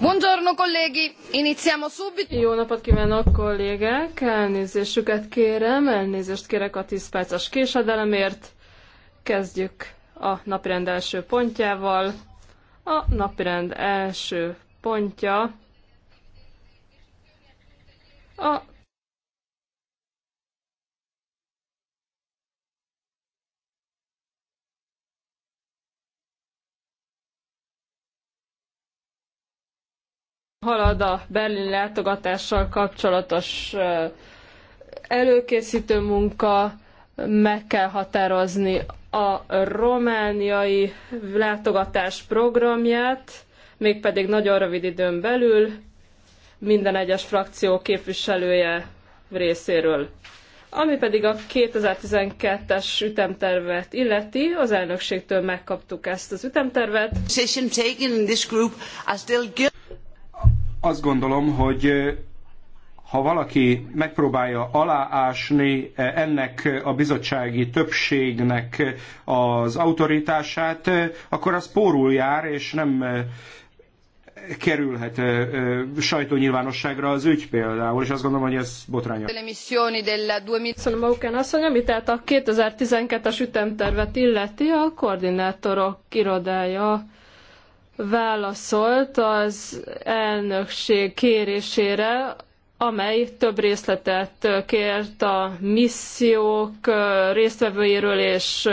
Buongiorno colleghi, iniziamo subito. Jó napot kívánok kollégák, elnézésüket kérem, elnézést kérek a 10 perces késedelemért. Kezdjük a napirend első pontjával. A napirend első pontja a halad a berlin látogatással kapcsolatos előkészítő munka, meg kell határozni a romániai látogatás programját, mégpedig nagyon rövid időn belül minden egyes frakció képviselője részéről. Ami pedig a 2012-es ütemtervet illeti, az elnökségtől megkaptuk ezt az ütemtervet azt gondolom, hogy ha valaki megpróbálja aláásni ennek a bizottsági többségnek az autoritását, akkor az pórul jár, és nem kerülhet sajtónyilvánosságra az ügy például, és azt gondolom, hogy ez botrány. Köszönöm asszony, ami tehát a 2012-es ütemtervet illeti, a koordinátorok irodája válaszolt az elnökség kérésére, amely több részletet kért a missziók résztvevőiről és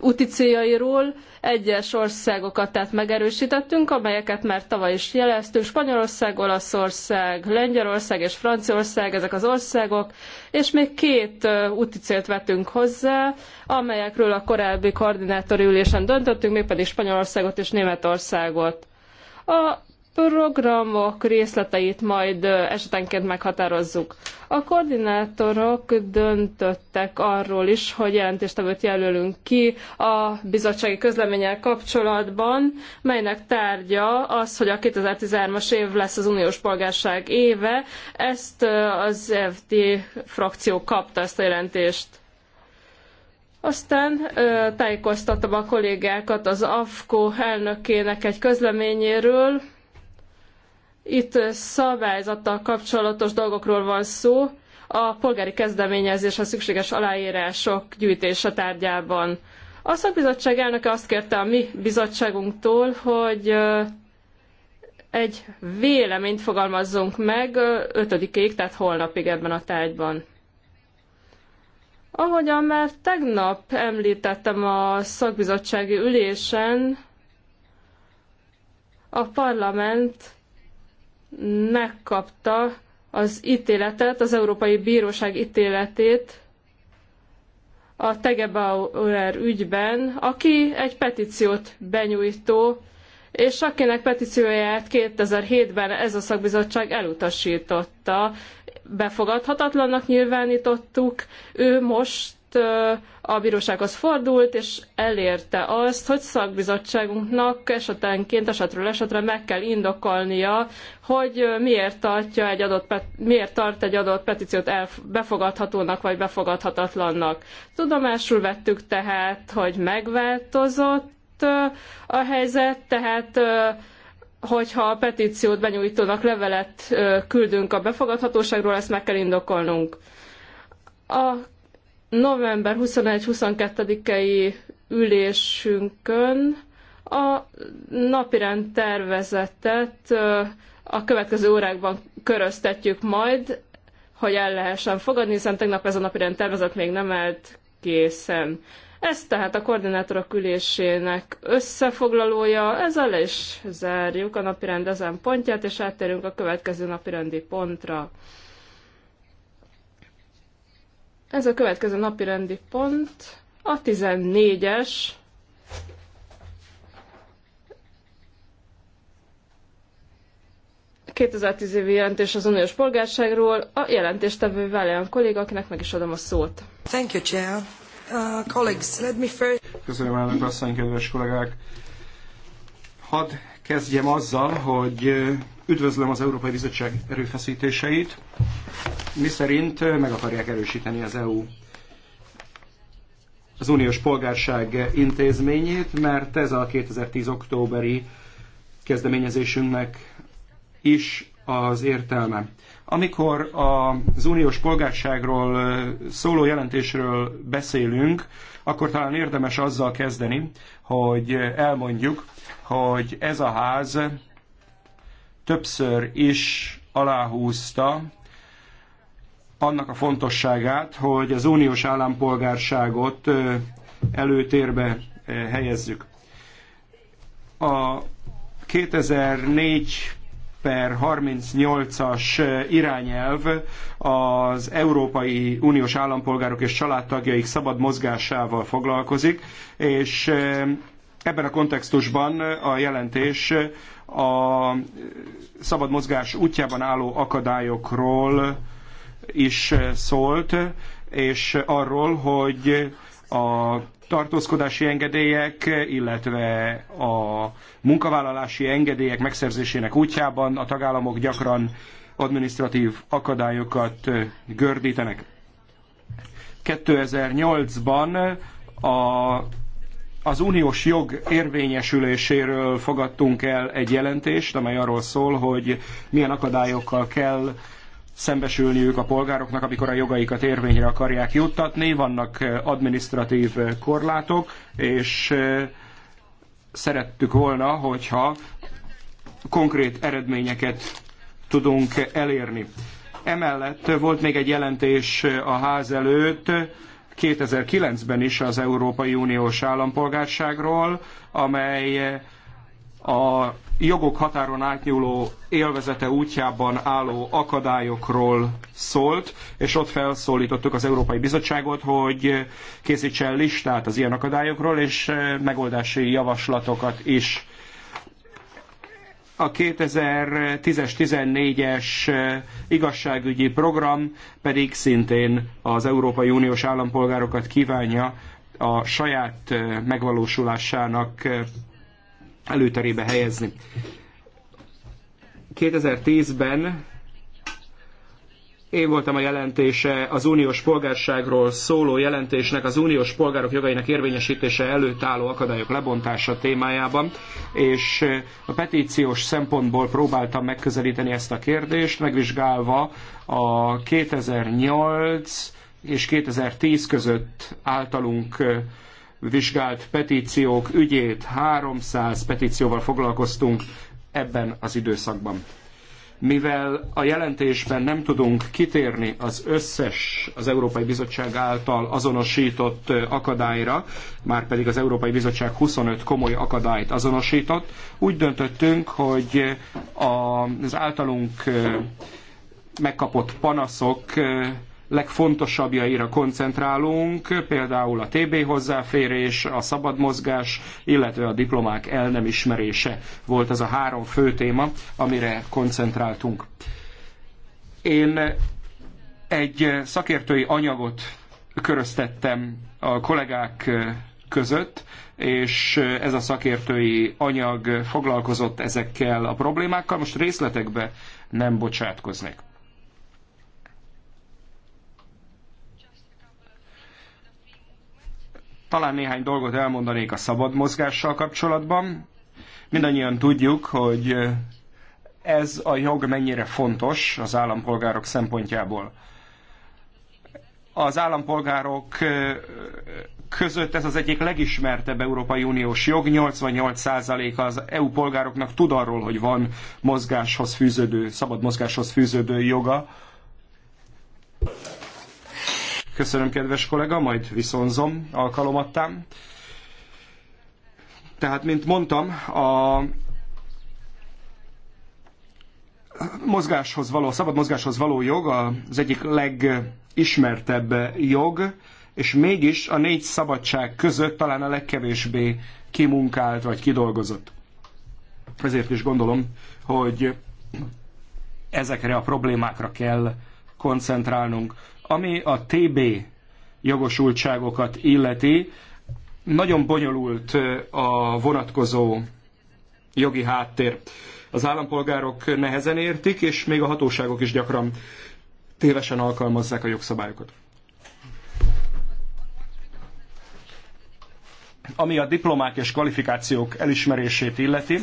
úti céljairól egyes országokat tehát megerősítettünk, amelyeket már tavaly is jeleztünk, Spanyolország, Olaszország, Lengyelország és Franciaország, ezek az országok, és még két úti célt vettünk hozzá, amelyekről a korábbi koordinátori ülésen döntöttünk, mégpedig Spanyolországot és Németországot. A programok részleteit majd esetenként meghatározzuk. A koordinátorok döntöttek arról is, hogy jelentéstevőt jelölünk ki a bizottsági közleménnyel kapcsolatban, melynek tárgya az, hogy a 2013-as év lesz az uniós polgárság éve. Ezt az FD frakció kapta ezt a jelentést. Aztán tájékoztattam a kollégákat az AFKO elnökének egy közleményéről, itt szabályzattal kapcsolatos dolgokról van szó, a polgári kezdeményezéshez szükséges aláírások gyűjtése tárgyában. A szakbizottság elnöke azt kérte a mi bizottságunktól, hogy egy véleményt fogalmazzunk meg 5-ig, tehát holnapig ebben a tárgyban. Ahogyan már tegnap említettem a szakbizottsági ülésen, a parlament megkapta az ítéletet, az Európai Bíróság ítéletét a Tegebauer ügyben, aki egy petíciót benyújtó, és akinek petícióját 2007-ben ez a szakbizottság elutasította. Befogadhatatlannak nyilvánítottuk, ő most a bírósághoz fordult, és elérte azt, hogy szakbizottságunknak esetenként, esetről esetre meg kell indokolnia, hogy miért, tartja egy adott, miért tart egy adott petíciót befogadhatónak vagy befogadhatatlannak. Tudomásul vettük tehát, hogy megváltozott a helyzet, tehát hogyha a petíciót benyújtónak levelet küldünk a befogadhatóságról, ezt meg kell indokolnunk. A november 21-22-i ülésünkön a napirend tervezetet a következő órákban köröztetjük majd, hogy el lehessen fogadni, hiszen tegnap ez a napirend tervezet még nem állt készen. Ez tehát a koordinátorok ülésének összefoglalója, ezzel is zárjuk a napirend ezen pontját, és áttérünk a következő napirendi pontra. Ez a következő napi rendi pont, a 14-es, ...2010 évi jelentés az uniós polgárságról, a jelentéstevő Valéan kolléga, akinek meg is adom a szót. Thank you, Chair. Uh, colleagues, let me first... Köszönöm, elnök asszony, kedves kollégák! Hadd Kezdjem azzal, hogy üdvözlöm az Európai Bizottság erőfeszítéseit, miszerint meg akarják erősíteni az EU az uniós polgárság intézményét, mert ez a 2010. októberi kezdeményezésünknek is az értelme. Amikor az uniós polgárságról szóló jelentésről beszélünk, akkor talán érdemes azzal kezdeni, hogy elmondjuk, hogy ez a ház többször is aláhúzta annak a fontosságát, hogy az uniós állampolgárságot előtérbe helyezzük. A 2004 per 38-as irányelv az Európai Uniós állampolgárok és családtagjaik szabad mozgásával foglalkozik, és Ebben a kontextusban a jelentés a szabad mozgás útjában álló akadályokról is szólt, és arról, hogy a tartózkodási engedélyek, illetve a munkavállalási engedélyek megszerzésének útjában a tagállamok gyakran administratív akadályokat gördítenek. 2008-ban a az uniós jog érvényesüléséről fogadtunk el egy jelentést, amely arról szól, hogy milyen akadályokkal kell szembesülniük a polgároknak, amikor a jogaikat érvényre akarják juttatni. Vannak eh, administratív eh, korlátok, és eh, szerettük volna, hogyha konkrét eredményeket tudunk elérni. Emellett volt még egy jelentés a ház előtt, 2009-ben is az Európai Uniós állampolgárságról, amely a jogok határon átnyúló élvezete útjában álló akadályokról szólt, és ott felszólítottuk az Európai Bizottságot, hogy készítsen listát az ilyen akadályokról, és megoldási javaslatokat is a 2010-es, 14-es igazságügyi program pedig szintén az Európai Uniós állampolgárokat kívánja a saját megvalósulásának előterébe helyezni. 2010-ben én voltam a jelentése az uniós polgárságról szóló jelentésnek, az uniós polgárok jogainak érvényesítése előtt álló akadályok lebontása témájában, és a petíciós szempontból próbáltam megközelíteni ezt a kérdést, megvizsgálva a 2008 és 2010 között általunk vizsgált petíciók ügyét, 300 petícióval foglalkoztunk ebben az időszakban. Mivel a jelentésben nem tudunk kitérni az összes az Európai Bizottság által azonosított akadályra, már pedig az Európai Bizottság 25 komoly akadályt azonosított, úgy döntöttünk, hogy az általunk megkapott panaszok legfontosabbjaira koncentrálunk, például a TB hozzáférés, a szabad mozgás, illetve a diplomák el nem ismerése volt az a három fő téma, amire koncentráltunk. Én egy szakértői anyagot köröztettem a kollégák között, és ez a szakértői anyag foglalkozott ezekkel a problémákkal. Most részletekbe nem bocsátkoznék. Talán néhány dolgot elmondanék a szabad mozgással kapcsolatban. Mindannyian tudjuk, hogy ez a jog mennyire fontos az állampolgárok szempontjából. Az állampolgárok között ez az egyik legismertebb Európai Uniós jog, 88% az EU polgároknak tud arról, hogy van mozgáshoz fűződő, szabad mozgáshoz fűződő joga. Köszönöm, kedves kollega, majd viszonzom alkalomattán. Tehát, mint mondtam, a mozgáshoz való, szabad mozgáshoz való jog az egyik legismertebb jog, és mégis a négy szabadság között talán a legkevésbé kimunkált vagy kidolgozott. Ezért is gondolom, hogy ezekre a problémákra kell koncentrálnunk. Ami a TB jogosultságokat illeti, nagyon bonyolult a vonatkozó jogi háttér. Az állampolgárok nehezen értik, és még a hatóságok is gyakran tévesen alkalmazzák a jogszabályokat. Ami a diplomák és kvalifikációk elismerését illeti,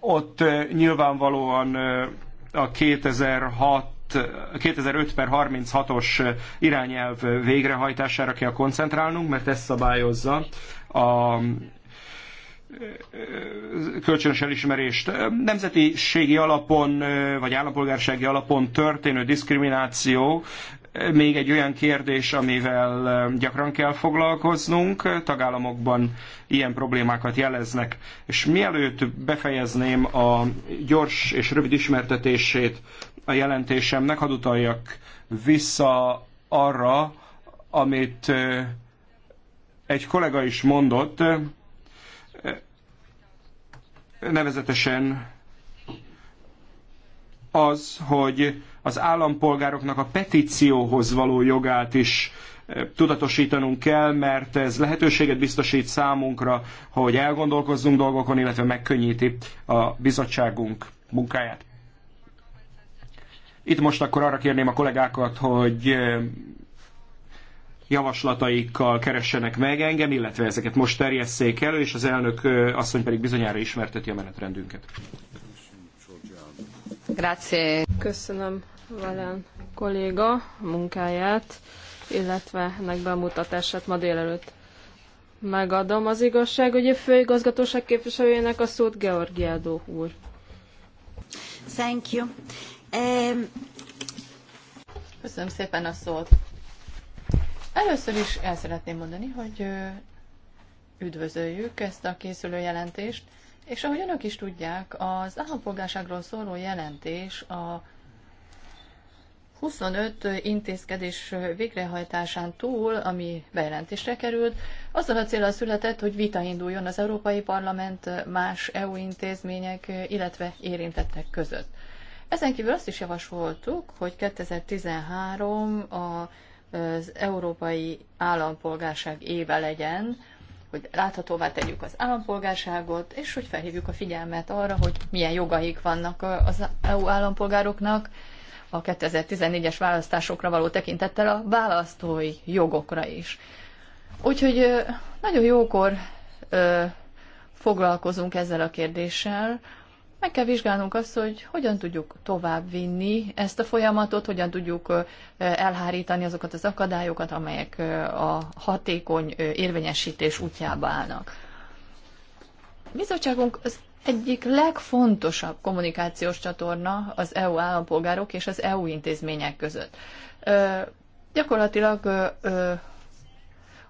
ott nyilvánvalóan a 2006 2005 per 36-os irányelv végrehajtására kell koncentrálnunk, mert ez szabályozza a kölcsönös elismerést. Nemzetiségi alapon, vagy állampolgársági alapon történő diszkrimináció még egy olyan kérdés, amivel eh, gyakran kell foglalkoznunk, tagállamokban ilyen problémákat jeleznek. És mielőtt befejezném a gyors és rövid ismertetését a jelentésemnek, hadd utaljak vissza arra, amit eh, egy kollega is mondott, eh, nevezetesen az, hogy az állampolgároknak a petícióhoz való jogát is eh, tudatosítanunk kell, mert ez lehetőséget biztosít számunkra, hogy elgondolkozzunk dolgokon, illetve megkönnyíti a bizottságunk munkáját. Itt most akkor arra kérném a kollégákat, hogy eh, javaslataikkal keressenek meg engem, illetve ezeket most terjesszék elő, és az elnök eh, asszony pedig bizonyára ismerteti a menetrendünket. Grazie. Köszönöm, Valen kolléga munkáját, illetve ennek bemutatását ma délelőtt. Megadom az igazság, hogy a főigazgatóság képviselőjének a szót, Georgiádó úr. Thank you. Um... Köszönöm szépen a szót. Először is el szeretném mondani, hogy üdvözöljük ezt a készülő jelentést, és ahogy önök is tudják, az állampolgárságról szóló jelentés a 25 intézkedés végrehajtásán túl, ami bejelentésre került, azzal a célra született, hogy vita induljon az Európai Parlament más EU intézmények, illetve érintettek között. Ezen kívül azt is javasoltuk, hogy 2013 az Európai Állampolgárság éve legyen, hogy láthatóvá tegyük az állampolgárságot, és hogy felhívjuk a figyelmet arra, hogy milyen jogaik vannak az EU állampolgároknak, a 2014-es választásokra való tekintettel a választói jogokra is. Úgyhogy nagyon jókor foglalkozunk ezzel a kérdéssel. Meg kell vizsgálnunk azt, hogy hogyan tudjuk továbbvinni ezt a folyamatot, hogyan tudjuk elhárítani azokat az akadályokat, amelyek a hatékony érvényesítés útjába állnak. A bizottságunk az egyik legfontosabb kommunikációs csatorna az EU állampolgárok és az EU intézmények között. Gyakorlatilag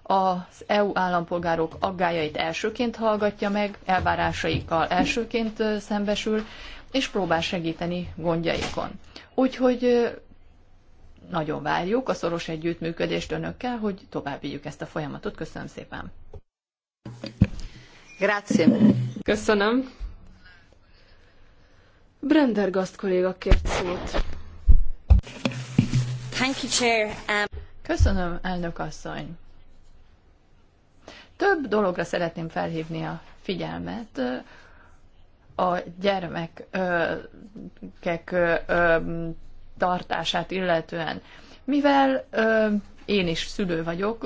az EU állampolgárok aggájait elsőként hallgatja meg, elvárásaikkal elsőként szembesül, és próbál segíteni gondjaikon. Úgyhogy nagyon várjuk a szoros együttműködést önökkel, hogy tovább vigyük ezt a folyamatot. Köszönöm szépen! Grazie. Köszönöm. Brendergast kolléga kért szót. Thank you, Chair. Um... Köszönöm, elnök asszony. Több dologra szeretném felhívni a figyelmet a gyermekek tartását illetően. Mivel én is szülő vagyok,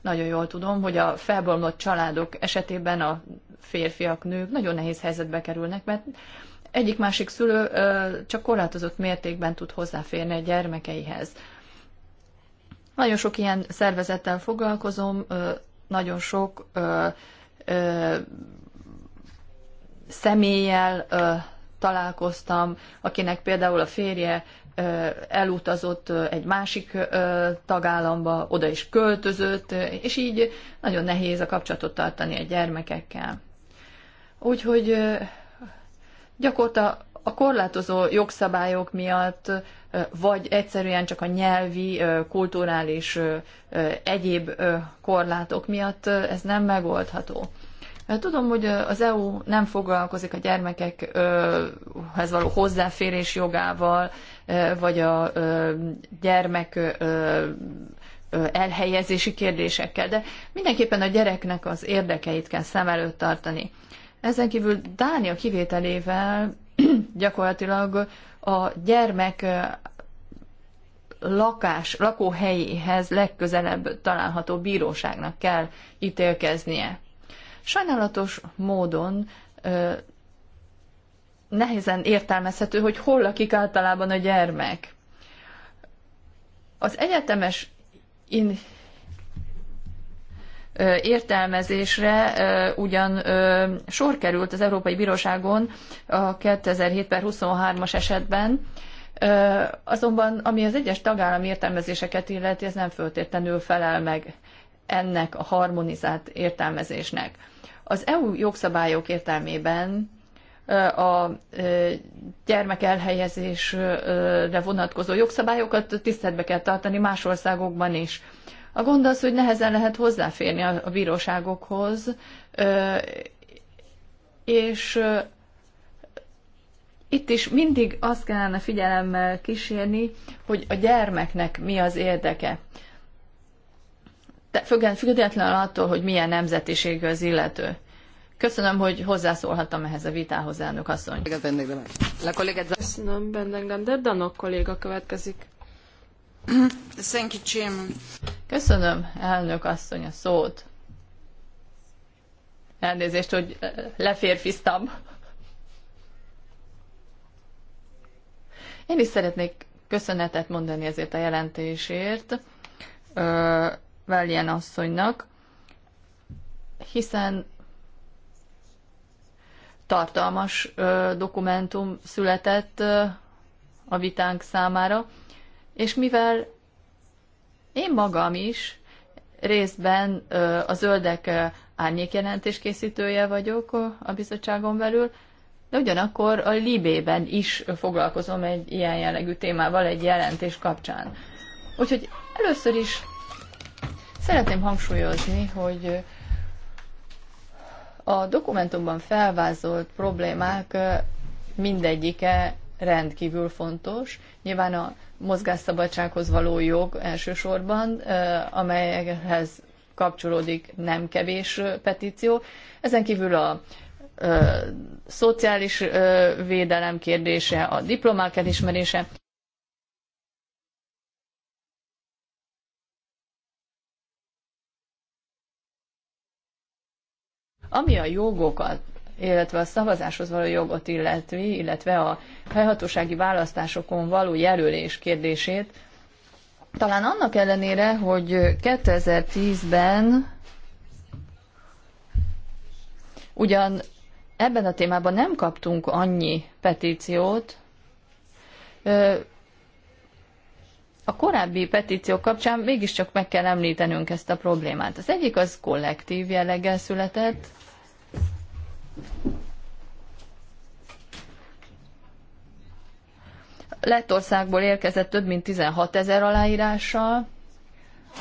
nagyon jól tudom, hogy a felbomlott családok esetében a férfiak, nők nagyon nehéz helyzetbe kerülnek, mert egyik másik szülő csak korlátozott mértékben tud hozzáférni a gyermekeihez. Nagyon sok ilyen szervezettel foglalkozom, nagyon sok személlyel találkoztam, akinek például a férje elutazott egy másik tagállamba, oda is költözött, és így nagyon nehéz a kapcsolatot tartani a gyermekekkel. Úgyhogy gyakorta a korlátozó jogszabályok miatt, vagy egyszerűen csak a nyelvi, kulturális, egyéb korlátok miatt ez nem megoldható. Tudom, hogy az EU nem foglalkozik a gyermekekhez való hozzáférés jogával, vagy a gyermek elhelyezési kérdésekkel, de mindenképpen a gyereknek az érdekeit kell szem előtt tartani. Ezen kívül Dánia kivételével gyakorlatilag a gyermek lakás, lakóhelyéhez legközelebb található bíróságnak kell ítélkeznie. Sajnálatos módon ö, nehezen értelmezhető, hogy hol lakik általában a gyermek. Az egyetemes értelmezésre ugyan sor került az Európai Bíróságon a 2007 per 23-as esetben, azonban ami az egyes tagállam értelmezéseket illeti, ez nem föltétlenül felel meg ennek a harmonizált értelmezésnek. Az EU jogszabályok értelmében a gyermek elhelyezésre vonatkozó jogszabályokat tiszteletbe kell tartani más országokban is. A gond az, hogy nehezen lehet hozzáférni a, a bíróságokhoz, és itt is mindig azt kellene figyelemmel kísérni, hogy a gyermeknek mi az érdeke. Függetlenül attól, hogy milyen nemzetiségű az illető. Köszönöm, hogy hozzászólhattam ehhez a vitához, elnök asszony. Köszönöm, Bendeglander. Danok kolléga következik. Thank you, Chairman. Köszönöm, elnök asszony, a szót. Elnézést, hogy eh, leférfiztam. Én is szeretnék köszönetet mondani ezért a jelentésért Veljen asszonynak, hiszen tartalmas dokumentum született a vitánk számára, és mivel én magam is részben a zöldek árnyékjelentés készítője vagyok a bizottságon belül, de ugyanakkor a Libében is foglalkozom egy ilyen jellegű témával egy jelentés kapcsán. Úgyhogy először is szeretném hangsúlyozni, hogy a dokumentumban felvázolt problémák mindegyike rendkívül fontos. Nyilván a mozgásszabadsághoz való jog elsősorban, amelyhez kapcsolódik nem kevés petíció. Ezen kívül a ö, szociális ö, védelem kérdése, a diplomák elismerése. Ami a jogokat illetve a szavazáshoz való jogot illetve, illetve a helyhatósági választásokon való jelölés kérdését. Talán annak ellenére, hogy 2010-ben ugyan ebben a témában nem kaptunk annyi petíciót, a korábbi petíciók kapcsán mégiscsak meg kell említenünk ezt a problémát. Az egyik az kollektív jelleggel született, Lettországból érkezett több mint 16 ezer aláírással.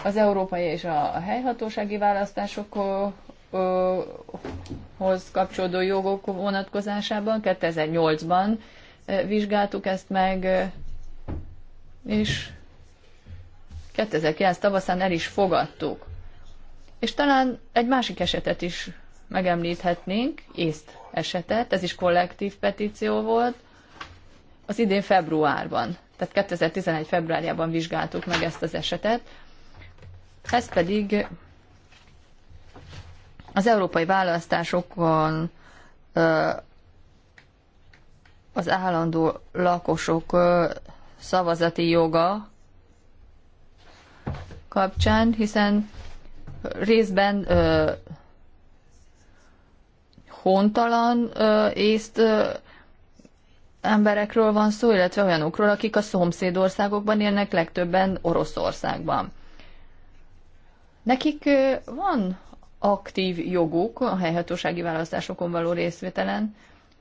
Az európai és a helyhatósági választásokhoz kapcsolódó jogok vonatkozásában 2008-ban vizsgáltuk ezt meg, és 2009 tavaszán el is fogadtuk. És talán egy másik esetet is megemlíthetnénk, észt esetet, ez is kollektív petíció volt, az idén februárban, tehát 2011 februárjában vizsgáltuk meg ezt az esetet, ez pedig az európai választásokon az állandó lakosok szavazati joga kapcsán, hiszen részben hontalan ö, észt ö, emberekről van szó, illetve olyanokról, akik a szomszédországokban élnek, legtöbben Oroszországban. Nekik ö, van aktív joguk a helyhatósági választásokon való részvételen,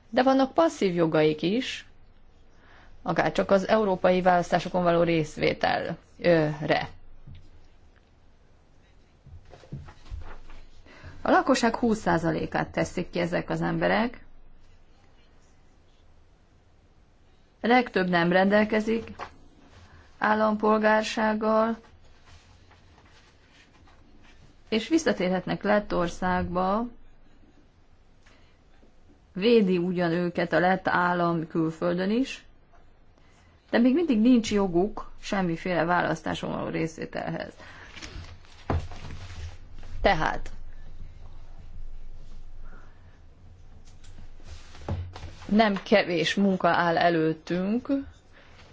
de vannak passzív jogaik is, akár csak az európai választásokon való részvételre. A lakosság 20%-át teszik ki ezek az emberek. Legtöbb nem rendelkezik állampolgársággal, és visszatérhetnek országba, védi ugyan őket a lett állam külföldön is, de még mindig nincs joguk semmiféle választáson való részvételhez. Tehát nem kevés munka áll előttünk,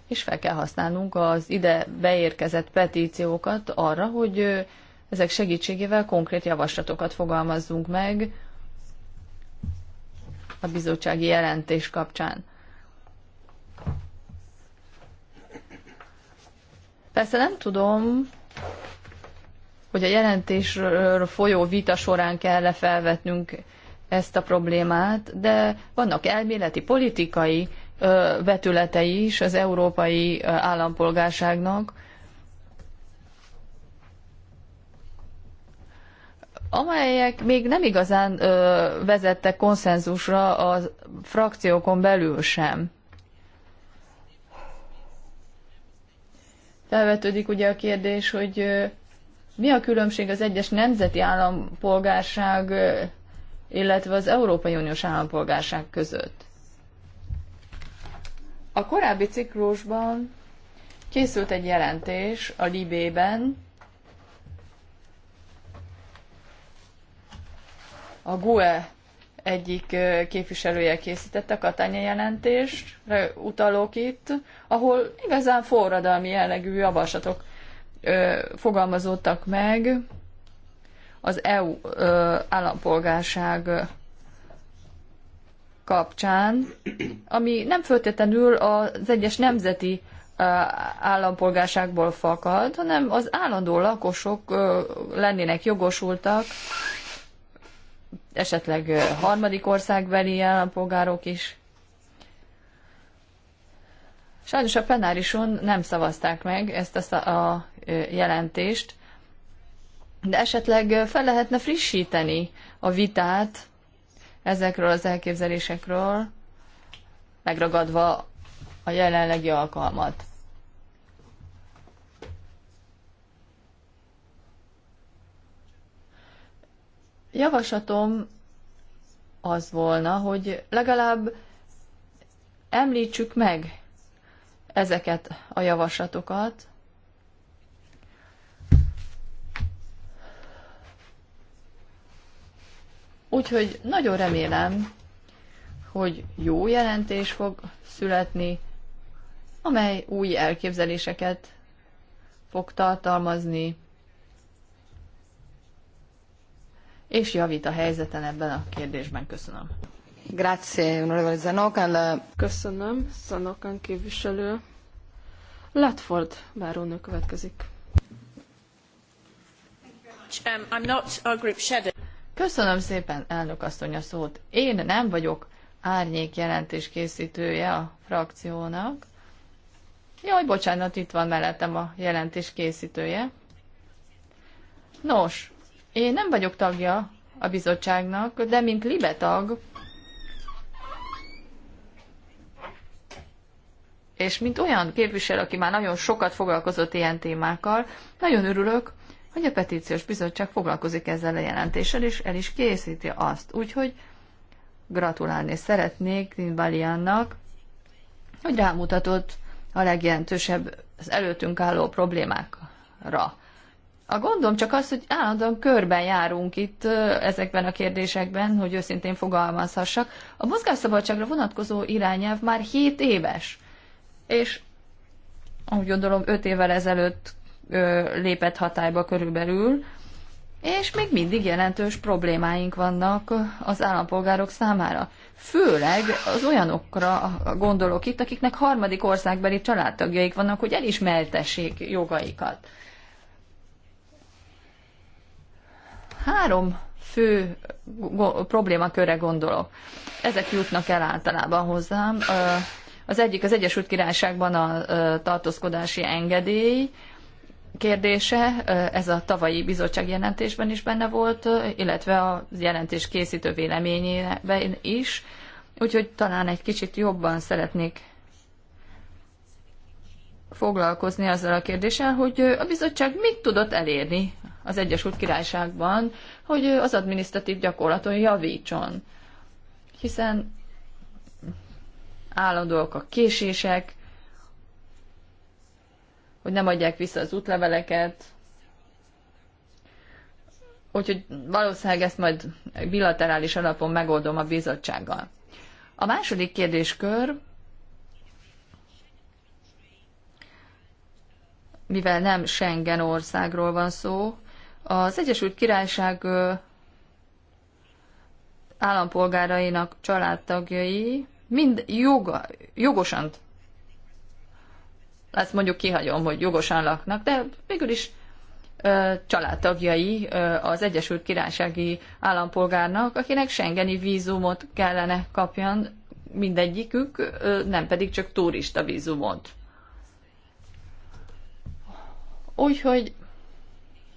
és fel kell használnunk az ide beérkezett petíciókat arra, hogy ezek segítségével konkrét javaslatokat fogalmazzunk meg a bizottsági jelentés kapcsán. Persze nem tudom, hogy a jelentésről folyó vita során kell -e felvetnünk ezt a problémát, de vannak elméleti, politikai vetületei is az európai állampolgárságnak, amelyek még nem igazán vezettek konszenzusra a frakciókon belül sem. Felvetődik ugye a kérdés, hogy mi a különbség az egyes nemzeti állampolgárság illetve az Európai Uniós állampolgárság között. A korábbi ciklusban készült egy jelentés a Libében, a GUE egyik képviselője készítette a Katánya jelentést, utalok itt, ahol igazán forradalmi jellegű javaslatok fogalmazódtak meg, az EU állampolgárság kapcsán, ami nem föltétlenül az egyes nemzeti állampolgárságból fakad, hanem az állandó lakosok lennének jogosultak, esetleg harmadik országbeli állampolgárok is. Sajnos a plenárison nem szavazták meg ezt a, a jelentést, de esetleg fel lehetne frissíteni a vitát ezekről az elképzelésekről, megragadva a jelenlegi alkalmat. Javaslatom az volna, hogy legalább említsük meg ezeket a javaslatokat, Úgyhogy nagyon remélem, hogy jó jelentés fog születni, amely új elképzeléseket fog tartalmazni, és javít a helyzeten ebben a kérdésben. Köszönöm. Grazie, onorevole Zanokan. Köszönöm, Zanokan képviselő. Latford bárónő következik. Um, I'm not our group shadow. Köszönöm szépen, elnök asszony a szót. Én nem vagyok árnyék jelentés készítője a frakciónak. Jaj, bocsánat, itt van mellettem a jelentés készítője. Nos, én nem vagyok tagja a bizottságnak, de mint tag, és mint olyan képviselő, aki már nagyon sokat foglalkozott ilyen témákkal, nagyon örülök, hogy a petíciós bizottság foglalkozik ezzel a jelentéssel, és el is készíti azt. Úgyhogy gratulálni szeretnék Dinbaliannak, hogy rámutatott a legjelentősebb az előttünk álló problémákra. A gondom csak az, hogy állandóan körben járunk itt ezekben a kérdésekben, hogy őszintén fogalmazhassak. A mozgásszabadságra vonatkozó irányelv már 7 éves, és úgy gondolom 5 évvel ezelőtt lépett hatályba körülbelül, és még mindig jelentős problémáink vannak az állampolgárok számára. Főleg az olyanokra gondolok itt, akiknek harmadik országbeli családtagjaik vannak, hogy elismertessék jogaikat. Három fő problémakörre gondolok. Ezek jutnak el általában hozzám. Az egyik az Egyesült Királyságban a tartózkodási engedély, kérdése, ez a tavalyi bizottság jelentésben is benne volt, illetve a jelentés készítő véleményében is, úgyhogy talán egy kicsit jobban szeretnék foglalkozni azzal a kérdéssel, hogy a bizottság mit tudott elérni az Egyesült Királyságban, hogy az adminisztratív gyakorlaton javítson. Hiszen állandóak a késések, hogy nem adják vissza az útleveleket. Úgyhogy valószínűleg ezt majd bilaterális alapon megoldom a bizottsággal. A második kérdéskör, mivel nem Schengen országról van szó, az Egyesült Királyság állampolgárainak családtagjai mind joga, jogosan azt mondjuk kihagyom, hogy jogosan laknak, de végül is családtagjai az Egyesült Királysági állampolgárnak, akinek Schengeni vízumot kellene kapjan mindegyikük, nem pedig csak turista vízumot. Úgyhogy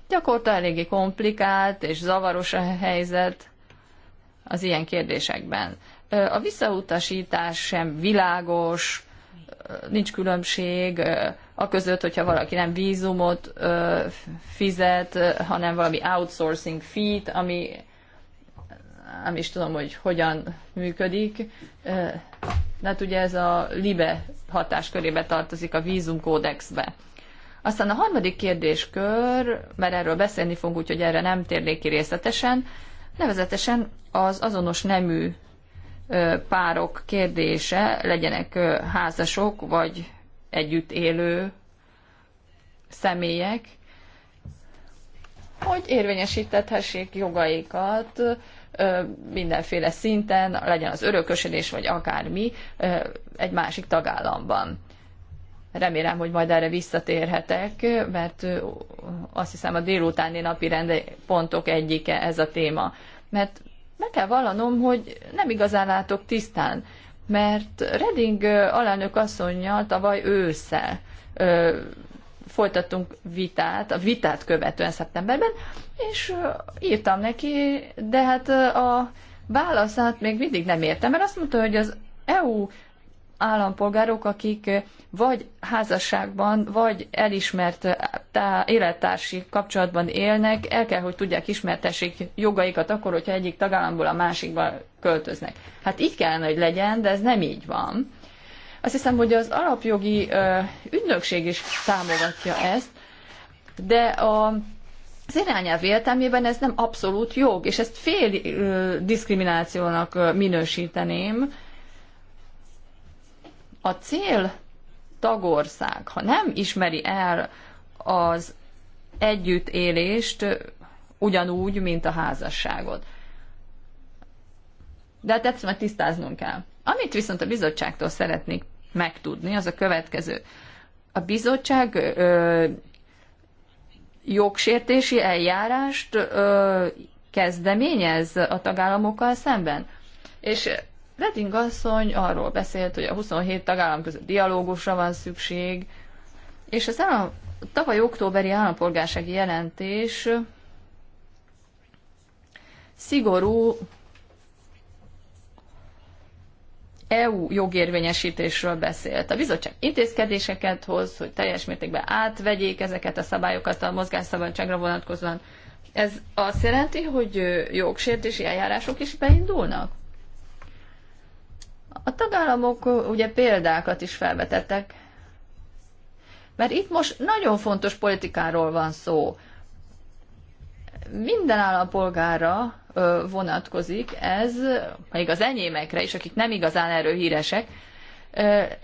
gyakorta eléggé komplikált és zavaros a helyzet az ilyen kérdésekben. A visszautasítás sem világos, nincs különbség a között, hogyha valaki nem vízumot fizet, hanem valami outsourcing fee-t, ami nem is tudom, hogy hogyan működik. De hát ugye ez a LIBE hatáskörébe tartozik a vízumkódexbe. Aztán a harmadik kérdéskör, mert erről beszélni fogunk, úgyhogy erre nem térnék ki részletesen, nevezetesen az azonos nemű párok kérdése, legyenek házasok vagy együtt élő személyek, hogy érvényesíthessék jogaikat mindenféle szinten, legyen az örökösödés vagy akármi egy másik tagállamban. Remélem, hogy majd erre visszatérhetek, mert azt hiszem a délutáni napi pontok egyike ez a téma. Mert be kell vallanom, hogy nem igazán látok tisztán, mert Reding alelnök asszonynal tavaly ősszel ö, folytattunk vitát, a vitát követően szeptemberben, és írtam neki, de hát a válaszát még mindig nem értem, mert azt mondta, hogy az EU állampolgárok, akik vagy házasságban, vagy elismert tá- élettársi kapcsolatban élnek, el kell, hogy tudják ismertessék jogaikat akkor, hogyha egyik tagállamból a másikba költöznek. Hát így kellene, hogy legyen, de ez nem így van. Azt hiszem, hogy az alapjogi ügynökség is támogatja ezt, de a, az irányelv értelmében ez nem abszolút jog, és ezt fél ö, diszkriminációnak ö, minősíteném, a cél tagország, ha nem ismeri el az együttélést ugyanúgy, mint a házasságot. De hát egyszerűen tisztáznunk kell. Amit viszont a bizottságtól szeretnék megtudni, az a következő. A bizottság ö, jogsértési eljárást ö, kezdeményez a tagállamokkal szemben. És Redding asszony arról beszélt, hogy a 27 tagállam között dialógusra van szükség, és az a tavaly októberi állampolgársági jelentés szigorú EU jogérvényesítésről beszélt. A bizottság intézkedéseket hoz, hogy teljes mértékben átvegyék ezeket a szabályokat a mozgásszabadságra vonatkozóan. Ez azt jelenti, hogy jogsértési eljárások is beindulnak? A tagállamok ugye példákat is felvetettek, mert itt most nagyon fontos politikáról van szó. Minden állampolgára vonatkozik ez, még az enyémekre is, akik nem igazán erről híresek,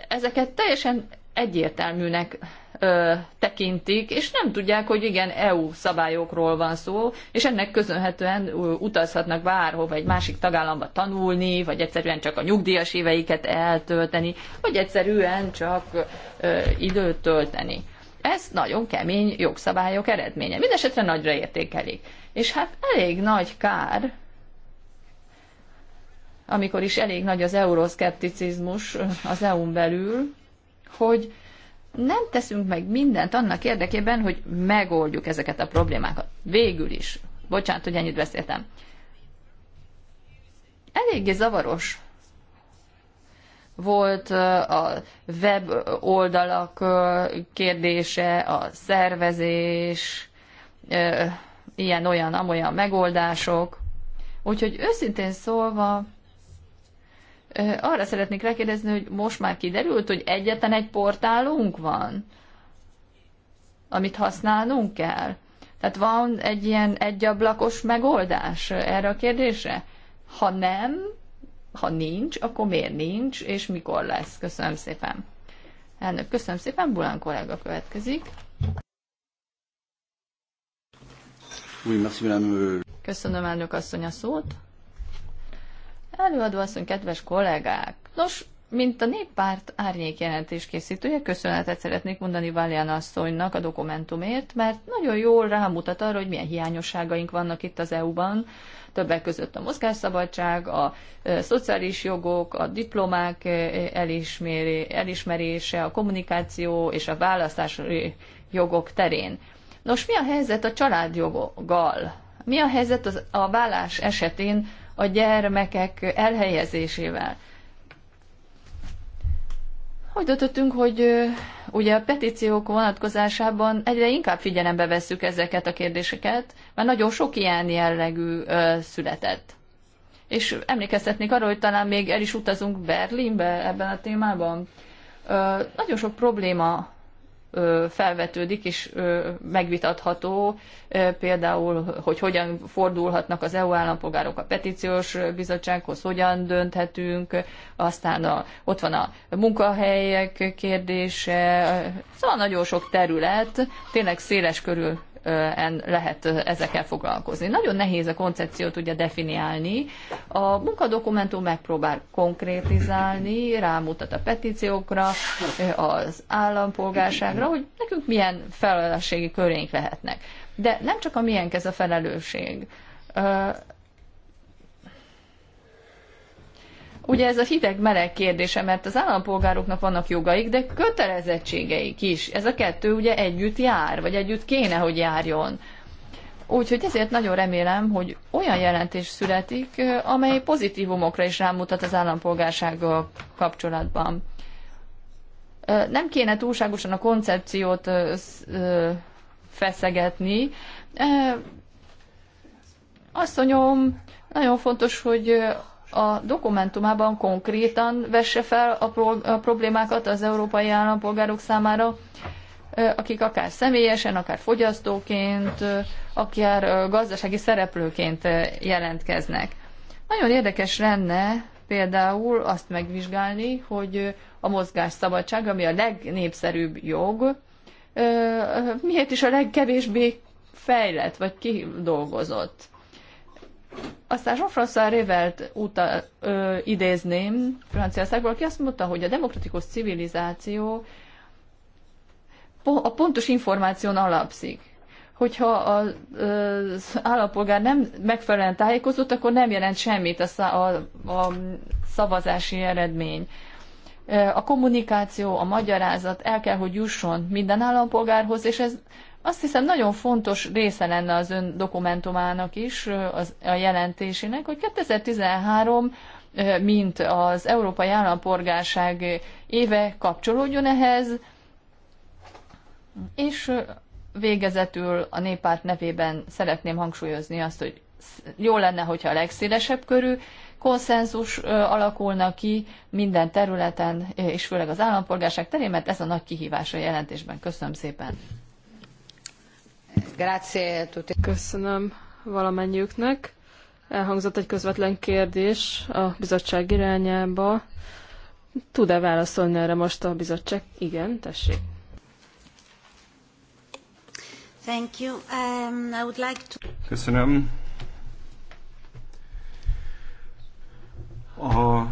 ezeket teljesen egyértelműnek ö, tekintik, és nem tudják, hogy igen, EU szabályokról van szó, és ennek köszönhetően utazhatnak bárhova egy másik tagállamba tanulni, vagy egyszerűen csak a nyugdíjas éveiket eltölteni, vagy egyszerűen csak ö, időt tölteni. Ez nagyon kemény jogszabályok eredménye. Mindenesetre nagyra értékelik. És hát elég nagy kár, amikor is elég nagy az euroszkepticizmus az EU-n belül, hogy nem teszünk meg mindent annak érdekében, hogy megoldjuk ezeket a problémákat. Végül is. Bocsánat, hogy ennyit beszéltem. Eléggé zavaros volt a web oldalak kérdése, a szervezés, ilyen-olyan, amolyan megoldások. Úgyhogy őszintén szólva arra szeretnék rákérdezni, hogy most már kiderült, hogy egyetlen egy portálunk van, amit használnunk kell. Tehát van egy ilyen egyablakos megoldás erre a kérdésre? Ha nem, ha nincs, akkor miért nincs, és mikor lesz? Köszönöm szépen. Elnök, köszönöm szépen. Bulán kollega következik. Köszönöm elnök asszony a szót. Előadó asszony, kedves kollégák! Nos, mint a néppárt árnyék jelentés készítője, köszönetet szeretnék mondani Valian asszonynak a dokumentumért, mert nagyon jól rámutat arra, hogy milyen hiányosságaink vannak itt az EU-ban, többek között a mozgásszabadság, a szociális jogok, a diplomák elismerése, a kommunikáció és a választási jogok terén. Nos, mi a helyzet a családjoggal? Mi a helyzet az, a vállás esetén a gyermekek elhelyezésével. Hogy döntöttünk, hogy ugye a petíciók vonatkozásában egyre inkább figyelembe vesszük ezeket a kérdéseket, mert nagyon sok ilyen jellegű született. És emlékeztetnék arra, hogy talán még el is utazunk Berlinbe ebben a témában. Ö, nagyon sok probléma felvetődik és megvitatható, például, hogy hogyan fordulhatnak az EU állampolgárok a petíciós bizottsághoz, hogyan dönthetünk, aztán a, ott van a munkahelyek kérdése, szóval nagyon sok terület, tényleg széles körül lehet ezekkel foglalkozni. Nagyon nehéz a koncepciót ugye definiálni. A munkadokumentum megpróbál konkrétizálni, rámutat a petíciókra, az állampolgárságra, hogy nekünk milyen felelősségi körénk lehetnek. De nem csak a miénk ez a felelősség Ugye ez a hideg-meleg kérdése, mert az állampolgároknak vannak jogaik, de kötelezettségeik is. Ez a kettő ugye együtt jár, vagy együtt kéne, hogy járjon. Úgyhogy ezért nagyon remélem, hogy olyan jelentés születik, amely pozitívumokra is rámutat az állampolgársággal kapcsolatban. Nem kéne túlságosan a koncepciót feszegetni. Asszonyom, nagyon fontos, hogy a dokumentumában konkrétan vesse fel a problémákat az európai állampolgárok számára, akik akár személyesen, akár fogyasztóként, akár gazdasági szereplőként jelentkeznek. Nagyon érdekes lenne például azt megvizsgálni, hogy a mozgásszabadság, ami a legnépszerűbb jog, miért is a legkevésbé fejlett vagy kidolgozott. Aztán Jean-François Revelt utal, ö, idézném Franciaországból, aki azt mondta, hogy a demokratikus civilizáció a pontos információn alapszik. Hogyha az állampolgár nem megfelelően tájékozott, akkor nem jelent semmit a, a, a szavazási eredmény. A kommunikáció, a magyarázat el kell, hogy jusson minden állampolgárhoz, és ez azt hiszem nagyon fontos része lenne az ön dokumentumának is, az, a jelentésének, hogy 2013 mint az Európai Állampolgárság éve kapcsolódjon ehhez, és végezetül a néppárt nevében szeretném hangsúlyozni azt, hogy jó lenne, hogyha a legszélesebb körű konszenzus alakulna ki minden területen, és főleg az állampolgárság terén, mert ez a nagy kihívás a jelentésben. Köszönöm szépen! Köszönöm valamennyiüknek. Elhangzott egy közvetlen kérdés a bizottság irányába. Tud-e válaszolni erre most a bizottság? Igen, tessék. Thank you. Um, I would like to... Köszönöm. A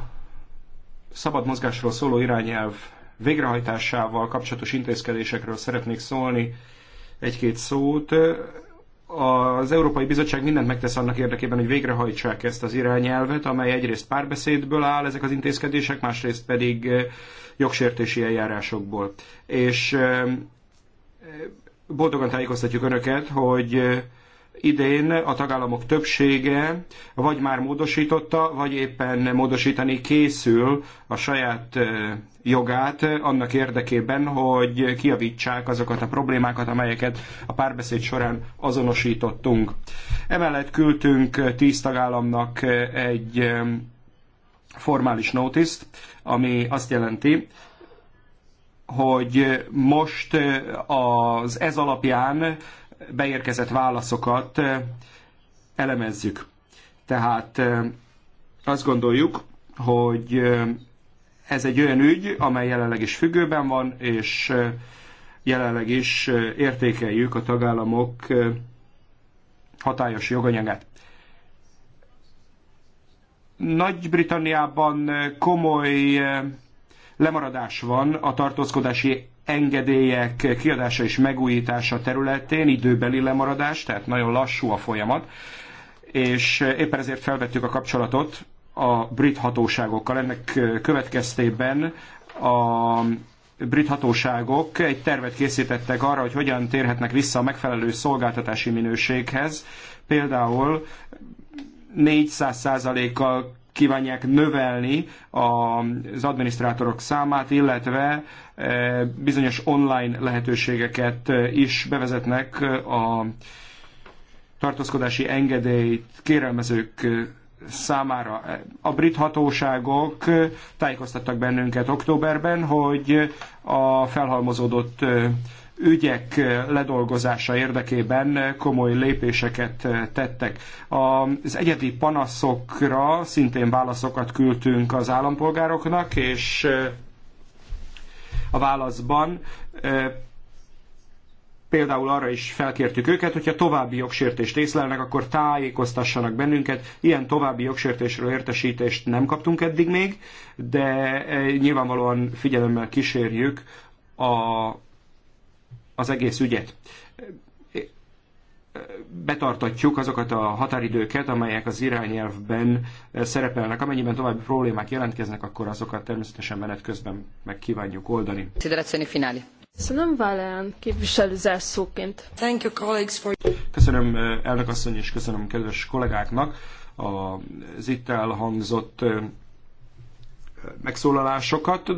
szabad mozgásról szóló irányelv végrehajtásával kapcsolatos intézkedésekről szeretnék szólni egy-két szót. Az Európai Bizottság mindent megtesz annak érdekében, hogy végrehajtsák ezt az irányelvet, amely egyrészt párbeszédből áll ezek az intézkedések, másrészt pedig eh, jogsértési eljárásokból. És eh, eh, boldogan tájékoztatjuk Önöket, hogy idén a tagállamok többsége vagy már módosította, vagy éppen módosítani készül a saját jogát annak érdekében, hogy kiavítsák azokat a problémákat, amelyeket a párbeszéd során azonosítottunk. Emellett küldtünk tíz tagállamnak egy formális notice ami azt jelenti, hogy most az ez alapján beérkezett válaszokat elemezzük. Tehát azt gondoljuk, hogy ez egy olyan ügy, amely jelenleg is függőben van, és jelenleg is értékeljük a tagállamok hatályos joganyagát. Nagy-Britanniában komoly lemaradás van a tartózkodási engedélyek kiadása és megújítása területén időbeli lemaradás, tehát nagyon lassú a folyamat, és éppen ezért felvettük a kapcsolatot a brit hatóságokkal. Ennek következtében a brit hatóságok egy tervet készítettek arra, hogy hogyan térhetnek vissza a megfelelő szolgáltatási minőséghez. Például 400 kal kívánják növelni az adminisztrátorok számát, illetve eh, bizonyos online lehetőségeket eh, is bevezetnek eh, a tartózkodási engedélyt kérelmezők számára. A brit hatóságok tájékoztattak bennünket októberben, hogy a felhalmozódott ügyek ledolgozása érdekében komoly lépéseket tettek. Az egyedi panaszokra szintén válaszokat küldtünk az állampolgároknak, és eh, a válaszban eh, például arra is felkértük őket, hogyha további jogsértést észlelnek, akkor tájékoztassanak bennünket. Ilyen további jogsértésről értesítést nem kaptunk eddig még, de eh, nyilvánvalóan figyelemmel kísérjük a az egész ügyet. Betartatjuk azokat a határidőket, amelyek az irányelvben szerepelnek. Amennyiben további problémák jelentkeznek, akkor azokat természetesen menet közben meg kívánjuk oldani. Köszönöm, Valen, képviselő zárszóként. Thank you, colleagues for... Köszönöm, elnök asszony, és köszönöm kedves kollégáknak az itt elhangzott megszólalásokat.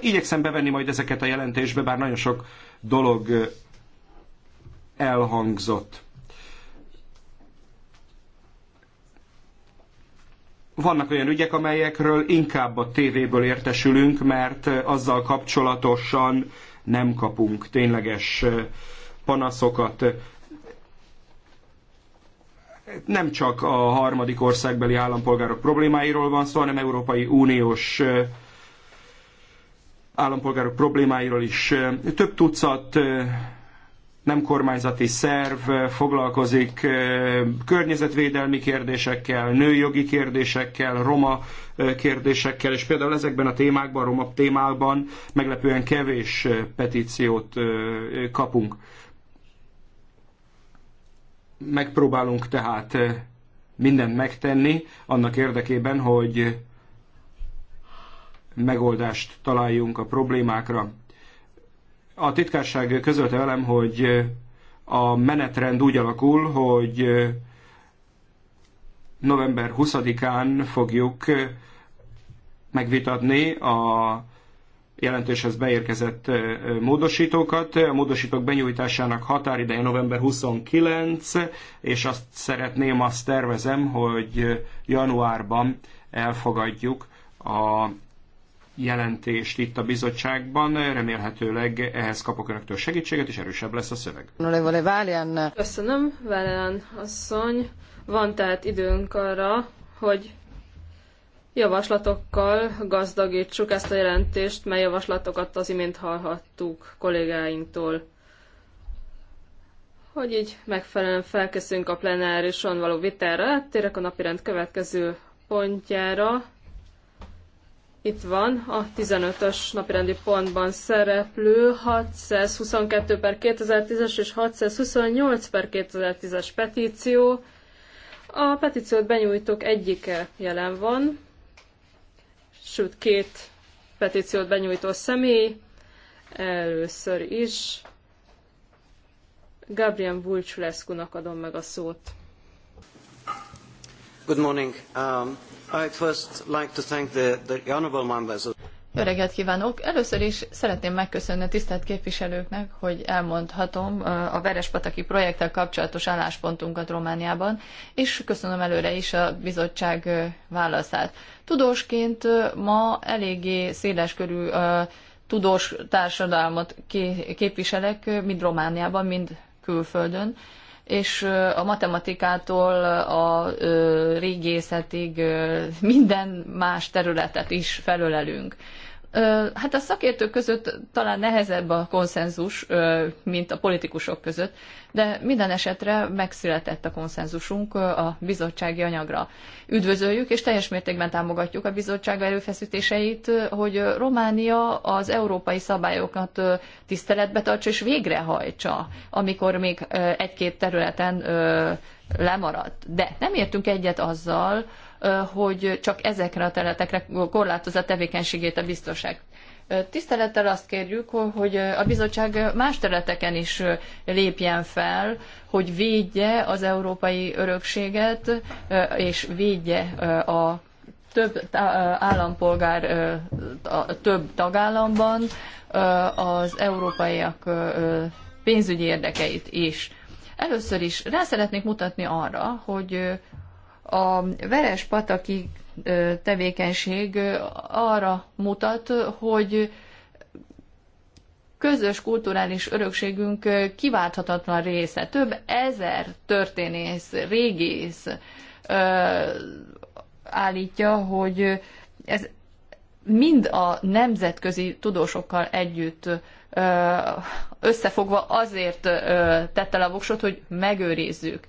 Igyekszem bevenni majd ezeket a jelentésbe, bár nagyon sok dolog elhangzott. Vannak olyan ügyek, amelyekről inkább a tévéből értesülünk, mert azzal kapcsolatosan nem kapunk tényleges panaszokat nem csak a harmadik országbeli állampolgárok problémáiról van szó, hanem Európai Uniós állampolgárok problémáiról is. Több tucat nem kormányzati szerv foglalkozik környezetvédelmi kérdésekkel, nőjogi kérdésekkel, roma kérdésekkel, és például ezekben a témákban, a roma témában meglepően kevés petíciót kapunk. Megpróbálunk tehát mindent megtenni annak érdekében, hogy megoldást találjunk a problémákra. A titkárság közölte velem, hogy a menetrend úgy alakul, hogy november 20-án fogjuk megvitatni a jelentéshez beérkezett módosítókat. A módosítók benyújtásának határideje november 29, és azt szeretném, azt tervezem, hogy januárban elfogadjuk a jelentést itt a bizottságban. Remélhetőleg ehhez kapok önöktől segítséget, és erősebb lesz a szöveg. Köszönöm, Válian asszony. Van tehát időnk arra, hogy javaslatokkal gazdagítsuk ezt a jelentést, mely javaslatokat az imént hallhattuk kollégáinktól. Hogy így megfelelően felkészülünk a plenárison való vitára, áttérek a napirend következő pontjára, itt van a 15-ös napirendi pontban szereplő 622 per 2010-es és 628 per 2010-es petíció. A petíciót benyújtók egyike jelen van, sőt két petíciót benyújtó személy, először is Gabriel Vulcsulescu-nak adom meg a szót. Good morning. Um... I'd Jó reggelt kívánok! Először is szeretném megköszönni a tisztelt képviselőknek, hogy elmondhatom a Verespataki projekttel kapcsolatos álláspontunkat Romániában, és köszönöm előre is a bizottság válaszát. Tudósként ma eléggé körű tudós társadalmat képviselek, mind Romániában, mind külföldön és a matematikától a régészetig minden más területet is felölelünk. Hát a szakértők között talán nehezebb a konszenzus, mint a politikusok között, de minden esetre megszületett a konszenzusunk a bizottsági anyagra. Üdvözöljük és teljes mértékben támogatjuk a bizottság erőfeszítéseit, hogy Románia az európai szabályokat tiszteletbe tartsa és végrehajtsa, amikor még egy-két területen lemaradt. De nem értünk egyet azzal, hogy csak ezekre a területekre korlátozza tevékenységét a biztonság. Tisztelettel azt kérjük, hogy a bizottság más területeken is lépjen fel, hogy védje az európai örökséget, és védje a több állampolgár több tagállamban az európaiak pénzügyi érdekeit is. Először is rá szeretnék mutatni arra, hogy a veres pataki tevékenység arra mutat, hogy közös kulturális örökségünk kiválthatatlan része. Több ezer történész, régész állítja, hogy ez mind a nemzetközi tudósokkal együtt összefogva azért tette le a voksot, hogy megőrizzük.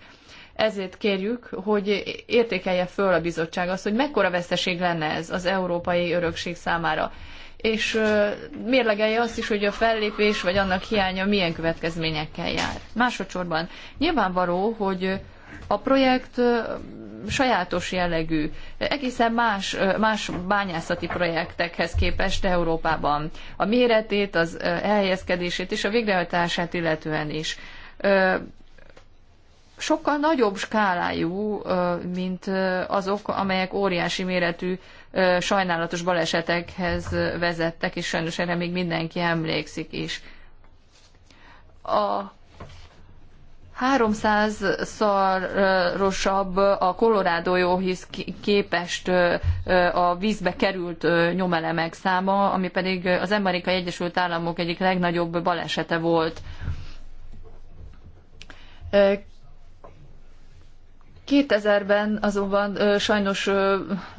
Ezért kérjük, hogy értékelje föl a bizottság azt, hogy mekkora veszteség lenne ez az európai örökség számára. És mérlegelje azt is, hogy a fellépés vagy annak hiánya milyen következményekkel jár. Másodszorban nyilvánvaló, hogy a projekt sajátos jellegű, egészen más, más bányászati projektekhez képest Európában. A méretét, az elhelyezkedését és a végrehajtását illetően is sokkal nagyobb skálájú, mint azok, amelyek óriási méretű sajnálatos balesetekhez vezettek, és sajnos erre még mindenki emlékszik is. A 300 szarosabb a kolorádójóhoz képest a vízbe került nyomelemek száma, ami pedig az Amerikai Egyesült Államok egyik legnagyobb balesete volt. 2000-ben azonban ö, sajnos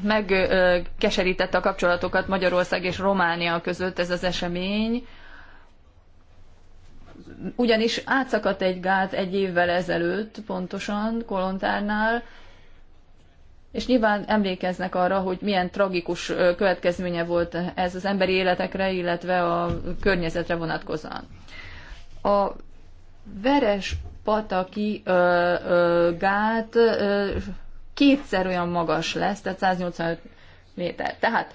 megkeserítette a kapcsolatokat Magyarország és Románia között ez az esemény, ugyanis átszakadt egy gát egy évvel ezelőtt, pontosan Kolontárnál, és nyilván emlékeznek arra, hogy milyen tragikus következménye volt ez az emberi életekre, illetve a környezetre vonatkozóan. A veres pataki ö, ö, gát ö, kétszer olyan magas lesz, tehát 185 méter. Tehát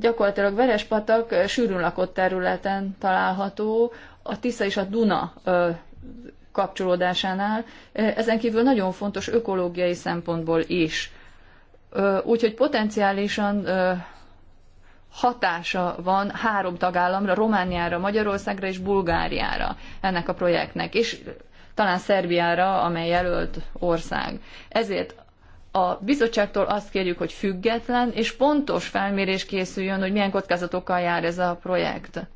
gyakorlatilag Verespatak sűrűn lakott területen található, a Tisza és a Duna ö, kapcsolódásánál, ezen kívül nagyon fontos ökológiai szempontból is. Úgyhogy potenciálisan hatása van három tagállamra, Romániára, Magyarországra és Bulgáriára ennek a projektnek. És talán Szerbiára, amely jelölt ország. Ezért a bizottságtól azt kérjük, hogy független és pontos felmérés készüljön, hogy milyen kockázatokkal jár ez a projekt.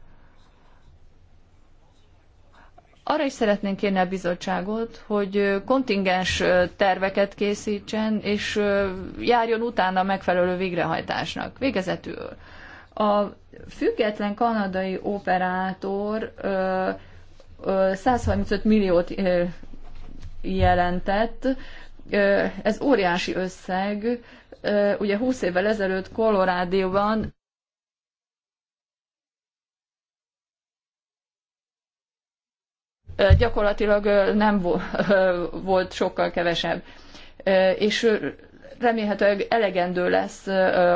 Arra is szeretnénk kérni a bizottságot, hogy kontingens terveket készítsen, és járjon utána megfelelő végrehajtásnak. Végezetül. A független kanadai operátor 135 milliót jelentett. Ez óriási összeg. Ugye 20 évvel ezelőtt Kolorádióban gyakorlatilag nem volt sokkal kevesebb. És remélhetőleg elegendő lesz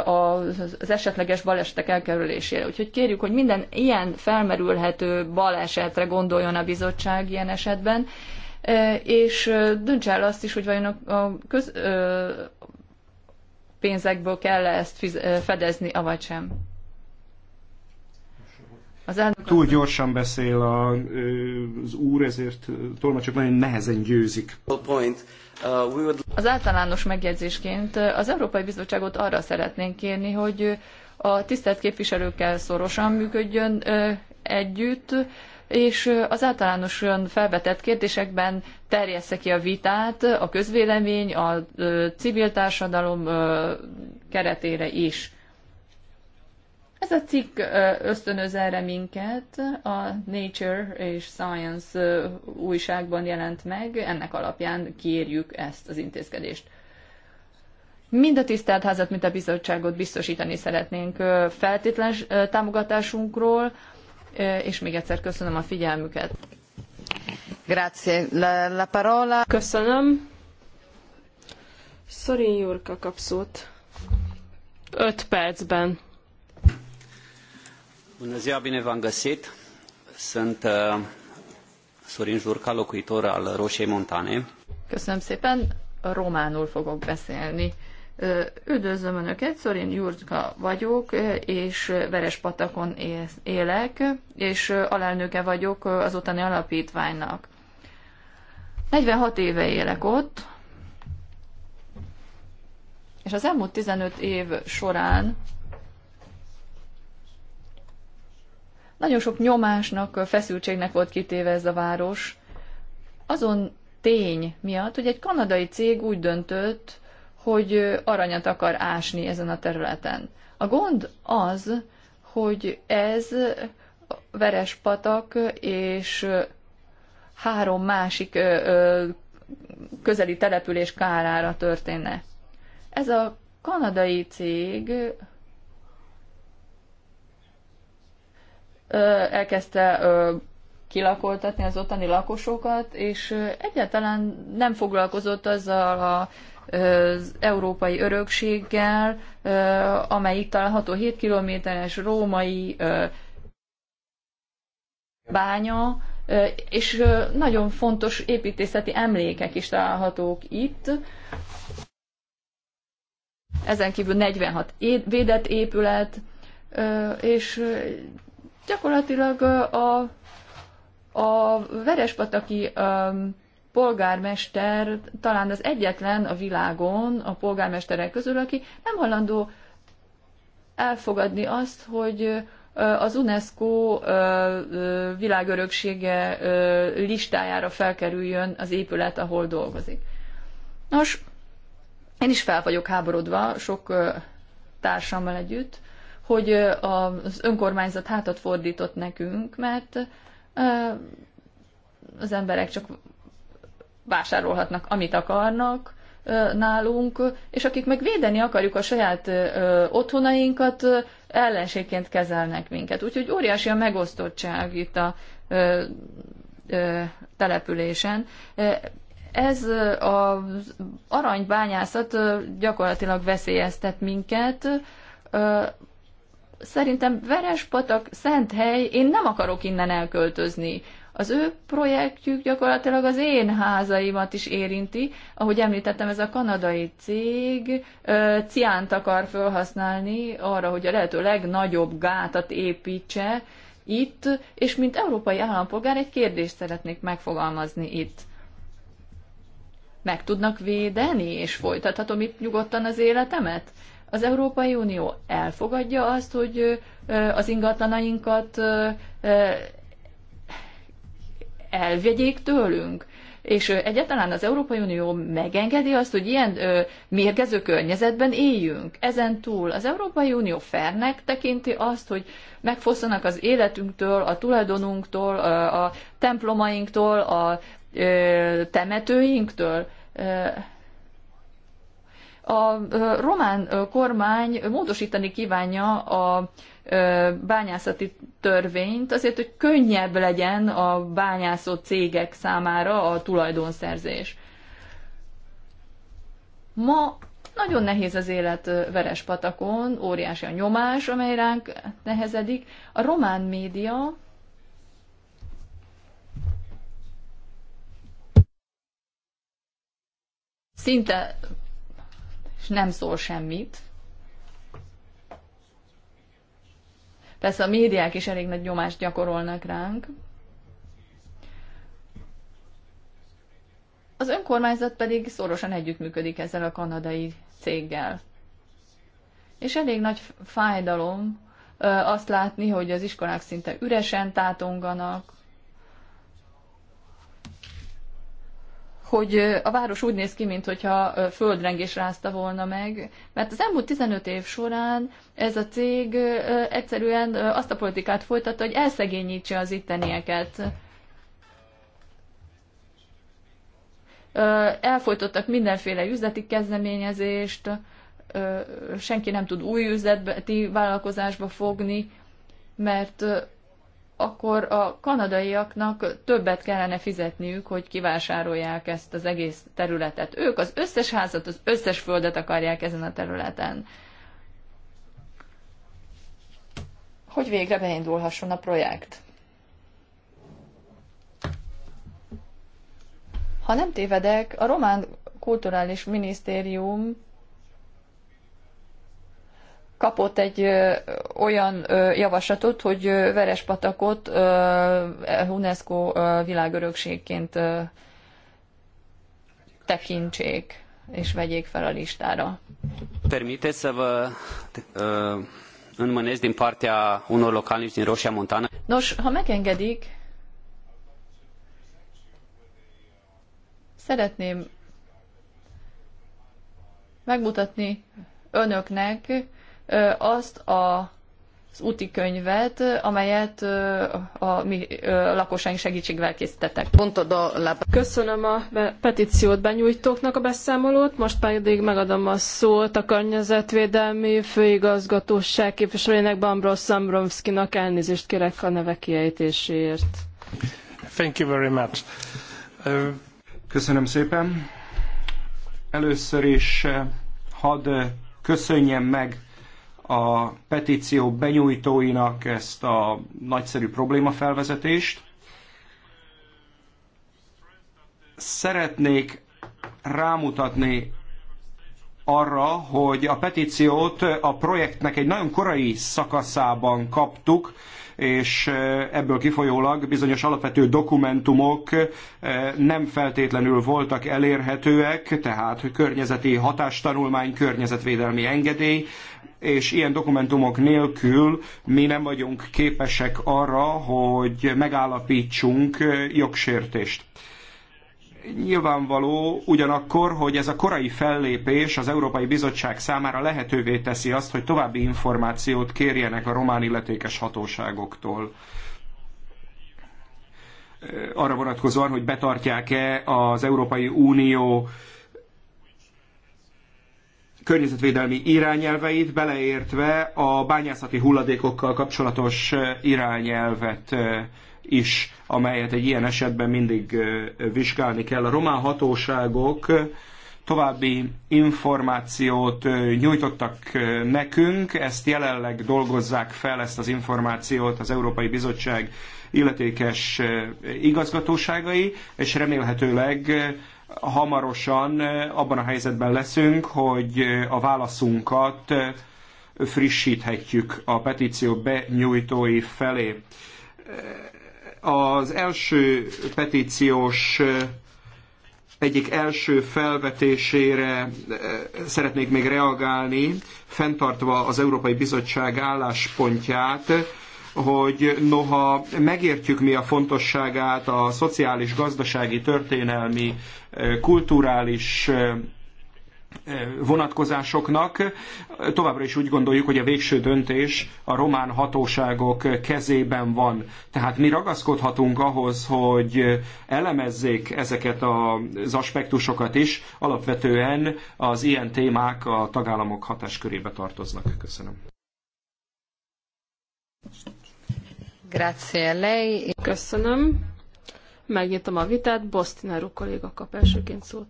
az esetleges balesetek elkerülésére. Úgyhogy kérjük, hogy minden ilyen felmerülhető balesetre gondoljon a bizottság ilyen esetben, és dönts el azt is, hogy vajon a köz, pénzekből kell -e ezt fedezni, avagy sem. Az elnök Túl gyorsan beszél a, az úr, ezért tolmácsok nagyon nehezen győzik. Point. Uh, az általános megjegyzésként uh, az Európai Bizottságot arra szeretnénk kérni, hogy uh, a tisztelt képviselőkkel szorosan működjön együtt, és az általánosan felvetett kérdésekben terjessze ki a vitát a közvélemény, a civil társadalom keretére is. Ez a cikk ösztönöz erre minket, a Nature és Science újságban jelent meg, ennek alapján kérjük ezt az intézkedést. Mind a tisztelt házat, mint a bizottságot biztosítani szeretnénk feltétlen támogatásunkról, és még egyszer köszönöm a figyelmüket. Grazie. La, la parola. Köszönöm. Szorin Jurka kapszót. Öt percben. Bună ziua, bine v-am găsit. Sunt uh, Sorin Jurca, locuitor al Roșiei Montane. Köszönöm szépen, románul fogok beszélni. Üdvözlöm Önöket, Szorin Jurka vagyok, és Verespatakon élek, és alelnöke vagyok az ottani alapítványnak. 46 éve élek ott, és az elmúlt 15 év során Nagyon sok nyomásnak, feszültségnek volt kitéve ez a város. Azon tény miatt, hogy egy kanadai cég úgy döntött, hogy aranyat akar ásni ezen a területen. A gond az, hogy ez Verespatak és három másik közeli település kárára történne. Ez a kanadai cég elkezdte kilakoltatni az ottani lakosokat, és egyáltalán nem foglalkozott azzal a, az európai örökséggel, amely itt található 7 kilométeres római bánya, és nagyon fontos építészeti emlékek is találhatók itt. Ezen kívül 46 védett épület, és Gyakorlatilag a, a Verespataki polgármester talán az egyetlen a világon a polgármesterek közül, aki nem hallandó elfogadni azt, hogy az UNESCO világöröksége listájára felkerüljön az épület, ahol dolgozik. Nos, én is fel vagyok háborodva sok társammal együtt, hogy az önkormányzat hátat fordított nekünk, mert az emberek csak vásárolhatnak, amit akarnak nálunk, és akik meg védeni akarjuk a saját otthonainkat, ellenségként kezelnek minket. Úgyhogy óriási a megosztottság itt a településen. Ez az aranybányászat gyakorlatilag veszélyeztet minket, szerintem Verespatak, szent hely, én nem akarok innen elköltözni. Az ő projektjük gyakorlatilag az én házaimat is érinti. Ahogy említettem, ez a kanadai cég ciánt akar felhasználni arra, hogy a lehető legnagyobb gátat építse itt, és mint európai állampolgár egy kérdést szeretnék megfogalmazni itt meg tudnak védeni, és folytathatom itt nyugodtan az életemet? Az Európai Unió elfogadja azt, hogy az ingatlanainkat elvegyék tőlünk. És egyáltalán az Európai Unió megengedi azt, hogy ilyen ö, mérgező környezetben éljünk. Ezen túl az Európai Unió fernek tekinti azt, hogy megfosszanak az életünktől, a tulajdonunktól, a, a templomainktól, a ö, temetőinktől. Ö, a román kormány módosítani kívánja a bányászati törvényt azért, hogy könnyebb legyen a bányászó cégek számára a tulajdonszerzés. Ma nagyon nehéz az élet Patakon, óriási a nyomás, amely ránk nehezedik. A román média szinte nem szól semmit. Persze a médiák is elég nagy nyomást gyakorolnak ránk. Az önkormányzat pedig szorosan együttműködik ezzel a kanadai céggel. És elég nagy fájdalom azt látni, hogy az iskolák szinte üresen tátonganak, hogy a város úgy néz ki, mintha földrengés rázta volna meg, mert az elmúlt 15 év során ez a cég egyszerűen azt a politikát folytatta, hogy elszegényítse az ittenieket. Elfolytottak mindenféle üzleti kezdeményezést, senki nem tud új üzleti vállalkozásba fogni, mert akkor a kanadaiaknak többet kellene fizetniük, hogy kivásárolják ezt az egész területet. Ők az összes házat, az összes földet akarják ezen a területen. Hogy végre beindulhasson a projekt. Ha nem tévedek, a román kulturális minisztérium kapott egy olyan javaslatot, hogy Verespatakot UNESCO világörökségként tekintsék és vegyék fel a listára. Permite să vă înmânez din partea unor localnici din Roșia Montană? Nos, ha megengedik, szeretném megmutatni önöknek, azt a az úti könyvet, amelyet a mi lakosaink segítségével készítettek. Köszönöm a petíciót benyújtóknak a beszámolót, most pedig megadom a szót a Környezetvédelmi Főigazgatóság képviselőjének Bambros Szambromszkinak elnézést kérek a neve kiejtéséért. Thank you very much. Uh... Köszönöm szépen. Először is hadd köszönjem meg a petíció benyújtóinak ezt a nagyszerű problémafelvezetést. Szeretnék rámutatni arra, hogy a petíciót a projektnek egy nagyon korai szakaszában kaptuk, és ebből kifolyólag bizonyos alapvető dokumentumok nem feltétlenül voltak elérhetőek, tehát környezeti hatástanulmány, környezetvédelmi engedély, és ilyen dokumentumok nélkül mi nem vagyunk képesek arra, hogy megállapítsunk jogsértést nyilvánvaló ugyanakkor, hogy ez a korai fellépés az Európai Bizottság számára lehetővé teszi azt, hogy további információt kérjenek a román illetékes hatóságoktól arra vonatkozóan, hogy betartják-e az Európai Unió környezetvédelmi irányelveit, beleértve a bányászati hulladékokkal kapcsolatos irányelvet is, amelyet egy ilyen esetben mindig vizsgálni kell. A román hatóságok további információt nyújtottak nekünk, ezt jelenleg dolgozzák fel, ezt az információt az Európai Bizottság illetékes igazgatóságai, és remélhetőleg hamarosan abban a helyzetben leszünk, hogy a válaszunkat frissíthetjük a petíció benyújtói felé. Az első petíciós egyik első felvetésére szeretnék még reagálni, fenntartva az Európai Bizottság álláspontját, hogy noha megértjük mi a fontosságát a szociális, gazdasági, történelmi, kulturális vonatkozásoknak. Továbbra is úgy gondoljuk, hogy a végső döntés a román hatóságok kezében van. Tehát mi ragaszkodhatunk ahhoz, hogy elemezzék ezeket az aspektusokat is. Alapvetően az ilyen témák a tagállamok hatáskörébe tartoznak. Köszönöm. Grazie lei. Köszönöm. Megnyitom a vitát. Bostinaru kolléga kap elsőként szót.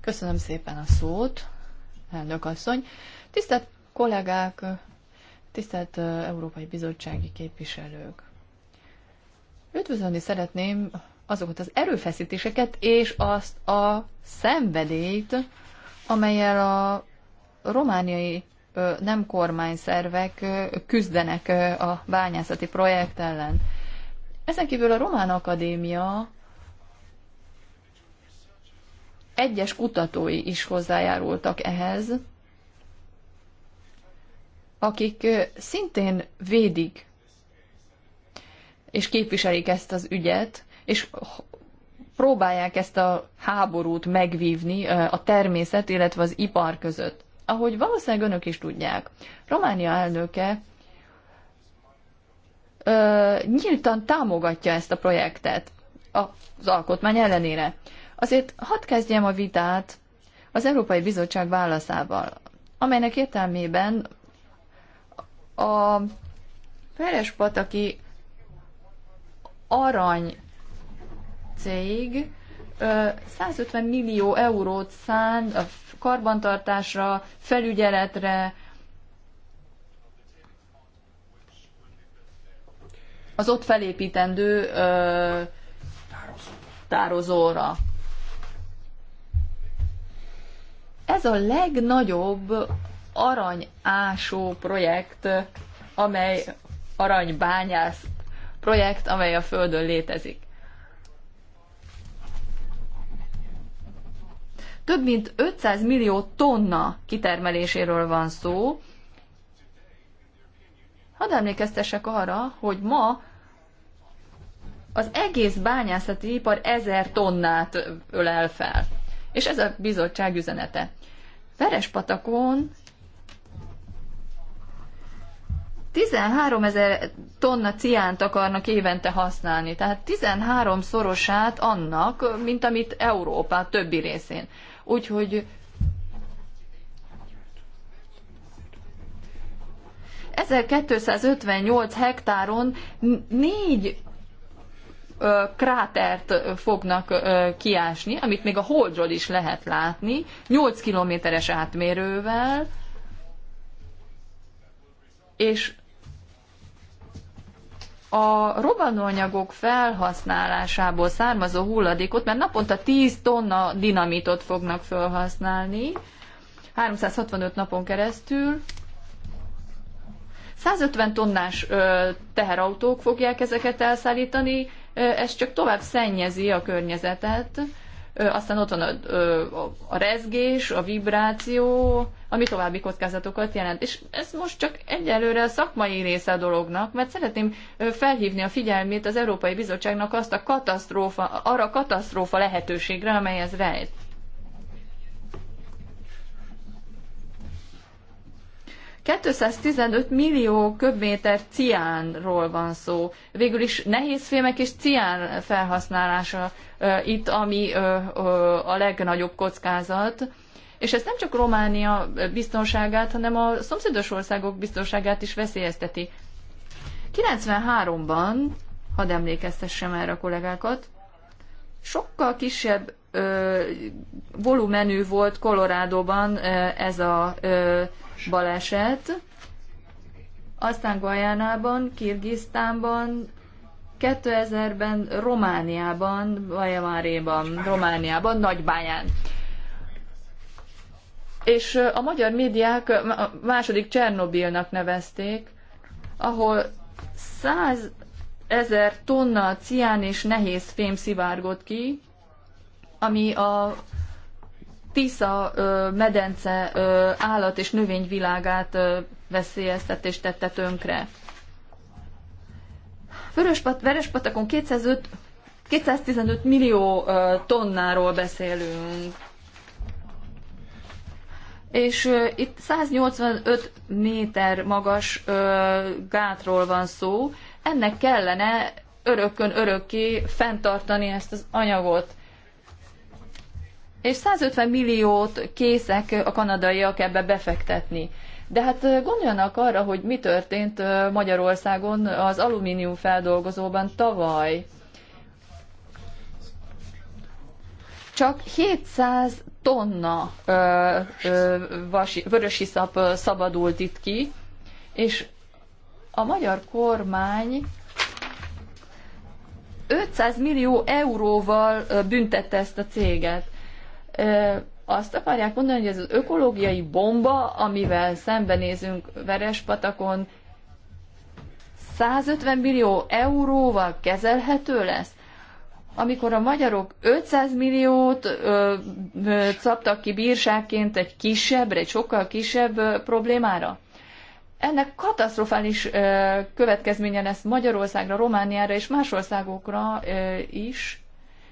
Köszönöm szépen a szót, elnök asszony. Tisztelt kollégák, tisztelt Európai Bizottsági képviselők. Üdvözölni szeretném azokat az erőfeszítéseket és azt a szenvedélyt, amelyel a romániai nem kormányszervek küzdenek a bányászati projekt ellen. Ezen kívül a Román Akadémia egyes kutatói is hozzájárultak ehhez, akik szintén védik és képviselik ezt az ügyet, és próbálják ezt a háborút megvívni a természet, illetve az ipar között. Ahogy valószínűleg önök is tudják, Románia elnöke nyíltan támogatja ezt a projektet az alkotmány ellenére. Azért hadd kezdjem a vitát az Európai Bizottság válaszával, amelynek értelmében a Ferespataki arany cég 150 millió eurót szán a karbantartásra, felügyeletre, az ott felépítendő ö, tározóra. Ez a legnagyobb aranyásó projekt, amely aranybányász projekt, amely a Földön létezik. Több mint 500 millió tonna kitermeléséről van szó. Hadd emlékeztessek arra, hogy ma az egész bányászati ipar ezer tonnát ölel fel. És ez a bizottság üzenete. Verespatakon 13 ezer tonna ciánt akarnak évente használni, tehát 13 szorosát annak, mint amit Európa többi részén. Úgyhogy ...1258 hektáron négy krátert fognak kiásni, amit még a holdról is lehet látni, 8 kilométeres átmérővel, és a robbanóanyagok felhasználásából származó hulladékot, mert naponta 10 tonna dinamitot fognak felhasználni, 365 napon keresztül, 150 tonnás teherautók fogják ezeket elszállítani, ez csak tovább szennyezi a környezetet, aztán ott van a, a rezgés, a vibráció, ami további kockázatokat jelent. És ez most csak egyelőre a szakmai része a dolognak, mert szeretném felhívni a figyelmét az Európai Bizottságnak azt a katasztrófa, arra a katasztrófa lehetőségre, amely ez rejt. 215 millió köbméter ciánról van szó. Végül is nehézfémek és cián felhasználása itt, ami a legnagyobb kockázat. És ez nem csak Románia biztonságát, hanem a szomszédos országok biztonságát is veszélyezteti. 93-ban, hadd emlékeztessem erre a kollégákat, sokkal kisebb ö, volumenű volt Kolorádóban ez a ö, baleset, aztán Guajánában, Kirgisztánban, 2000-ben Romániában, Vajamáréban, Romániában, Nagybányán. És a magyar médiák második Csernobilnak nevezték, ahol 100 ezer tonna cián és nehéz fém szivárgott ki, ami a Tisza medence állat és növényvilágát és tette tönkre. Vöröspat, Verespatakon 205, 215 millió tonnáról beszélünk. És itt 185 méter magas gátról van szó. Ennek kellene örökkön örökké fenntartani ezt az anyagot és 150 milliót készek a kanadaiak ebbe befektetni. De hát gondoljanak arra, hogy mi történt Magyarországon az alumínium feldolgozóban tavaly. Csak 700 tonna ö, ö, vasi, szap szabadult itt ki, és a magyar kormány 500 millió euróval büntette ezt a céget azt akarják mondani, hogy ez az ökológiai bomba, amivel szembenézünk Verespatakon, 150 millió euróval kezelhető lesz? Amikor a magyarok 500 milliót ö, ö, szabtak ki bírságként egy kisebbre, egy sokkal kisebb ö, problémára? Ennek katasztrofális ö, következménye lesz Magyarországra, Romániára és más országokra ö, is,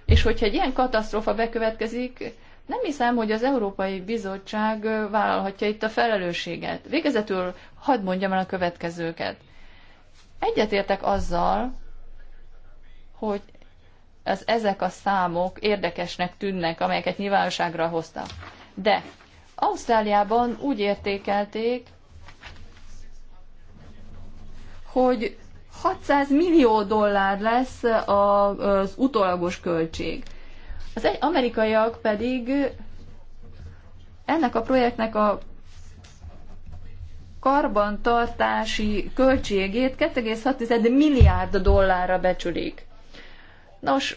és hogyha egy ilyen katasztrófa bekövetkezik, nem hiszem, hogy az Európai Bizottság vállalhatja itt a felelősséget. Végezetül hadd mondjam el a következőket. Egyetértek azzal, hogy az, ezek a számok érdekesnek tűnnek, amelyeket nyilvánosságra hoztak. De Ausztráliában úgy értékelték, hogy 600 millió dollár lesz az utolagos költség. Az amerikaiak pedig ennek a projektnek a karbantartási költségét 2,6 milliárd dollárra becsülik. Nos,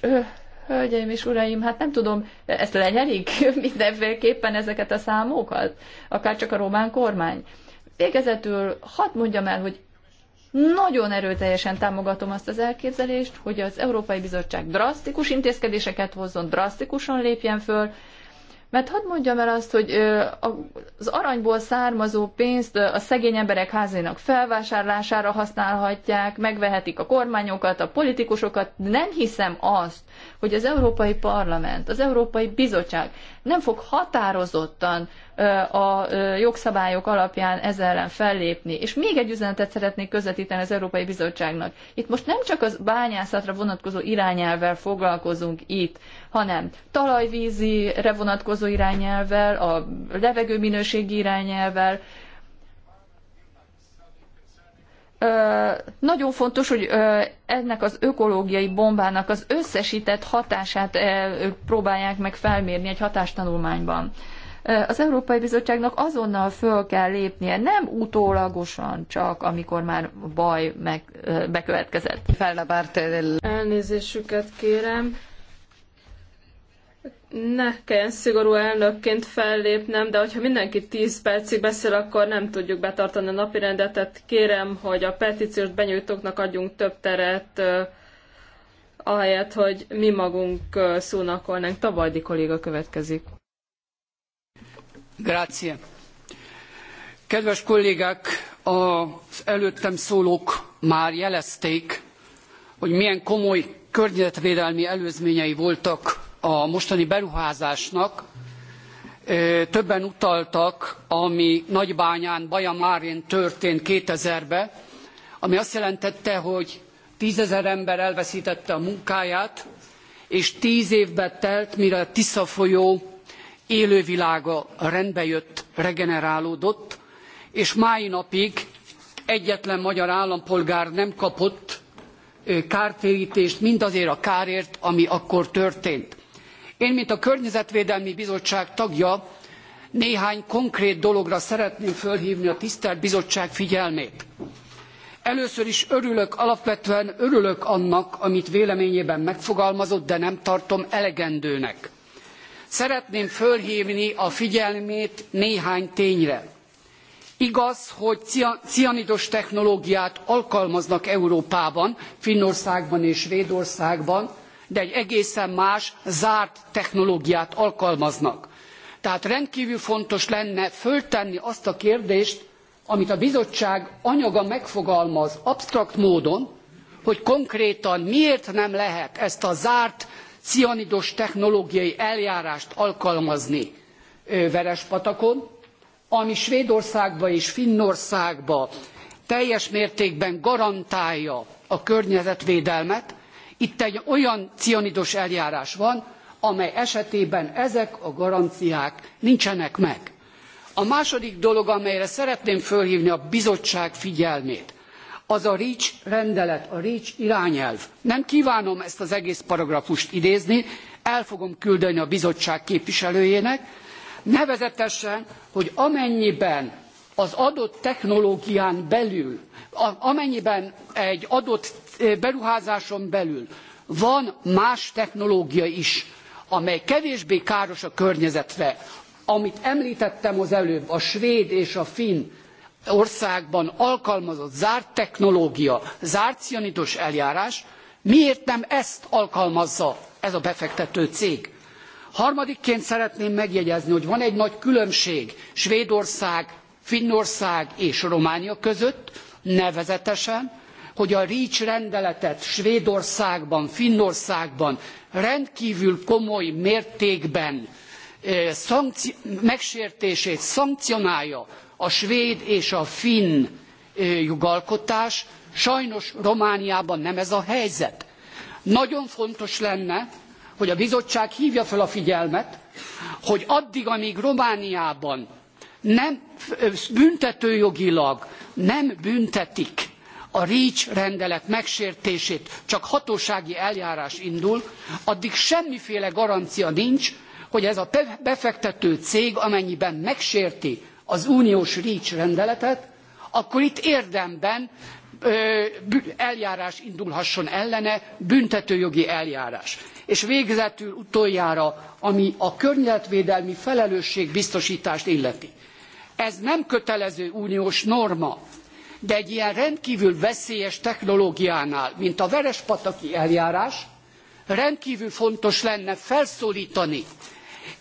hölgyeim és uraim, hát nem tudom, ezt lenyelik mindenféleképpen ezeket a számokat, akár csak a román kormány. Végezetül hadd mondjam el, hogy nagyon erőteljesen támogatom azt az elképzelést, hogy az Európai Bizottság drasztikus intézkedéseket hozzon, drasztikusan lépjen föl, mert hadd mondjam el azt, hogy az aranyból származó pénzt a szegény emberek házainak felvásárlására használhatják, megvehetik a kormányokat, a politikusokat. Nem hiszem azt, hogy az Európai Parlament, az Európai Bizottság nem fog határozottan a jogszabályok alapján ezzel ellen fellépni. És még egy üzenetet szeretnék közvetíteni az Európai Bizottságnak. Itt most nem csak az bányászatra vonatkozó irányelvvel foglalkozunk itt, hanem talajvízire vonatkozó irányelvvel, a levegőminőségi irányelvvel, nagyon fontos, hogy ennek az ökológiai bombának az összesített hatását próbálják meg felmérni egy hatástanulmányban. Az Európai Bizottságnak azonnal föl kell lépnie, nem utólagosan csak, amikor már baj meg, bekövetkezett. Elnézésüket kérem, ne kelljen szigorú elnökként fellépnem, de hogyha mindenki 10 percig beszél, akkor nem tudjuk betartani a napirendet. Tehát kérem, hogy a petíciós benyújtóknak adjunk több teret, ahelyett, hogy mi magunk szónakolnánk. Tabajdi kolléga következik. Grazie. Kedves kollégák, az előttem szólók már jelezték, hogy milyen komoly környezetvédelmi előzményei voltak a mostani beruházásnak. Többen utaltak, ami Nagybányán, Baja Márén történt 2000-ben, ami azt jelentette, hogy tízezer ember elveszítette a munkáját, és tíz évbe telt, mire a Tisza folyó élővilága rendbe jött, regenerálódott, és mai napig egyetlen magyar állampolgár nem kapott kártérítést mindazért a kárért, ami akkor történt én mint a környezetvédelmi bizottság tagja néhány konkrét dologra szeretném fölhvni a tisztelt bizottság figyelmét. először is örülök alapvetően örülök annak amit véleményében megfogalmazott de nem tartom elegendőnek. szeretném fölhvni a figyelmét néhány tényre. igaz hogy cianidos technológiát alkalmaznak európában finnországban és svédországban de egy egészen más, zárt technológiát alkalmaznak. Tehát rendkívül fontos lenne föltenni azt a kérdést, amit a bizottság anyaga megfogalmaz absztrakt módon, hogy konkrétan miért nem lehet ezt a zárt cianidos technológiai eljárást alkalmazni Verespatakon, ami svédországban és finnországban teljes mértékben garantálja a környezetvédelmet, itt egy olyan cianidos eljárás van, amely esetében ezek a garanciák nincsenek meg. A második dolog, amelyre szeretném fölhívni a bizottság figyelmét, az a REACH rendelet, a REACH irányelv. Nem kívánom ezt az egész paragrafust idézni, el fogom küldeni a bizottság képviselőjének, nevezetesen, hogy amennyiben az adott technológián belül, amennyiben egy adott beruházáson belül van más technológia is, amely kevésbé káros a környezetre, amit említettem az előbb, a svéd és a finn országban alkalmazott zárt technológia, zárt cianidos eljárás, miért nem ezt alkalmazza ez a befektető cég? Harmadikként szeretném megjegyezni, hogy van egy nagy különbség Svédország, Finnország és Románia között, nevezetesen, hogy a REACH rendeletet Svédországban, Finnországban rendkívül komoly mértékben eh, szankci- megsértését szankcionálja a svéd és a finn eh, jogalkotás, sajnos Romániában nem ez a helyzet. Nagyon fontos lenne, hogy a bizottság hívja fel a figyelmet, hogy addig, amíg Romániában nem eh, büntetőjogilag nem büntetik a REACH rendelet megsértését csak hatósági eljárás indul, addig semmiféle garancia nincs, hogy ez a befektető cég, amennyiben megsérti az uniós REACH rendeletet, akkor itt érdemben eljárás indulhasson ellene, büntetőjogi eljárás. És végezetül utoljára, ami a környezetvédelmi felelősség felelősségbiztosítást illeti. Ez nem kötelező uniós norma, de egy ilyen rendkívül veszélyes technológiánál, mint a Verespataki eljárás, rendkívül fontos lenne felszólítani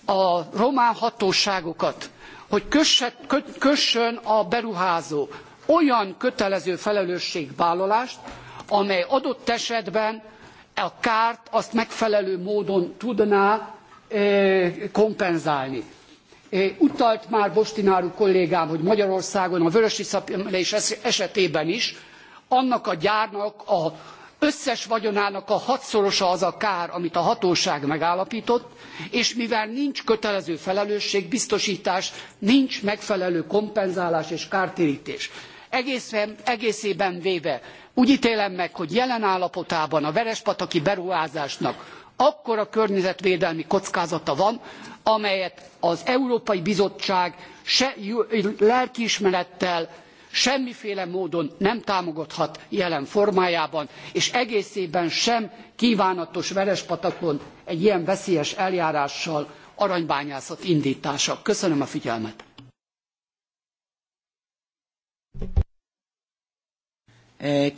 a román hatóságokat, hogy kössön a beruházó olyan kötelező felelősségvállalást, amely adott esetben a kárt azt megfelelő módon tudná eh, kompenzálni. Utalt már Bostináru kollégám, hogy Magyarországon a vörösiszapelés esetében is annak a gyárnak a összes vagyonának a hatszorosa az a kár, amit a hatóság megállapított, és mivel nincs kötelező biztosítás, nincs megfelelő kompenzálás és kártérítés. Egészen, egészében véve úgy ítélem meg, hogy jelen állapotában a Verespataki beruházásnak akkora környezetvédelmi kockázata van amelyet az európai bizottság se lelkiismerettel semmiféle módon nem támogathat jelen formájában és egészében sem kvánatos verespatakon egy ilyen veszélyes eljárással aranybányászat indtása. köszönöm a figyelmet. Eh,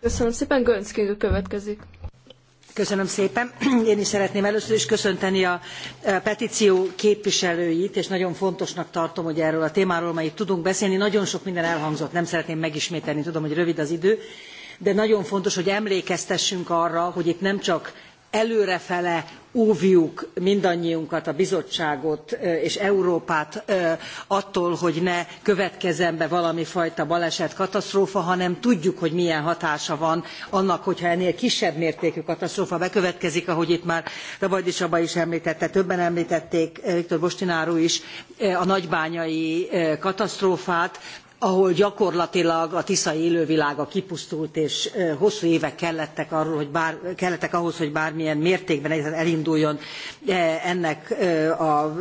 Köszönöm szépen, Gönc következik. Köszönöm szépen. én is szeretném először is köszönteni a petció képviselőit és nagyon fontosnak tartom hogy erről a témáról ma itt tudunk beszélni. nagyon sok minden elhangzott nem szeretném megismételni tudom hogy rövid az idő de nagyon fontos hogy emlékeztessünk arra hogy itt nem csak előrefele óvjuk mindannyiunkat a bizottságot és európát attól hogy ne következzen be valami fajta baleset katasztrófa hanem tudjuk hogy milyen hatása van annak hogyha ennél kisebb mértékű katasztrófa bekövetkezik ahogy itt már tabajdi csaba is emltette többen emltették viktor bostinaru is a nagybányai katasztrófát ahol gyakorlatilag a tiszai élővilága kipusztult, és hosszú évek kellettek, arról, hogy bár, kellettek ahhoz, hogy bármilyen mértékben elinduljon e, ennek a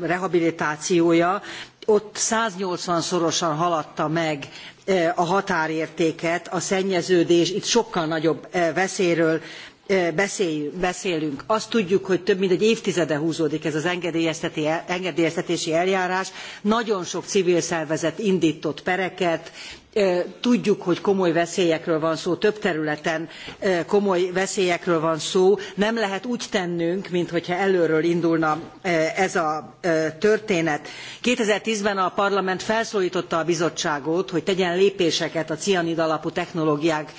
rehabilitációja. Ott 180-szorosan haladta meg e, a határértéket a szennyeződés itt sokkal nagyobb e, veszélyről beszélünk azt tudjuk hogy több mint egy évtizede húzódik ez az engedélyeztetési eljárás nagyon sok civil szervezet indtott pereket tudjuk, hogy komoly veszélyekről van szó, több területen komoly veszélyekről van szó, nem lehet úgy tennünk, mintha előről indulna ez a történet. 2010-ben a parlament felszólította a bizottságot, hogy tegyen lépéseket a cianid alapú technológiák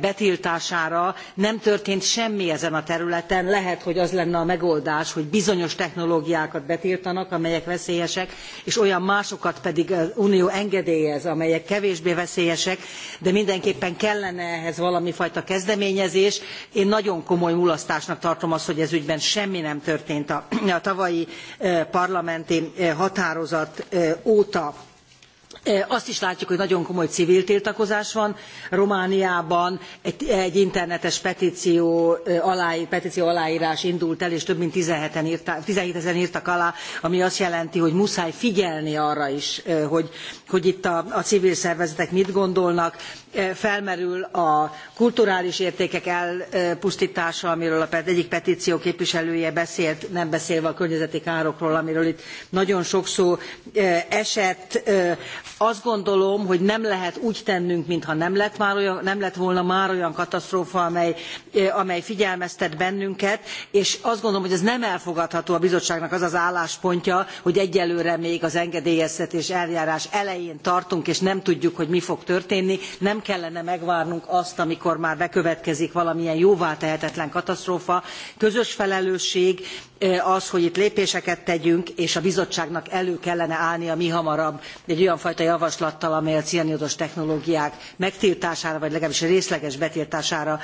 betiltására. Nem történt semmi ezen a területen, lehet, hogy az lenne a megoldás, hogy bizonyos technológiákat betiltanak, amelyek veszélyesek, és olyan másokat pedig az Unió engedélyez, amelyek kevésbé veszélyesek de mindenképpen kellene ehhez valami fajta kezdeményezés. én nagyon komoly mulasztásnak tartom azt hogy ez ügyben semmi nem történt a tavalyi eh, parlamenti eh, határozat eh, óta azt is látjuk, hogy nagyon komoly civil tiltakozás van. Romániában egy, egy internetes petíció, aláír, petíció aláírás indult el, és több mint 17 ezeren írtak alá, ami azt jelenti, hogy muszáj figyelni arra is, hogy, hogy itt a, a civil szervezetek mit gondolnak Eh, felmerül a kulturális értékek elpusztítása, amiről a egyik petíció képviselője beszélt, nem beszélve a környezeti károkról, amiről itt nagyon sok szó eh, esett. Eh, azt gondolom, hogy nem lehet úgy tennünk, mintha nem lett, már olyan, nem lett volna már olyan katasztrófa, amely, amely figyelmeztet bennünket, és azt gondolom, hogy ez nem elfogadható a bizottságnak az az álláspontja, hogy egyelőre még az engedélyeztetés eljárás elején tartunk, és nem tudjuk, hogy mi fog történni. Nem kellene megvárnunk azt, amikor már bekövetkezik valamilyen jóvátehetetlen katasztrófa. Közös felelősség az, hogy itt lépéseket tegyünk, és a bizottságnak elő kellene állnia mihamarabb egy olyan fajta javaslattal, amely a cianidos technológiák megtiltására, vagy legalábbis részleges betiltására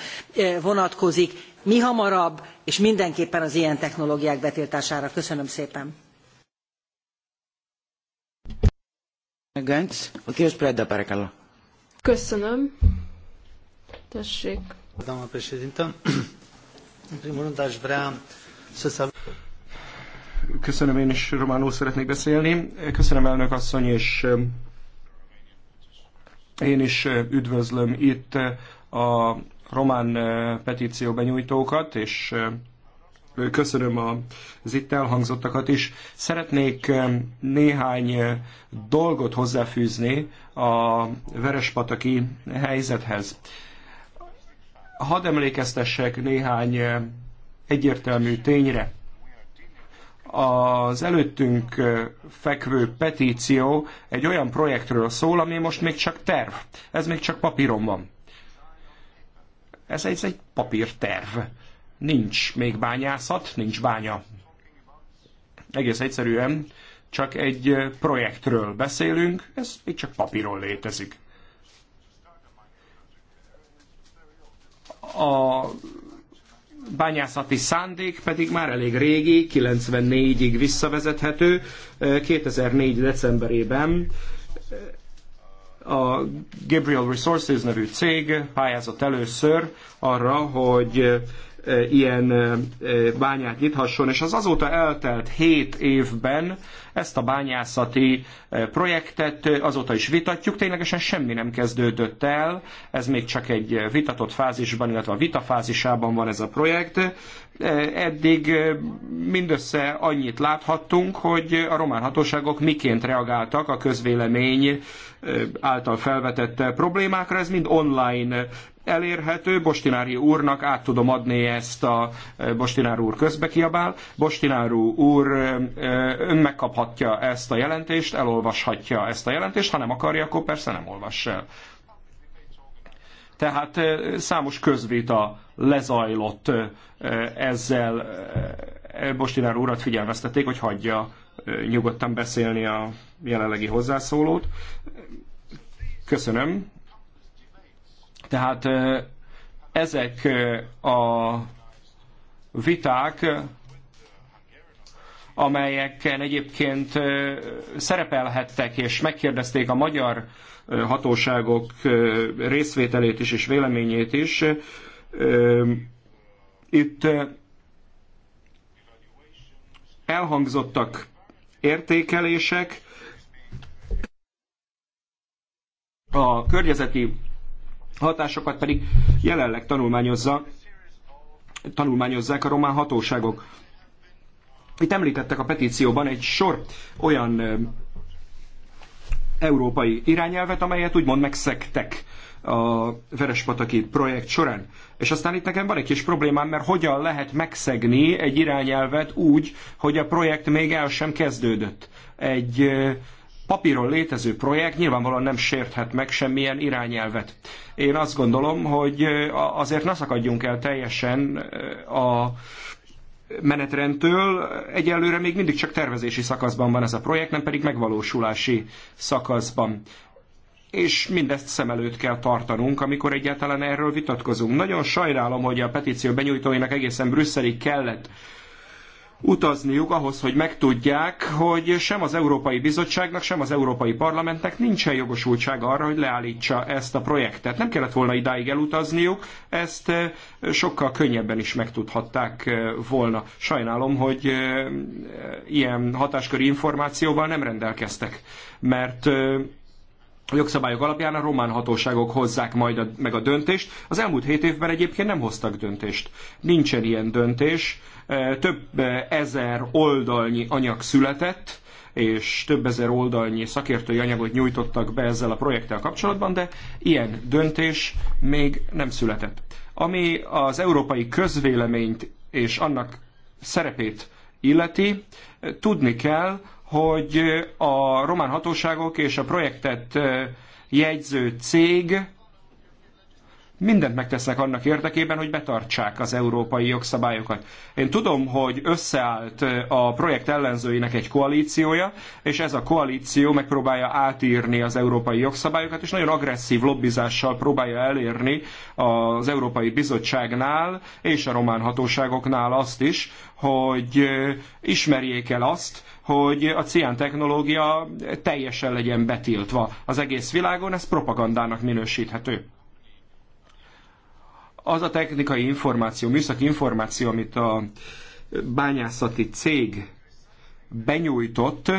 vonatkozik. Mihamarabb és mindenképpen az ilyen technológiák betiltására. Köszönöm szépen. Köszönöm. Tessék. Doamna președintă, în primul rând aș vrea să salut Köszönöm, én is románul szeretnék beszélni. Köszönöm, elnök asszony, és eh, én is eh, üdvözlöm itt eh, a román petíció benyújtókat, és köszönöm az itt elhangzottakat is. Szeretnék néhány dolgot hozzáfűzni a Verespataki helyzethez. Hadd emlékeztessek néhány egyértelmű tényre. Az előttünk fekvő petíció egy olyan projektről szól, ami most még csak terv. Ez még csak papíron van. Ez egy, ez egy papírterv. terv nincs még bányászat, nincs bánya. Egész egyszerűen csak egy projektről beszélünk, ez még csak papíron létezik. A bányászati szándék pedig már elég régi, 94-ig visszavezethető. 2004. decemberében a Gabriel Resources nevű cég pályázott először arra, hogy ilyen bányát nyithasson, és az azóta eltelt 7 évben ezt a bányászati projektet azóta is vitatjuk, ténylegesen semmi nem kezdődött el, ez még csak egy vitatott fázisban, illetve a vita fázisában van ez a projekt. Eddig mindössze annyit láthattunk, hogy a román hatóságok miként reagáltak a közvélemény által felvetett problémákra, ez mind online elérhető. Bostinári úrnak át tudom adni ezt a e, Bostinár úr közbekiabál. Bostinár úr e, e, ön megkaphatja ezt a jelentést, elolvashatja ezt a jelentést, ha nem akarja, akkor persze nem olvass el. Tehát számos közvita lezajlott ezzel. Bostinár urat figyelmeztették, hogy hagyja nyugodtan beszélni a jelenlegi hozzászólót. Köszönöm. Tehát ezek a viták, amelyeken egyébként szerepelhettek és megkérdezték a magyar hatóságok részvételét is és véleményét is. Itt elhangzottak értékelések, a környezeti hatásokat pedig jelenleg tanulmányozza, tanulmányozzák a román hatóságok. Itt említettek a petícióban egy sor olyan európai irányelvet, amelyet úgymond megszektek a Verespataki projekt során. És aztán itt nekem van egy kis problémám, mert hogyan lehet megszegni egy irányelvet úgy, hogy a projekt még el sem kezdődött. Egy papíron létező projekt nyilvánvalóan nem sérthet meg semmilyen irányelvet. Én azt gondolom, hogy azért ne szakadjunk el teljesen a menetrendtől. Egyelőre még mindig csak tervezési szakaszban van ez a projekt, nem pedig megvalósulási szakaszban. És mindezt szem előtt kell tartanunk, amikor egyáltalán erről vitatkozunk. Nagyon sajnálom, hogy a petíció benyújtóinak egészen Brüsszelig kellett utazniuk ahhoz, hogy megtudják, hogy sem az Európai Bizottságnak, sem az Európai Parlamentnek nincsen jogosultsága arra, hogy leállítsa ezt a projektet. Nem kellett volna idáig elutazniuk, ezt eh, sokkal könnyebben is megtudhatták eh, volna. Sajnálom, hogy eh, ilyen hatásköri információval nem rendelkeztek, mert a jogszabályok alapján a román hatóságok hozzák majd a, meg a döntést. Az elmúlt hét évben egyébként nem hoztak döntést. Nincsen ilyen döntés. Több ezer oldalnyi anyag született, és több ezer oldalnyi szakértői anyagot nyújtottak be ezzel a projekttel kapcsolatban, de ilyen döntés még nem született. Ami az európai közvéleményt és annak szerepét illeti, tudni kell, hogy a román hatóságok és a projektet jegyző cég mindent megtesznek annak érdekében, hogy betartsák az európai jogszabályokat. Én tudom, hogy összeállt a projekt ellenzőinek egy koalíciója, és ez a koalíció megpróbálja átírni az európai jogszabályokat, és nagyon agresszív lobbizással próbálja elérni az Európai Bizottságnál és a román hatóságoknál azt is, hogy ismerjék el azt, hogy a cián technológia teljesen legyen betiltva az egész világon, ez propagandának minősíthető az a technikai információ, műszaki információ, amit a bányászati cég benyújtott,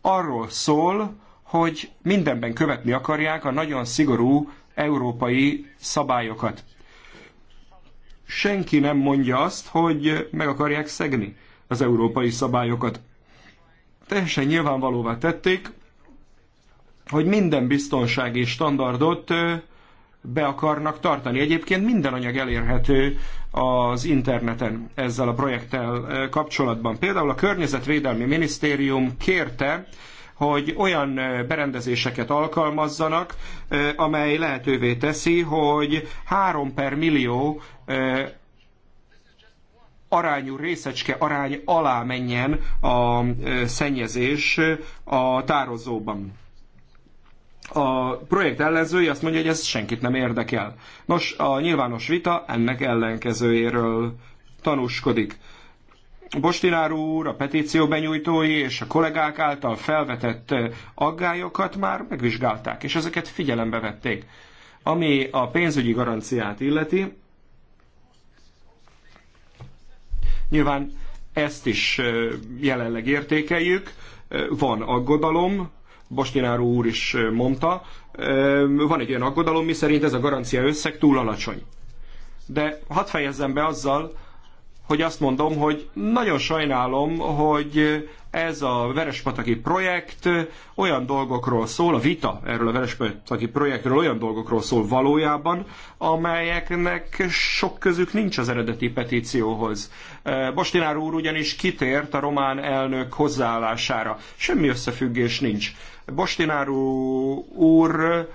arról szól, hogy mindenben követni akarják a nagyon szigorú európai szabályokat. Senki nem mondja azt, hogy meg akarják szegni az európai szabályokat. Teljesen nyilvánvalóvá tették, hogy minden biztonsági standardot be akarnak tartani. Egyébként minden anyag elérhető az interneten ezzel a projekttel kapcsolatban. Például a Környezetvédelmi Minisztérium kérte, hogy olyan berendezéseket alkalmazzanak, amely lehetővé teszi, hogy 3 per millió arányú részecske arány alá menjen a szennyezés a tározóban a projekt ellenzői azt mondja, hogy ez senkit nem érdekel. Nos, a nyilvános vita ennek ellenkezőjéről tanúskodik. Bostinár úr, a petíció benyújtói és a kollégák által felvetett aggályokat már megvizsgálták, és ezeket figyelembe vették. Ami a pénzügyi garanciát illeti, nyilván ezt is jelenleg értékeljük, van aggodalom, Bostináró úr is mondta, van egy olyan aggodalom, miszerint ez a garancia összeg túl alacsony. De hadd fejezzem be azzal, hogy azt mondom, hogy nagyon sajnálom, hogy ez a Verespataki projekt olyan dolgokról szól, a vita erről a Verespataki projektről olyan dolgokról szól valójában, amelyeknek sok közük nincs az eredeti petícióhoz. Bostinár úr ugyanis kitért a román elnök hozzáállására. Semmi összefüggés nincs. Bostináru úr e,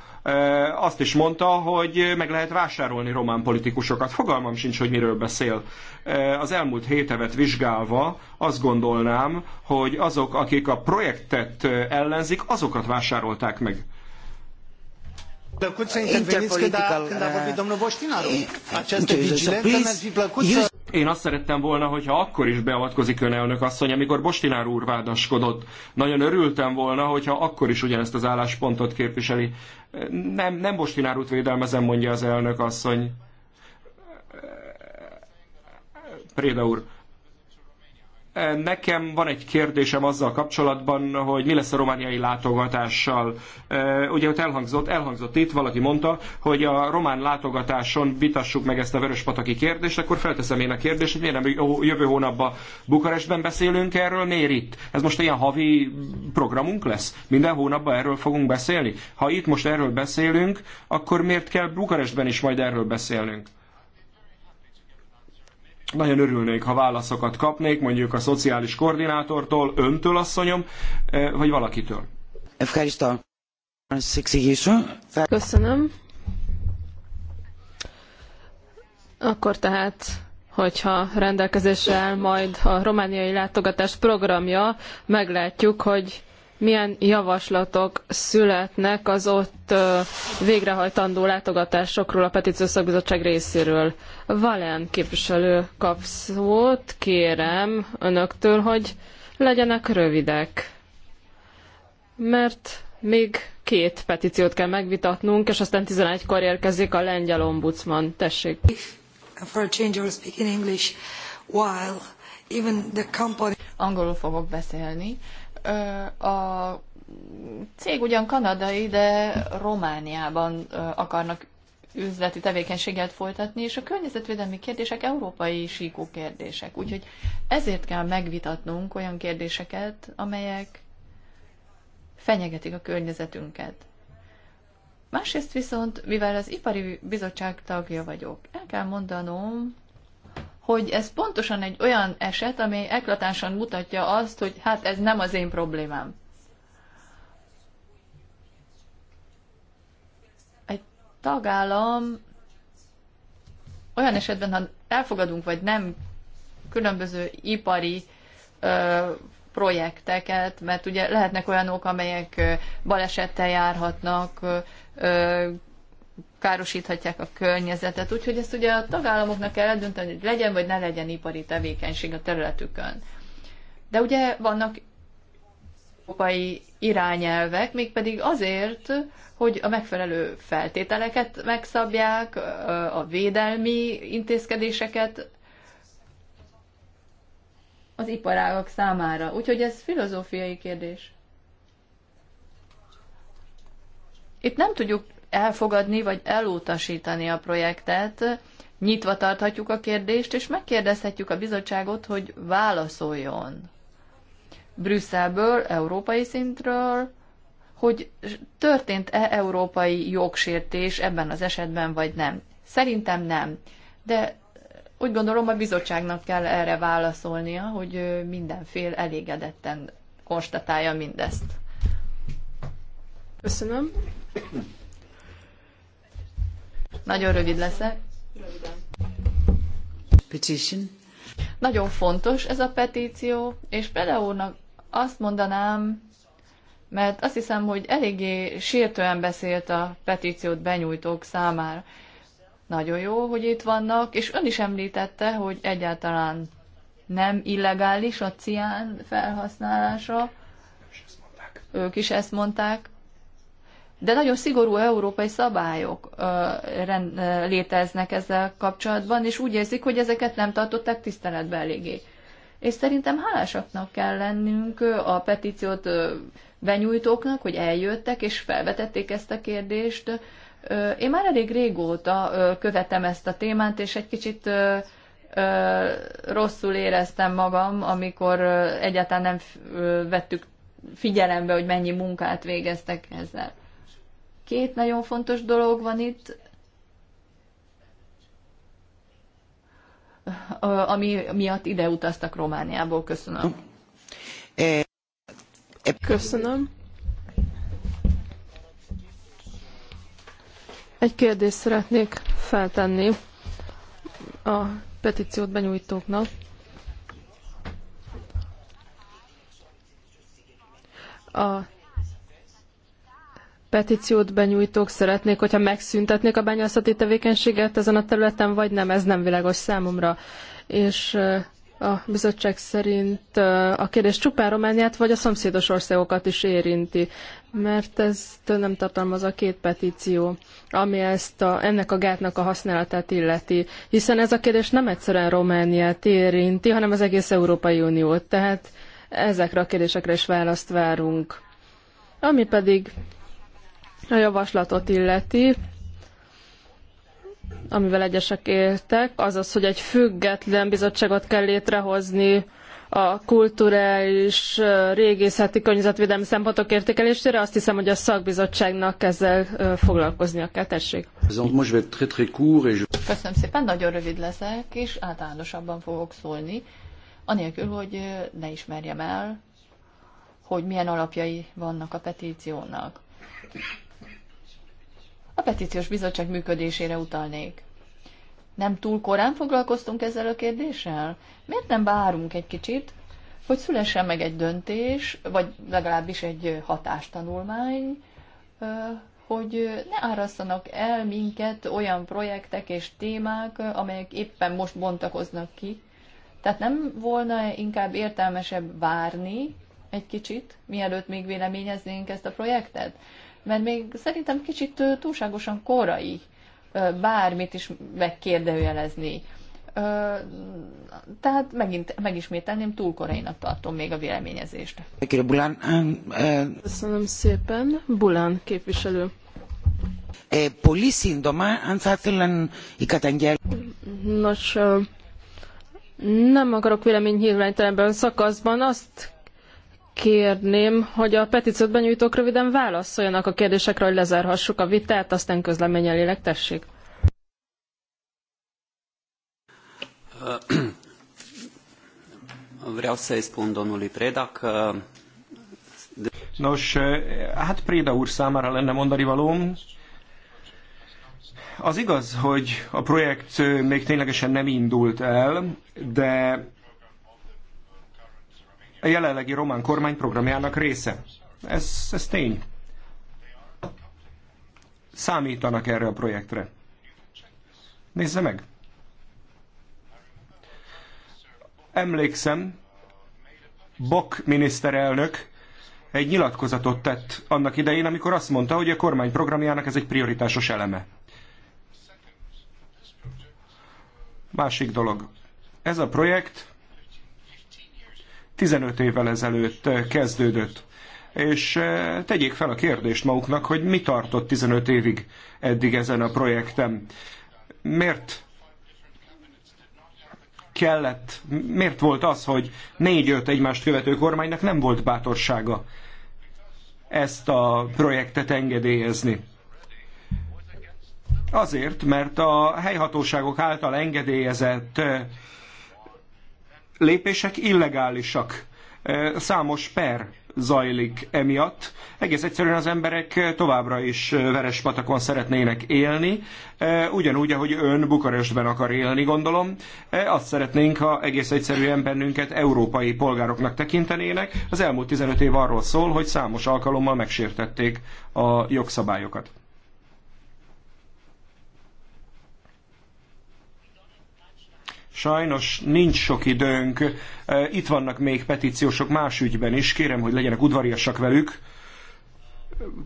azt is mondta, hogy meg lehet vásárolni román politikusokat. Fogalmam sincs, hogy miről beszél. E, az elmúlt hét évet vizsgálva azt gondolnám, hogy azok, akik a projektet e, ellenzik, azokat vásárolták meg plăcut să interveniți când a, când a vorbit eh, domnul Boștinaru. Eh, Această vigilență mi-ar fi plăcut să... Én azt szerettem volna, hogyha akkor is beavatkozik ön elnök asszony, amikor Bostinár úr vádaskodott. Nagyon örültem volna, hogyha akkor is ugyanezt az álláspontot képviseli. Nem, nem Bostinár út védelmezem, mondja az elnök asszony. Préda úr, Nekem van egy kérdésem azzal kapcsolatban, hogy mi lesz a romániai látogatással. Ugye ott elhangzott, elhangzott itt, valaki mondta, hogy a román látogatáson vitassuk meg ezt a vöröspataki kérdést, akkor felteszem én a kérdést, hogy miért nem jövő hónapban Bukarestben beszélünk erről, miért itt? Ez most ilyen havi programunk lesz? Minden hónapban erről fogunk beszélni? Ha itt most erről beszélünk, akkor miért kell Bukarestben is majd erről beszélnünk? Nagyon örülnék, ha válaszokat kapnék, mondjuk a szociális koordinátortól, öntől, asszonyom, eh, vagy valakitől. Köszönöm. Akkor tehát hogyha rendelkezésre áll majd a romániai látogatás programja, meglátjuk, hogy milyen javaslatok születnek az ott végrehajtandó látogatásokról a petíciós szakbizottság részéről. Valen képviselő kap szót, kérem önöktől, hogy legyenek rövidek, mert még két petíciót kell megvitatnunk, és aztán 11-kor érkezik a lengyel ombudsman. Tessék. For a change, I'll speak in English. While even the company... Angolul fogok beszélni a cég ugyan kanadai, de Romániában akarnak üzleti tevékenységet folytatni, és a környezetvédelmi kérdések európai síkú kérdések. Úgyhogy ezért kell megvitatnunk olyan kérdéseket, amelyek fenyegetik a környezetünket. Másrészt viszont, mivel az ipari bizottság tagja vagyok, el kell mondanom, hogy ez pontosan egy olyan eset, ami eklatánsan mutatja azt, hogy hát ez nem az én problémám. Egy tagállam olyan esetben, ha elfogadunk vagy nem különböző ipari ö, projekteket, mert ugye lehetnek olyanok, amelyek balesettel járhatnak, ö, károsíthatják a környezetet. Úgyhogy ezt ugye a tagállamoknak kell eldönteni, hogy legyen vagy ne legyen ipari tevékenység a területükön. De ugye vannak európai irányelvek, mégpedig azért, hogy a megfelelő feltételeket megszabják, a védelmi intézkedéseket az iparágak számára. Úgyhogy ez filozófiai kérdés. Itt nem tudjuk elfogadni vagy elutasítani a projektet. Nyitva tarthatjuk a kérdést, és megkérdezhetjük a bizottságot, hogy válaszoljon. Brüsszelből, európai szintről, hogy történt-e európai jogsértés ebben az esetben, vagy nem. Szerintem nem, de úgy gondolom a bizottságnak kell erre válaszolnia, hogy mindenfél elégedetten konstatálja mindezt. Köszönöm. Nagyon rövid leszek. Petition. Nagyon fontos ez a petíció, és Preda úrnak azt mondanám, mert azt hiszem, hogy eléggé sértően beszélt a petíciót benyújtók számára. Nagyon jó, hogy itt vannak, és ön is említette, hogy egyáltalán nem illegális a cián felhasználása. Ők is ezt mondták de nagyon szigorú európai szabályok léteznek ezzel kapcsolatban, és úgy érzik, hogy ezeket nem tartották tiszteletbe eléggé. És szerintem hálásaknak kell lennünk a petíciót benyújtóknak, hogy eljöttek és felvetették ezt a kérdést. Én már elég régóta követem ezt a témát, és egy kicsit rosszul éreztem magam, amikor egyáltalán nem vettük figyelembe, hogy mennyi munkát végeztek ezzel. Két nagyon fontos dolog van itt, ami miatt ide utaztak Romániából. Köszönöm. Köszönöm. Egy kérdést szeretnék feltenni a petíciót benyújtóknak. A petíciót benyújtók szeretnék, hogyha megszüntetnék a bányászati tevékenységet ezen a területen, vagy nem, ez nem világos számomra. És a bizottság szerint a kérdés csupán Romániát vagy a szomszédos országokat is érinti, mert ezt nem tartalmaz a két petíció, ami ezt a, ennek a gátnak a használatát illeti, hiszen ez a kérdés nem egyszerűen Romániát érinti, hanem az egész Európai Uniót, tehát ezekre a kérdésekre is választ várunk. Ami pedig a javaslatot illeti, amivel egyesek értek, azaz, hogy egy független bizottságot kell létrehozni a kulturális, régészeti, környezetvédelmi szempontok értékelésére. Azt hiszem, hogy a szakbizottságnak ezzel foglalkoznia kell. Tessék. Köszönöm szépen, nagyon rövid leszek, és általánosabban fogok szólni, anélkül, hogy ne ismerjem el, hogy milyen alapjai vannak a petíciónak a petíciós bizottság működésére utalnék. Nem túl korán foglalkoztunk ezzel a kérdéssel? Miért nem várunk egy kicsit, hogy szülessen meg egy döntés, vagy legalábbis egy hatástanulmány, hogy ne árasztanak el minket olyan projektek és témák, amelyek éppen most bontakoznak ki. Tehát nem volna inkább értelmesebb várni egy kicsit, mielőtt még véleményeznénk ezt a projektet? mert még szerintem kicsit túlságosan korai bármit is megkérdőjelezni. Tehát megint megismételném, túl korainak tartom még a véleményezést. Köszönöm szépen. Bulán képviselő. E, Nos, nem akarok véleményt nyilvánítani ebben a szakaszban. Azt kérném, hogy a petíciót benyújtók röviden válaszoljanak a kérdésekre, hogy lezárhassuk a vitát, aztán közleményelélek, tessék. Vreau să-i spun domnului Preda că... Nos, hát Préda úr számára lenne mondani valóm. Az igaz, hogy a projekt még ténylegesen nem indult el, de a jelenlegi román kormány programjának része. Ez, ez tény. Számítanak erre a projektre. Nézze meg! Emlékszem, Bok miniszterelnök egy nyilatkozatot tett annak idején, amikor azt mondta, hogy a kormány programjának ez egy prioritásos eleme. Másik dolog. Ez a projekt 15 évvel ezelőtt eh, kezdődött. És eh, tegyék fel a kérdést maguknak, hogy mi tartott 15 évig eddig ezen a projektem. Miért kellett, miért volt az, hogy négy-öt egymást követő kormánynak nem volt bátorsága ezt a projektet engedélyezni? Azért, mert a helyhatóságok által engedélyezett eh, lépések illegálisak. E, számos per zajlik emiatt. Egész egyszerűen az emberek továbbra is veres patakon szeretnének élni, e, ugyanúgy, ahogy ön Bukarestben akar élni, gondolom. E, azt szeretnénk, ha egész egyszerűen bennünket európai polgároknak tekintenének. Az elmúlt 15 év arról szól, hogy számos alkalommal megsértették a jogszabályokat. Sajnos nincs sok időnk. Itt vannak még petíciósok más ügyben is. Kérem, hogy legyenek udvariasak velük.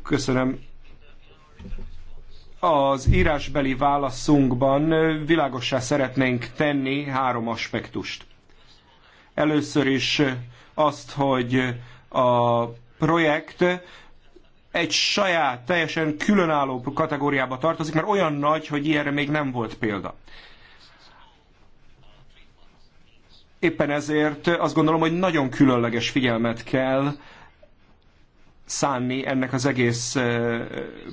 Köszönöm. Az írásbeli válaszunkban világossá szeretnénk tenni három aspektust. Először is azt, hogy a projekt egy saját, teljesen különálló kategóriába tartozik, mert olyan nagy, hogy ilyenre még nem volt példa. Éppen ezért azt gondolom, hogy nagyon különleges figyelmet kell szánni ennek az egész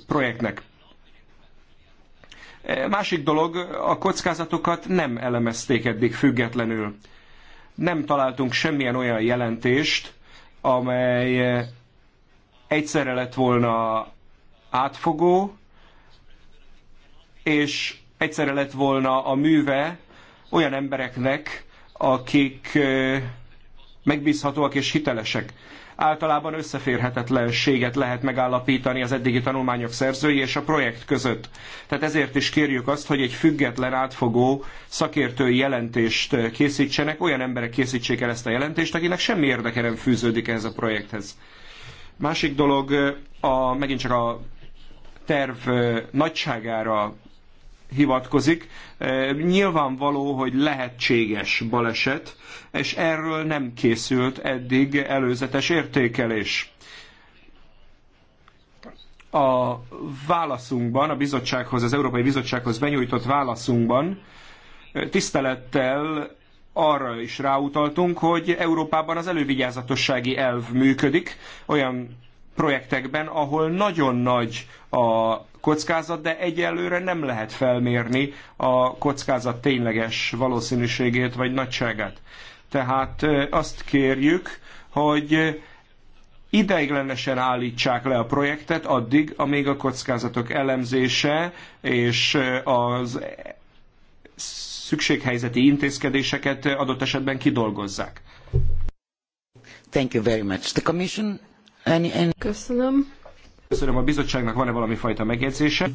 projektnek. Másik dolog, a kockázatokat nem elemezték eddig függetlenül. Nem találtunk semmilyen olyan jelentést, amely egyszerre lett volna átfogó, és egyszerre lett volna a műve olyan embereknek, akik megbízhatóak és hitelesek. Általában összeférhetetlenséget lehet megállapítani az eddigi tanulmányok szerzői és a projekt között. Tehát ezért is kérjük azt, hogy egy független átfogó szakértői jelentést készítsenek, olyan emberek készítsék el ezt a jelentést, akinek semmi érdeke nem fűződik ehhez a projekthez. Másik dolog, a, megint csak a terv nagyságára hivatkozik. E, nyilvánvaló, hogy lehetséges baleset, és erről nem készült eddig előzetes értékelés. A válaszunkban, a bizottsághoz, az Európai Bizottsághoz benyújtott válaszunkban e, tisztelettel arra is ráutaltunk, hogy Európában az elővigyázatossági elv működik, olyan projektekben, ahol nagyon nagy a kockázat, de egyelőre nem lehet felmérni a kockázat tényleges valószínűségét vagy nagyságát. Tehát azt kérjük, hogy ideiglenesen állítsák le a projektet addig, amíg a kockázatok elemzése és az szükséghelyzeti intézkedéseket adott esetben kidolgozzák. Thank you very much. The commission Köszönöm. Köszönöm, a bizottságnak van-e valami fajta megjegyzése?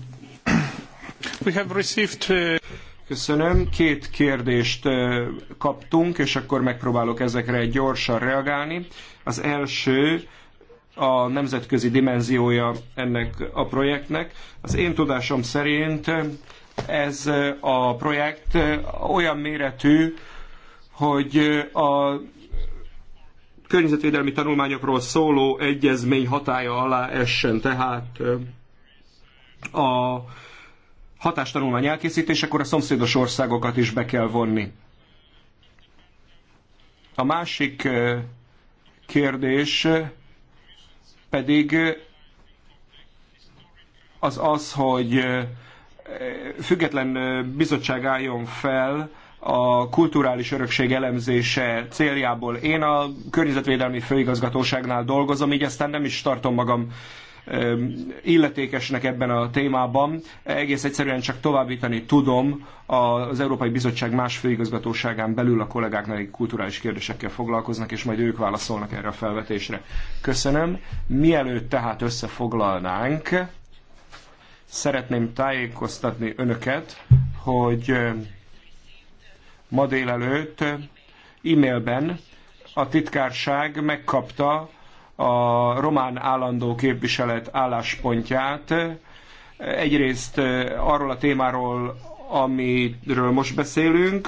We have received, uh... Köszönöm. Két kérdést uh, kaptunk, és akkor megpróbálok ezekre gyorsan reagálni. Az első a nemzetközi dimenziója ennek a projektnek. Az én tudásom szerint ez a projekt olyan méretű, hogy a környezetvédelmi tanulmányokról szóló egyezmény hatája alá essen tehát a hatástanulmány elkészítésekor a szomszédos országokat is be kell vonni. A másik kérdés pedig az az, hogy független bizottság álljon fel, a kulturális örökség elemzése céljából. Én a környezetvédelmi főigazgatóságnál dolgozom, így aztán nem is tartom magam illetékesnek ebben a témában. Egész egyszerűen csak továbbítani tudom az Európai Bizottság más főigazgatóságán belül a kollégáknak, akik kulturális kérdésekkel foglalkoznak, és majd ők válaszolnak erre a felvetésre. Köszönöm. Mielőtt tehát összefoglalnánk, szeretném tájékoztatni önöket, hogy ma délelőtt e-mailben a titkárság megkapta a román állandó képviselet álláspontját. Egyrészt arról a témáról, amiről most beszélünk,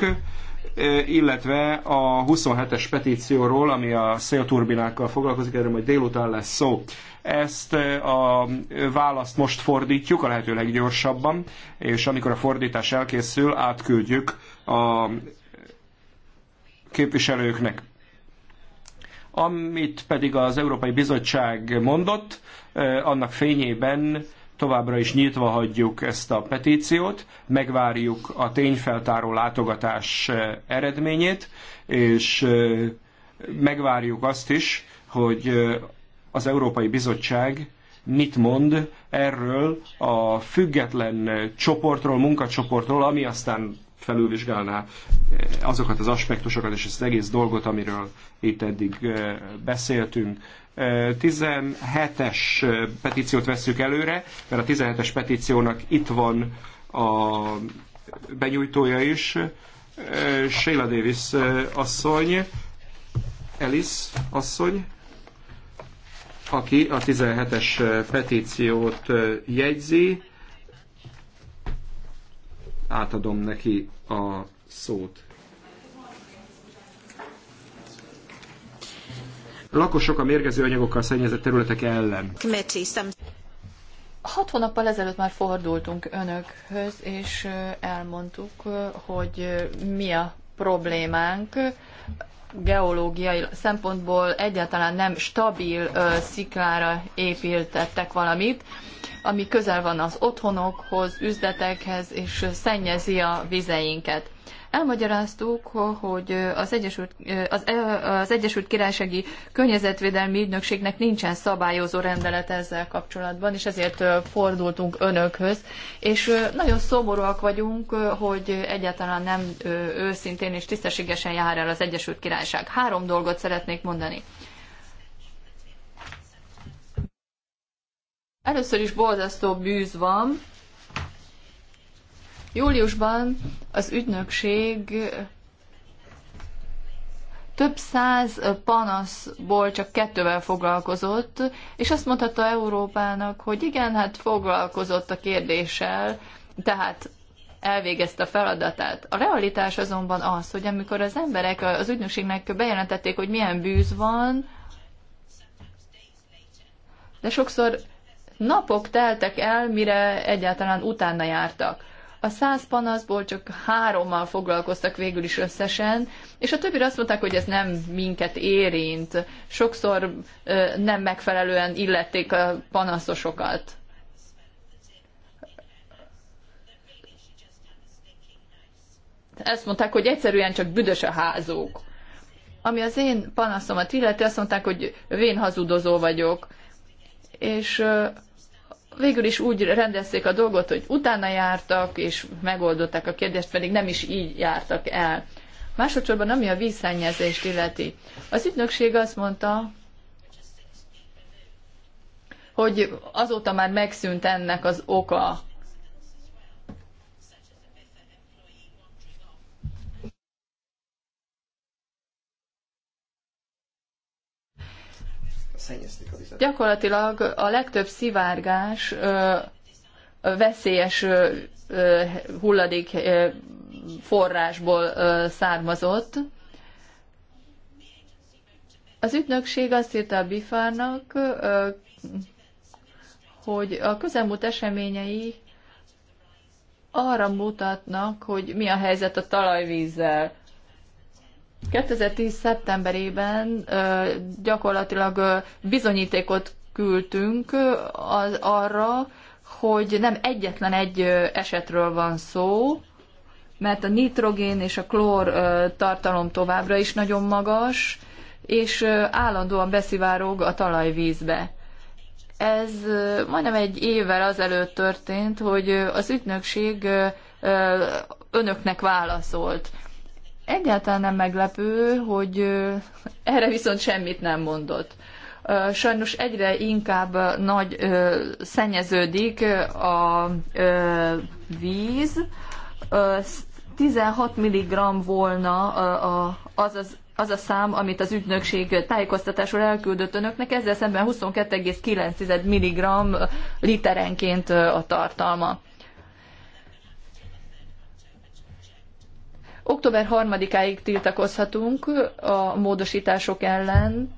illetve a 27-es petícióról, ami a szélturbinákkal foglalkozik, erről majd délután lesz szó. Ezt a választ most fordítjuk a lehető leggyorsabban, és amikor a fordítás elkészül, átküldjük a képviselőknek. Amit pedig az Európai Bizottság mondott, annak fényében továbbra is nyitva hagyjuk ezt a petíciót, megvárjuk a tényfeltáró látogatás eh, eredményét, és eh, megvárjuk azt is, hogy eh, az Európai Bizottság mit mond erről a független csoportról, munkacsoportról, ami aztán felülvizsgálná azokat az aspektusokat és az egész dolgot, amiről itt eddig beszéltünk. 17-es petíciót veszük előre, mert a 17-es petíciónak itt van a benyújtója is, Sheila Davis asszony, Alice asszony, aki a 17-es petíciót jegyzi. Átadom neki a szót. lakosok a mérgező anyagokkal szennyezett területek ellen. Hat hónappal ezelőtt már fordultunk önökhöz, és elmondtuk, hogy mi a problémánk. Geológiai szempontból egyáltalán nem stabil ö, sziklára építettek valamit, ami közel van az otthonokhoz, üzletekhez, és szennyezi a vizeinket. Elmagyaráztuk, hogy az Egyesült, az, az Egyesült Királysági Környezetvédelmi Ügynökségnek nincsen szabályozó rendelet ezzel kapcsolatban, és ezért fordultunk önökhöz. És nagyon szomorúak vagyunk, hogy egyáltalán nem őszintén és tisztességesen jár el az Egyesült Királyság. Három dolgot szeretnék mondani. Először is borzasztó bűz van, Júliusban az ügynökség több száz panaszból csak kettővel foglalkozott, és azt mondhatta Európának, hogy igen, hát foglalkozott a kérdéssel, tehát elvégezte a feladatát. A realitás azonban az, hogy amikor az emberek az ügynökségnek bejelentették, hogy milyen bűz van, de sokszor napok teltek el, mire egyáltalán utána jártak. A száz panaszból csak hárommal foglalkoztak végül is összesen, és a többi azt mondták, hogy ez nem minket érint. Sokszor nem megfelelően illették a panaszosokat. Ezt mondták, hogy egyszerűen csak büdös a házók. Ami az én panaszomat illeti, azt mondták, hogy vén hazudozó vagyok. És végül is úgy rendezték a dolgot, hogy utána jártak, és megoldották a kérdést, pedig nem is így jártak el. Másodszorban, ami a vízszennyezést illeti. Az ügynökség azt mondta, hogy azóta már megszűnt ennek az oka. szennyezték a vizet. Gyakorlatilag a legtöbb szivárgás veszélyes hulladék forrásból származott. Az ügynökség azt írta a Bifárnak, hogy a közelmúlt eseményei arra mutatnak, hogy mi a helyzet a talajvízzel. 2010. szeptemberében gyakorlatilag bizonyítékot küldtünk az, arra, hogy nem egyetlen egy esetről van szó, mert a nitrogén és a klór tartalom továbbra is nagyon magas, és állandóan beszivárog a talajvízbe. Ez majdnem egy évvel azelőtt történt, hogy az ügynökség önöknek válaszolt. Egyáltalán nem meglepő, hogy erre viszont semmit nem mondott. Sajnos egyre inkább nagy szennyeződik a víz. 16 mg volna az az az a szám, amit az ügynökség tájékoztatásról elküldött önöknek, ezzel szemben 22,9 mg literenként a tartalma. Október 3-áig tiltakozhatunk a módosítások ellen,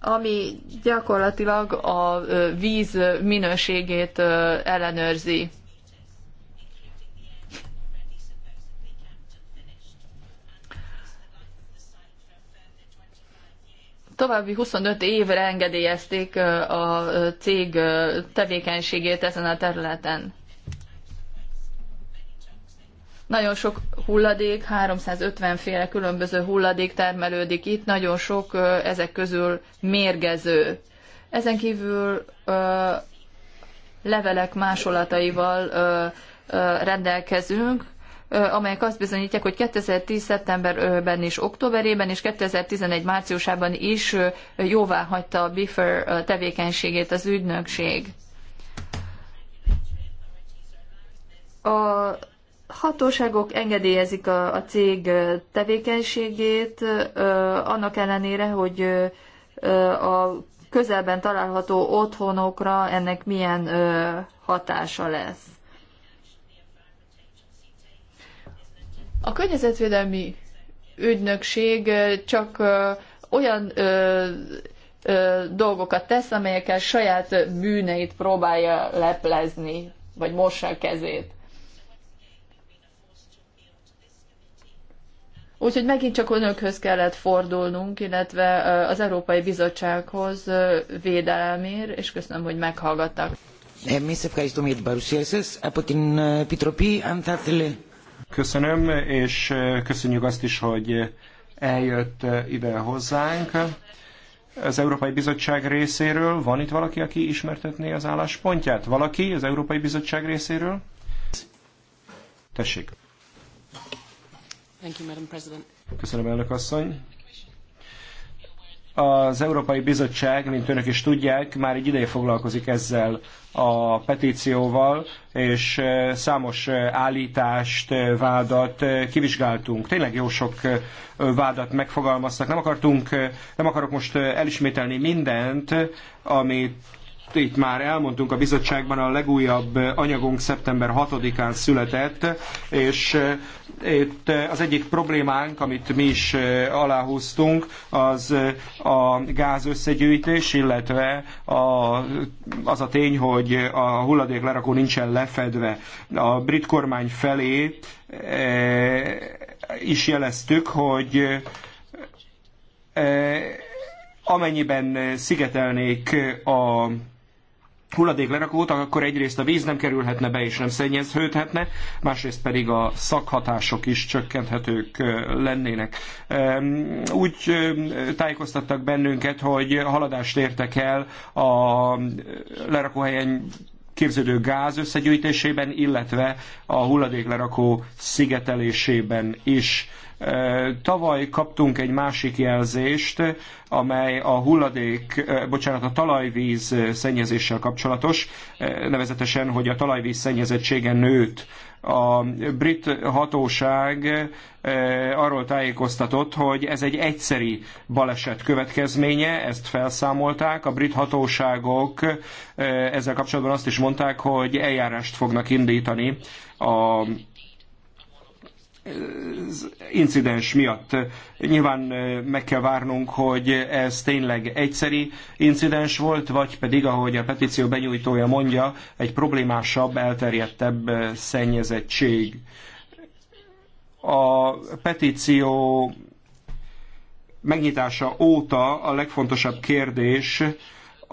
ami gyakorlatilag a víz minőségét ellenőrzi. További 25 évre engedélyezték a cég tevékenységét ezen a területen. Nagyon sok hulladék, 350 féle különböző hulladék termelődik itt, nagyon sok ezek közül mérgező. Ezen kívül ö, levelek másolataival ö, ö, rendelkezünk, amelyek azt bizonyítják, hogy 2010. szeptemberben és októberében és 2011. márciusában is jóvá hagyta a BIFER tevékenységét az ügynökség. A hatóságok engedélyezik a, a cég tevékenységét, annak ellenére, hogy a közelben található otthonokra ennek milyen hatása lesz. A környezetvédelmi ügynökség csak olyan dolgokat tesz, amelyekkel saját bűneit próbálja leplezni, vagy mossa a kezét. Úgyhogy megint csak önökhöz kellett fordulnunk, illetve az Európai Bizottsághoz védelemért, és köszönöm, hogy meghallgattak. Köszönöm, és köszönjük azt is, hogy eljött ide hozzánk. Az Európai Bizottság részéről van itt valaki, aki ismertetné az álláspontját? Valaki az Európai Bizottság részéről? Tessék. Thank you, Madam President. Köszönöm, elnök asszony. Az Európai Bizottság, mint önök is tudják, már egy ideje foglalkozik ezzel a petícióval, és számos állítást, vádat kivizsgáltunk. Tényleg jó sok vádat megfogalmaztak. Nem akartunk, nem akarok most elismételni mindent, amit itt már elmondtunk a bizottságban, a legújabb anyagunk szeptember 6-án született, és eh, itt eh, az egyik problémánk, amit mi is eh, aláhúztunk, az a gáz összegyűjtés, illetve a, az a tény, hogy a hulladék lerakó nincsen lefedve. A brit kormány felé is jeleztük, hogy amennyiben szigetelnék a Hulladék hulladéklerakót, akkor egyrészt a víz nem kerülhetne be és nem szennyeződhetne, másrészt pedig a szakhatások is csökkenthetők lennének. Úgy tájékoztattak bennünket, hogy haladást értek el a lerakóhelyen képződő gáz összegyűjtésében, illetve a hulladéklerakó szigetelésében is Tavaly kaptunk egy másik jelzést, amely a hulladék, bocsánat, a talajvíz szennyezéssel kapcsolatos, nevezetesen, hogy a talajvíz szennyezettsége nőtt a brit hatóság arról tájékoztatott, hogy ez egy egyszeri baleset következménye, ezt felszámolták. A brit hatóságok ezzel kapcsolatban azt is mondták, hogy eljárást fognak indítani a incidens miatt. Nyilván meg kell várnunk, hogy ez tényleg egyszeri incidens volt, vagy pedig, ahogy a petíció benyújtója mondja, egy problémásabb, elterjedtebb szennyezettség. A petíció megnyitása óta a legfontosabb kérdés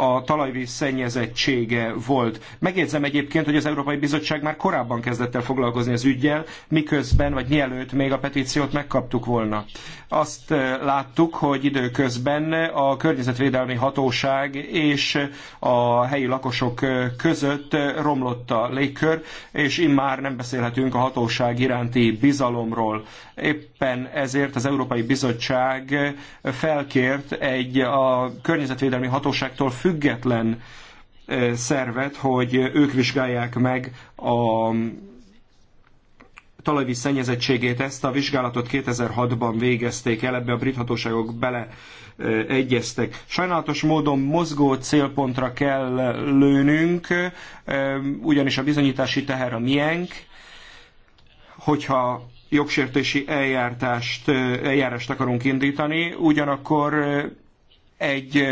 a talajvíz szennyezettsége volt. Megjegyzem egyébként, hogy az Európai Bizottság már korábban kezdett el foglalkozni az ügyjel, miközben, vagy mielőtt még a petíciót megkaptuk volna. Azt eh, láttuk, hogy időközben a környezetvédelmi hatóság és a helyi lakosok eh, között eh, romlott a légkör, és immár nem beszélhetünk a hatóság iránti bizalomról. Éppen ezért az Európai Bizottság felkért egy a környezetvédelmi hatóságtól függ független szervet, hogy ők vizsgálják meg a talajvíz szennyezettségét. Ezt a vizsgálatot 2006-ban végezték el, ebbe a brit hatóságok bele egyeztek. Sajnálatos módon mozgó célpontra kell lőnünk, ugyanis a bizonyítási teher a miénk, hogyha jogsértési eljártást, eljárást akarunk indítani, ugyanakkor egy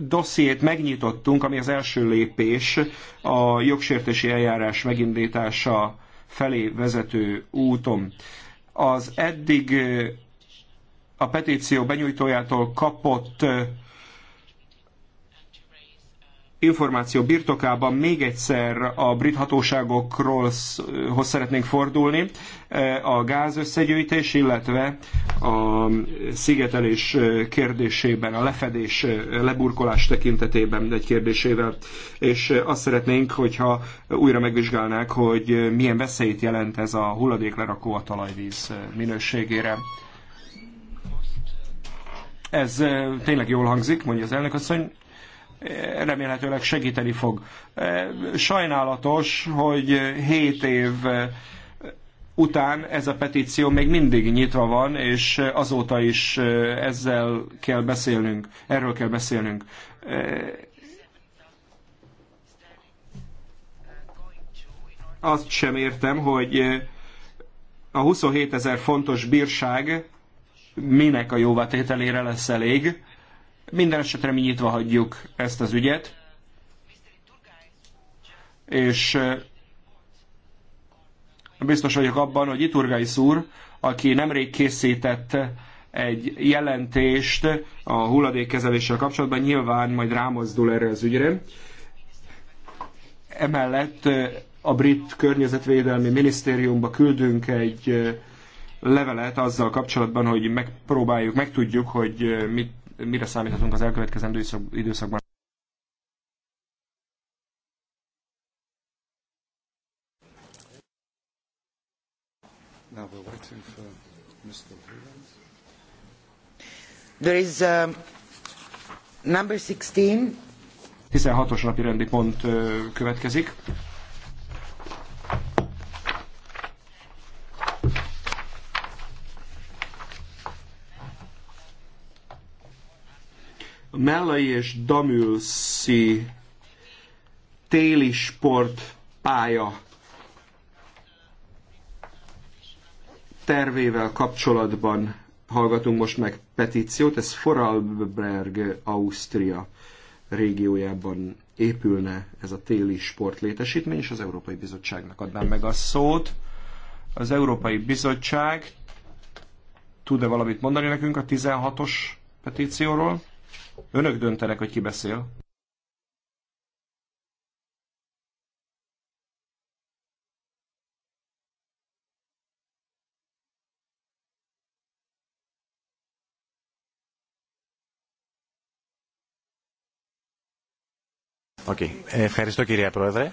dossziét megnyitottunk, ami az első lépés a jogsértési eljárás megindítása felé vezető úton. Az eddig a petíció benyújtójától kapott információ birtokában még egyszer a brit hatóságokhoz szeretnénk fordulni, e, a gázösszegyűjtés, illetve a szigetelés kérdésében, a lefedés, leburkolás tekintetében egy kérdésével, és azt szeretnénk, hogyha újra megvizsgálnák, hogy milyen veszélyt jelent ez a hulladéklerakó a talajvíz minőségére. Ez e, tényleg jól hangzik, mondja az elnök asszony remélhetőleg segíteni fog. E, sajnálatos, hogy 7 év után ez a petíció még mindig nyitva van, és azóta is e, ezzel kell beszélnünk, erről kell beszélnünk. E, azt sem értem, hogy a 27 ezer fontos bírság minek a jóvatételére lesz elég, minden esetre mi nyitva hagyjuk ezt az ügyet, és biztos vagyok abban, hogy Iturgai szúr, aki nemrég készített egy jelentést a hulladékkezeléssel kapcsolatban, nyilván majd rámozdul erre az ügyre. Emellett a brit környezetvédelmi minisztériumba küldünk egy levelet azzal kapcsolatban, hogy megpróbáljuk, megtudjuk, hogy mit mire számíthatunk az elkövetkezendő időszakban. Now we're waiting for Mr. There is a um, number 16. 16-os napi rendi pont következik. Mellai és Damülszi téli sport pálya tervével kapcsolatban hallgatunk most meg petíciót, ez Foralberg, Ausztria régiójában épülne ez a téli sportlétesítmény, és az Európai Bizottságnak adnám meg a szót. Az Európai Bizottság tud-e valamit mondani nekünk a 16-os petícióról? Önök döntenek, hogy ki beszél. Oké. Okay. Ευχαριστώ κυρία Πρόεδρε.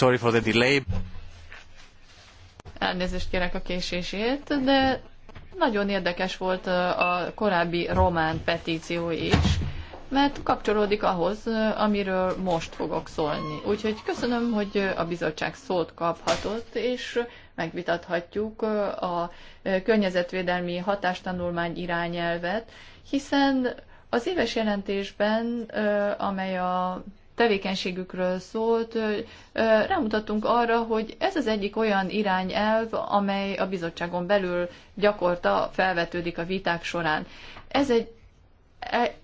Sorry for the delay. Elnézést kérek a késésért, de nagyon érdekes volt a korábbi román petíció is, mert kapcsolódik ahhoz, amiről most fogok szólni. Úgyhogy köszönöm, hogy a bizottság szót kaphatott, és megvitathatjuk a környezetvédelmi hatástanulmány irányelvet, hiszen az éves jelentésben, amely a tevékenységükről szólt, rámutattunk arra, hogy ez az egyik olyan irányelv, amely a bizottságon belül gyakorta felvetődik a viták során. Ez egy e,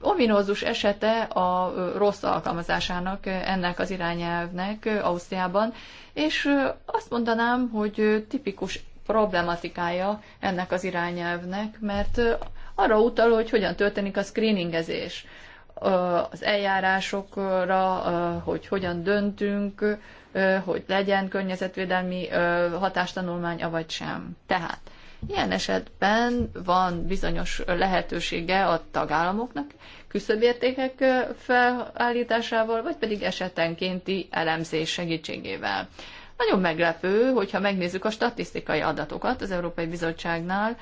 ominózus esete a rossz alkalmazásának ennek az irányelvnek Ausztriában, és azt mondanám, hogy tipikus problematikája ennek az irányelvnek, mert arra utal, hogy hogyan történik a screeningezés az eljárásokra, hogy hogyan döntünk, hogy legyen környezetvédelmi hatástanulmánya vagy sem. Tehát ilyen esetben van bizonyos lehetősége a tagállamoknak küszöbértékek felállításával, vagy pedig esetenkénti elemzés segítségével. Nagyon meglepő, hogyha megnézzük a statisztikai adatokat az Európai Bizottságnál,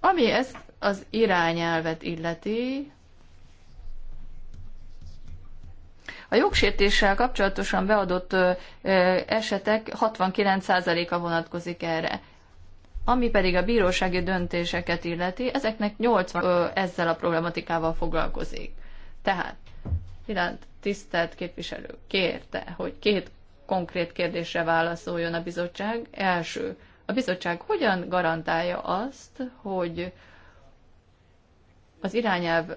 ami ezt az irányelvet illeti, A jogsértéssel kapcsolatosan beadott esetek 69%-a vonatkozik erre. Ami pedig a bírósági döntéseket illeti, ezeknek 80 ezzel a problematikával foglalkozik. Tehát, iránt tisztelt képviselő kérte, hogy két konkrét kérdésre válaszoljon a bizottság. Első, a bizottság hogyan garantálja azt, hogy az irányelv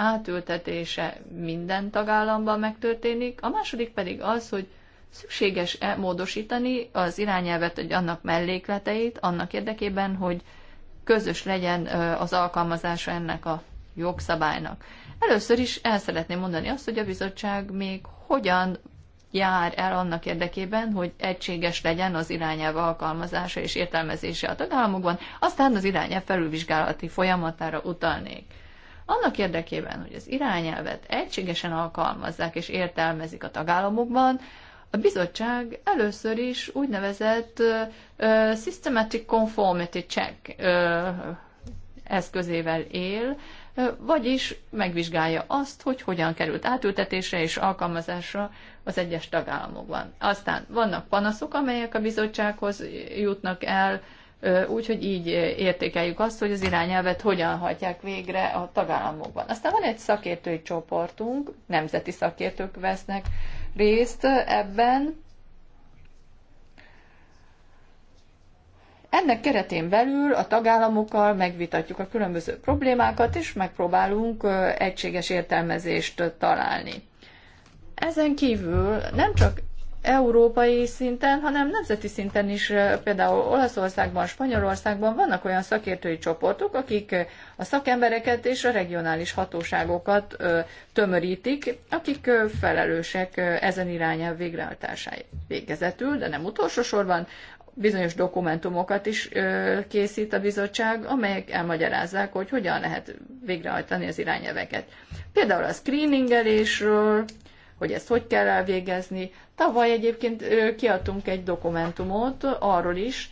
átültetése minden tagállamban megtörténik, a második pedig az, hogy szükséges-e módosítani az irányelvet, hogy annak mellékleteit, annak érdekében, hogy közös legyen az alkalmazása ennek a jogszabálynak. Először is el szeretném mondani azt, hogy a bizottság még hogyan jár el annak érdekében, hogy egységes legyen az irányelv alkalmazása és értelmezése a tagállamokban, aztán az irányelv felülvizsgálati folyamatára utalnék annak érdekében, hogy az irányelvet egységesen alkalmazzák és értelmezik a tagállamokban, a bizottság először is úgynevezett uh, systematic conformity check uh, eszközével él, uh, vagyis megvizsgálja azt, hogy hogyan került átültetésre és alkalmazásra az egyes tagállamokban. Aztán vannak panaszok, amelyek a bizottsághoz jutnak el, uh, úgyhogy így értékeljük azt, hogy az irányelvet hogyan hajtják végre a tagállamokban. Aztán van egy szakértői csoportunk, nemzeti szakértők vesznek részt ebben. Ennek keretén belül a tagállamokkal megvitatjuk a különböző problémákat, és megpróbálunk egységes értelmezést találni. Ezen kívül nem csak európai szinten, hanem nemzeti szinten is, például Olaszországban, Spanyolországban vannak olyan szakértői csoportok, akik a szakembereket és a regionális hatóságokat tömörítik, akik felelősek ezen irányelv végrehajtásáért végezetül, de nem utolsó sorban, bizonyos dokumentumokat is készít a bizottság, amelyek elmagyarázzák, hogy hogyan lehet végrehajtani az irányelveket. Például a screeningelésről, hogy ezt hogy kell elvégezni. Tavaly egyébként kiadtunk egy dokumentumot arról is,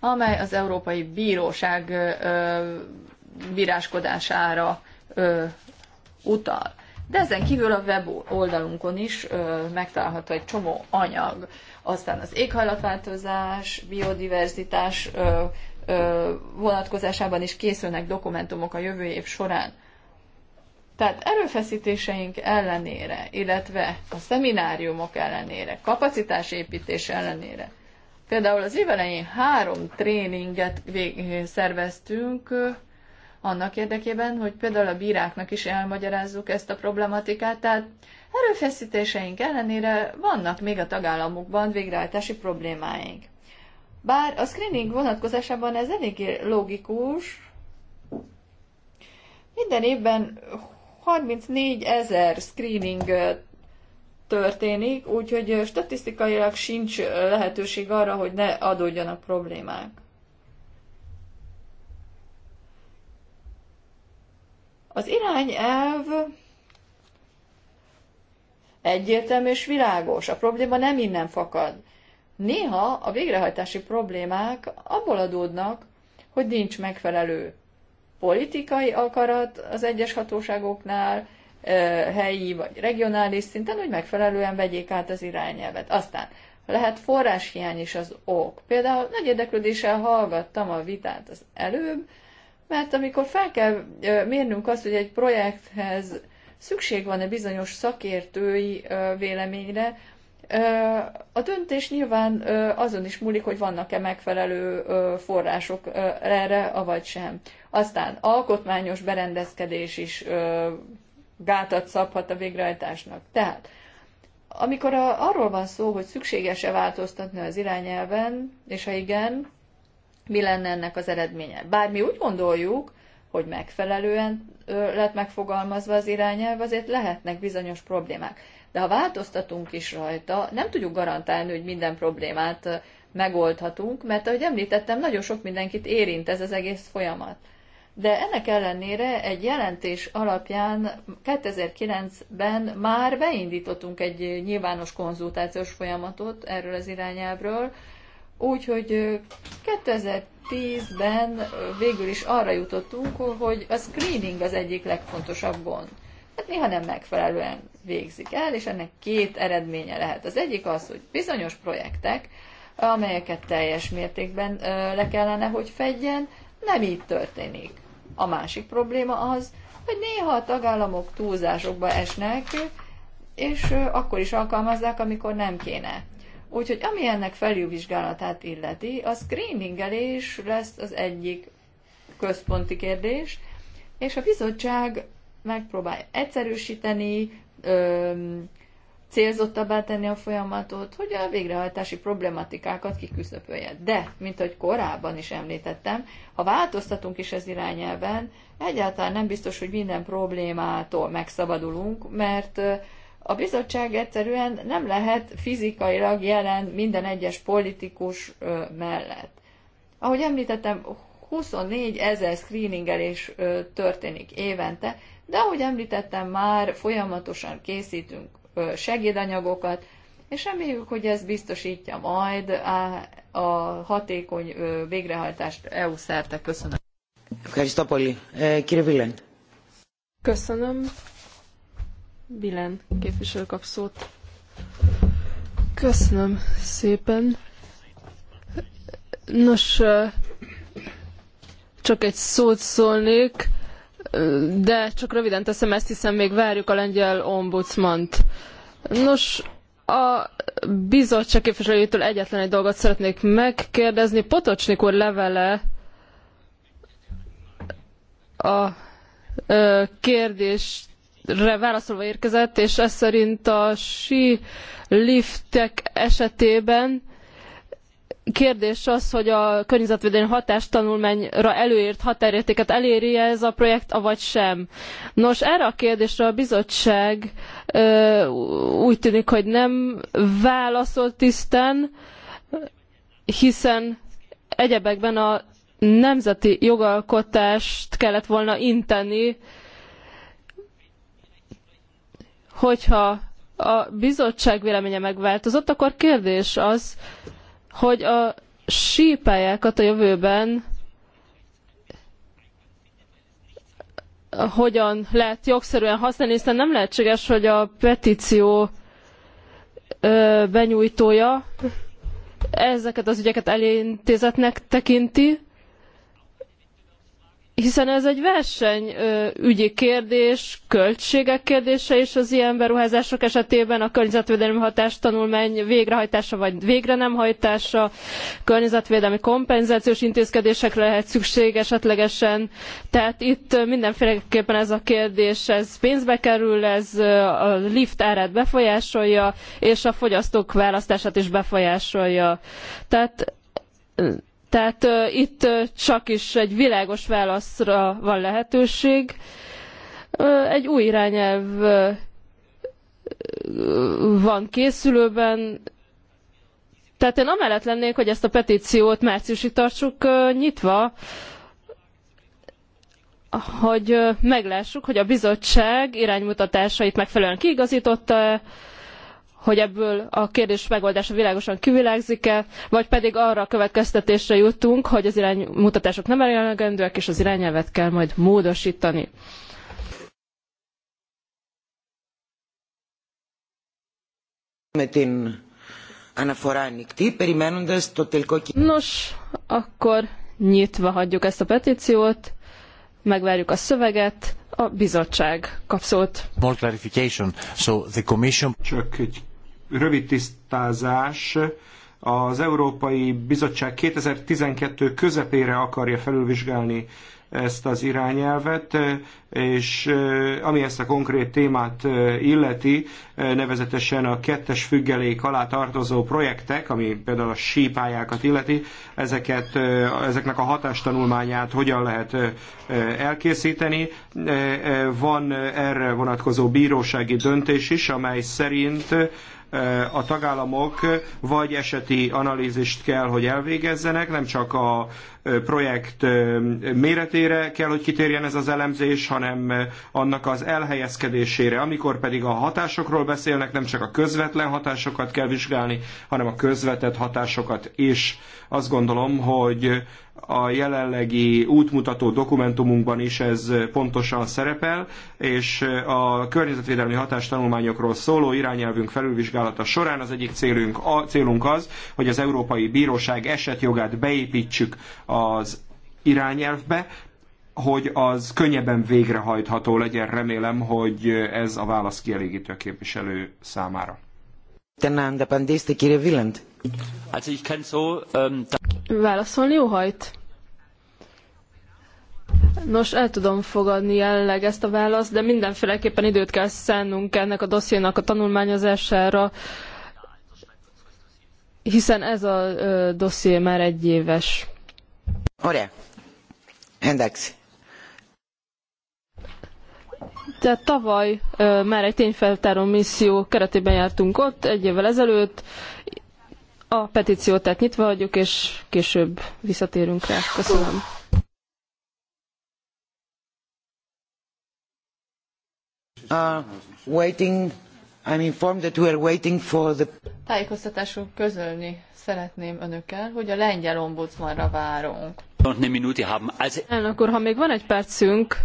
amely az Európai Bíróság bíráskodására utal. De ezen kívül a web oldalunkon is megtalálható egy csomó anyag. Aztán az éghajlatváltozás, biodiverzitás vonatkozásában is készülnek dokumentumok a jövő év során. Tehát erőfeszítéseink ellenére, illetve a szemináriumok ellenére, kapacitásépítés ellenére, például az évelején három tréninget szerveztünk annak érdekében, hogy például a bíráknak is elmagyarázzuk ezt a problematikát, tehát erőfeszítéseink ellenére vannak még a tagállamokban végrehajtási problémáink. Bár a screening vonatkozásában ez eléggé logikus, minden évben 34 ezer screening történik, úgyhogy statisztikailag sincs lehetőség arra, hogy ne adódjanak problémák. Az irányelv egyértelmű és világos. A probléma nem innen fakad. Néha a végrehajtási problémák abból adódnak, hogy nincs megfelelő politikai akarat az egyes hatóságoknál, helyi vagy regionális szinten, hogy megfelelően vegyék át az irányelvet. Aztán lehet forráshiány is az ok. Például nagy érdeklődéssel hallgattam a vitát az előbb, mert amikor fel kell mérnünk azt, hogy egy projekthez szükség van-e bizonyos szakértői véleményre, a döntés nyilván azon is múlik, hogy vannak-e megfelelő források erre, avagy sem. Aztán alkotmányos berendezkedés is gátat szabhat a végrehajtásnak. Tehát, amikor a, arról van szó, hogy szükséges-e változtatni az irányelven, és ha igen, mi lenne ennek az eredménye? Bár mi úgy gondoljuk, hogy megfelelően lett megfogalmazva az irányelv, azért lehetnek bizonyos problémák. De ha változtatunk is rajta, nem tudjuk garantálni, hogy minden problémát megoldhatunk, mert ahogy említettem, nagyon sok mindenkit érint ez az egész folyamat de ennek ellenére egy jelentés alapján 2009-ben már beindítottunk egy nyilvános konzultációs folyamatot erről az irányábról, úgyhogy 2010-ben végül is arra jutottunk, hogy a screening az egyik legfontosabb gond. Tehát néha nem megfelelően végzik el, és ennek két eredménye lehet. Az egyik az, hogy bizonyos projektek, amelyeket teljes mértékben le kellene, hogy fedjen, nem így történik. A másik probléma az, hogy néha a tagállamok túlzásokba esnek, és akkor is alkalmazzák, amikor nem kéne. Úgyhogy ami ennek felülvizsgálatát illeti, a screeningelés lesz az egyik központi kérdés, és a bizottság megpróbál egyszerűsíteni, célzottabbá tenni a folyamatot, hogy a végrehajtási problematikákat kiküszöpölje. De, mint ahogy korábban is említettem, ha változtatunk is az irányelven, egyáltalán nem biztos, hogy minden problémától megszabadulunk, mert a bizottság egyszerűen nem lehet fizikailag jelen minden egyes politikus mellett. Ahogy említettem, 24 ezer screeningelés történik évente, de ahogy említettem már, folyamatosan készítünk segédanyagokat, és reméljük, hogy ez biztosítja majd a, hatékony végrehajtást EU szerte. Köszönöm. Köszönöm. Bilen képviselő kap szót. Köszönöm szépen. Nos, csak egy szót szólnék de csak röviden teszem ezt, hiszen még várjuk a lengyel ombudsmant. Nos, a bizottság képviselőjétől egyetlen egy dolgot szeretnék megkérdezni. Potocsnik úr levele a kérdésre válaszolva érkezett, és ez szerint a si liftek esetében kérdés az, hogy a környezetvédelmi hatástanulmányra előírt határértéket eléri -e ez a projekt, avagy sem. Nos, erre a kérdésre a bizottság ö, úgy tűnik, hogy nem válaszol tisztán, hiszen egyebekben a nemzeti jogalkotást kellett volna inteni, hogyha a bizottság véleménye megváltozott, akkor kérdés az, hogy a sípályákat a jövőben hogyan lehet jogszerűen használni, hiszen nem lehetséges, hogy a petíció benyújtója ezeket az ügyeket elintézetnek tekinti, hiszen ez egy versenyügyi kérdés, költségek kérdése, és az ilyen beruházások esetében a környezetvédelmi hatástanulmány végrehajtása vagy végre nem hajtása, környezetvédelmi kompenzációs intézkedésekre lehet szükség esetlegesen. Tehát itt mindenféleképpen ez a kérdés, ez pénzbe kerül, ez a lift árát befolyásolja, és a fogyasztók választását is befolyásolja. Tehát tehát itt csak is egy világos válaszra van lehetőség. Egy új irányelv van készülőben, tehát én amellett lennék, hogy ezt a petíciót márciusig tartsuk nyitva, hogy meglássuk, hogy a bizottság iránymutatásait megfelelően kiigazította-e, hogy ebből a kérdés megoldása világosan kivilágzik-e, vagy pedig arra a következtetésre jutunk, hogy az iránymutatások nem elegendőek, és az irányelvet kell majd módosítani. Nos, akkor nyitva hagyjuk ezt a petíciót, megvárjuk a szöveget, a bizottság kap szót. More clarification. So the commission... Csak egy rövid tisztázás. Az Európai Bizottság 2012 közepére akarja felülvizsgálni ezt az irányelvet, és eh, ami ezt a konkrét témát eh, illeti, eh, nevezetesen a kettes függelék alá tartozó projektek, ami például a sípályákat illeti, ezeket, ezeknek a hatástanulmányát hogyan lehet elkészíteni. Van erre vonatkozó bírósági döntés is, amely szerint a tagállamok vagy eseti analízist kell, hogy elvégezzenek, nem csak a projekt méretére kell, hogy kitérjen ez az elemzés, hanem annak az elhelyezkedésére. Amikor pedig a hatásokról beszélnek, nem csak a közvetlen hatásokat kell vizsgálni, hanem a közvetett hatásokat is. Azt gondolom, hogy a jelenlegi útmutató dokumentumunkban is ez pontosan szerepel, és a környezetvédelmi hatástanulmányokról szóló irányelvünk felülvizsgálata során az egyik célunk, a, célunk az, hogy az Európai Bíróság esetjogát beépítsük az irányelvbe, hogy az könnyebben végrehajtható legyen. Remélem, hogy ez a válasz kielégítő a képviselő számára. Ähm, Válaszolni óhajt? Nos, el tudom fogadni jelenleg ezt a választ, de mindenféleképpen időt kell szennünk ennek a dossziénak a tanulmányozására, hiszen ez a dosszié már egy éves. Ωραία. tavaly már egy tényfeltáró misszió keretében jártunk ott, egy évvel ezelőtt. A petíciót tehát nyitva hagyjuk, és később visszatérünk rá. Köszönöm. Uh, waiting. I'm informed that we are waiting for the... Tájékoztatásul közölni szeretném önökkel, hogy a lengyel ombudsmanra várunk. Elnök úr, ha még van egy percünk,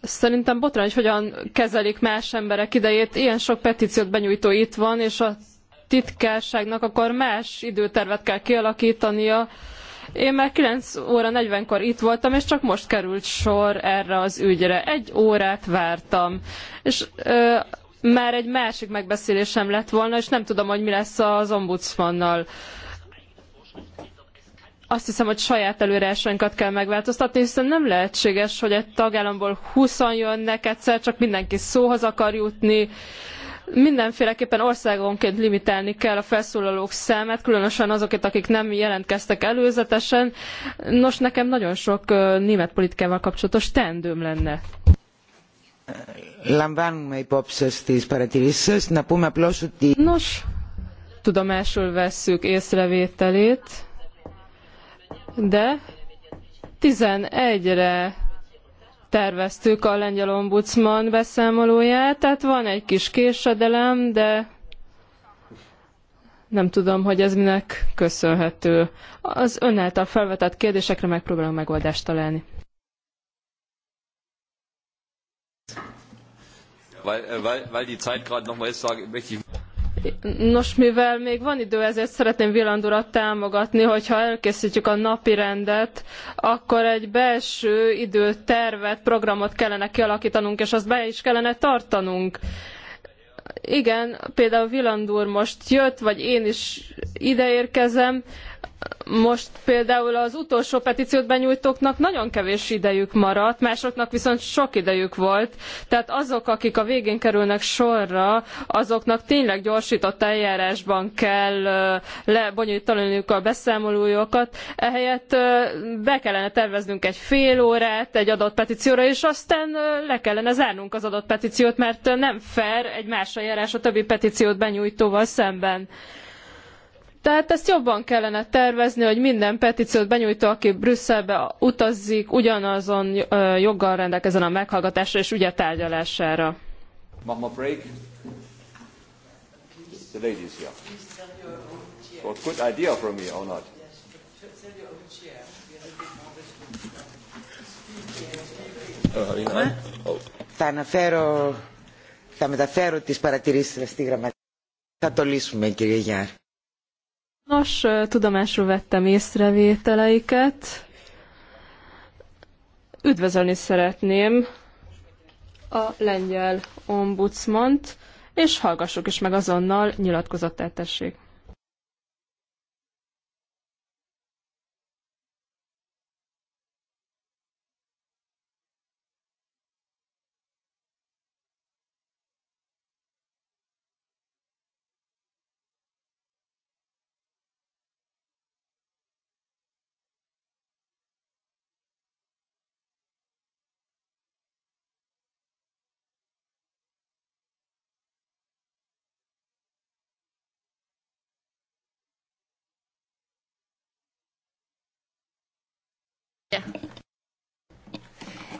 szerintem botrány, hogy hogyan kezelik más emberek idejét. Ilyen sok petíciót benyújtó itt van, és a titkárságnak akkor más időtervet kell kialakítania. Én már 9 óra 40-kor itt voltam, és csak most került sor erre az ügyre. Egy órát vártam. És ö, már egy másik megbeszélésem lett volna, és nem tudom, hogy mi lesz az ombudsmannal. Ö, azt hiszem, hogy saját előreásainkat kell megváltoztatni, hiszen nem lehetséges, hogy egy tagállamból 20 jönnek egyszer, csak mindenki szóhoz akar jutni. Mindenféleképpen országonként limitálni kell a felszólalók számát, különösen azokat, akik nem jelentkeztek előzetesen. Nos, nekem nagyon sok német politikával kapcsolatos teendőm lenne λαμβάνουμε υπόψη στις παρατηρήσεις Να πούμε απλώς ότι... Nos, tudomásul vesszük észrevételét de 11-re terveztük a lengyel ombudsman beszámolóját, tehát van egy kis késedelem, de nem tudom, hogy ez minek köszönhető. Az ön által felvetett kérdésekre megpróbálom megoldást találni. Weil, äh, weil, weil die Zeit gerade ist, sage, möchte ich Nos, mivel még van idő, ezért szeretném Villandurat támogatni, hogyha elkészítjük a napi rendet, akkor egy belső időtervet, programot kellene kialakítanunk, és azt be is kellene tartanunk. Igen, például Villandur most jött, vagy én is ideérkezem, most például az utolsó petíciót benyújtóknak nagyon kevés idejük maradt, másoknak viszont sok idejük volt. Tehát azok, akik a végén kerülnek sorra, azoknak tényleg gyorsított eljárásban kell lebonyolítaniuk a beszámolójukat. Ehelyett be kellene terveznünk egy fél órát egy adott petícióra, és aztán le kellene zárnunk az adott petíciót, mert nem fair egy más eljárás a többi petíciót benyújtóval szemben. Tehát ezt jobban kellene tervezni, hogy minden petíciót benyújtó, aki Brüsszelbe utazik, ugyanazon joggal rendelkezzen a meghallgatásra és ügye tárgyalására. Mama break. The ladies here. Well, good idea from me or not? Uh, oh. Θα αναφέρω, θα μεταφέρω τις παρατηρήσεις στη γραμματεία. Θα το λύσουμε, κύριε Γιάρ. Nos, tudomásul vettem észrevételeiket. Üdvözölni szeretném a lengyel ombudsmant, és hallgassuk is meg azonnal nyilatkozatát tessék.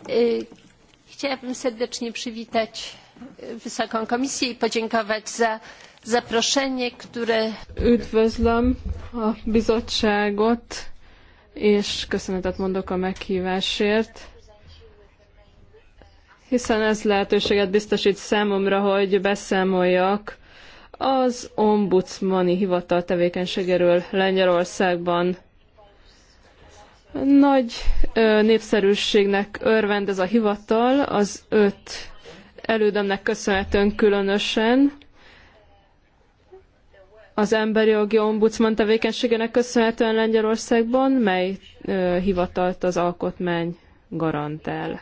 E, chciałabym serdecznie przywitać Wysoką Komisję i podziękować za zaproszenie, które... Üdvözlöm a bizottságot, és köszönetet mondok a meghívásért, hiszen ez lehetőséget biztosít számomra, hogy beszámoljak az ombudsmani hivatal tevékenységéről Lengyelországban nagy népszerűségnek örvend ez a hivatal, az öt elődömnek köszönhetően különösen, az emberi jogi ombudsman tevékenységének köszönhetően Lengyelországban, mely ö, hivatalt az alkotmány garantál.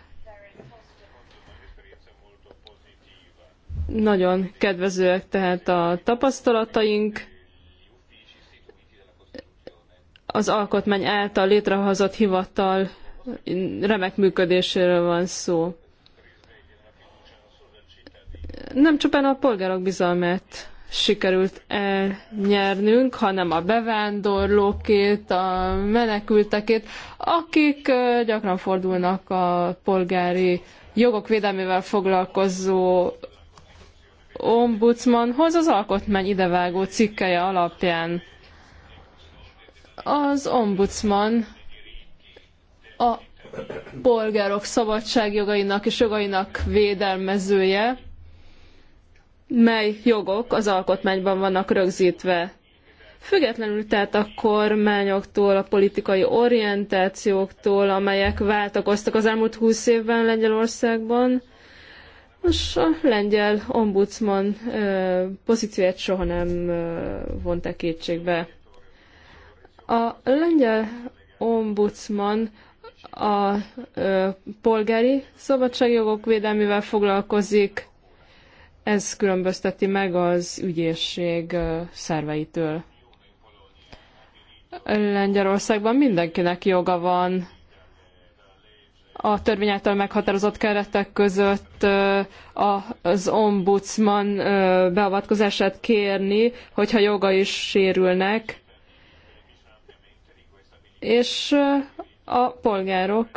Nagyon kedvezőek tehát a tapasztalataink, az alkotmány által létrehozott hivatal remek működéséről van szó. Nem csupán a polgárok bizalmát sikerült elnyernünk, hanem a bevándorlókét, a menekültekét, akik gyakran fordulnak a polgári jogok védelmével foglalkozó ombudsmanhoz az alkotmány idevágó cikkeje alapján. Az ombudsman a polgárok szabadságjogainak és jogainak védelmezője, mely jogok az alkotmányban vannak rögzítve. Függetlenül tehát a kormányoktól, a politikai orientációktól, amelyek váltakoztak az elmúlt húsz évben Lengyelországban, most a lengyel ombudsman pozícióját soha nem vonták kétségbe. A lengyel ombudsman a ö, polgári szabadságjogok védelmével foglalkozik, ez különbözteti meg az ügyészség szerveitől. Lengyelországban mindenkinek joga van a törvény által meghatározott keretek között az ombudsman beavatkozását kérni, hogyha joga is sérülnek, és a polgárok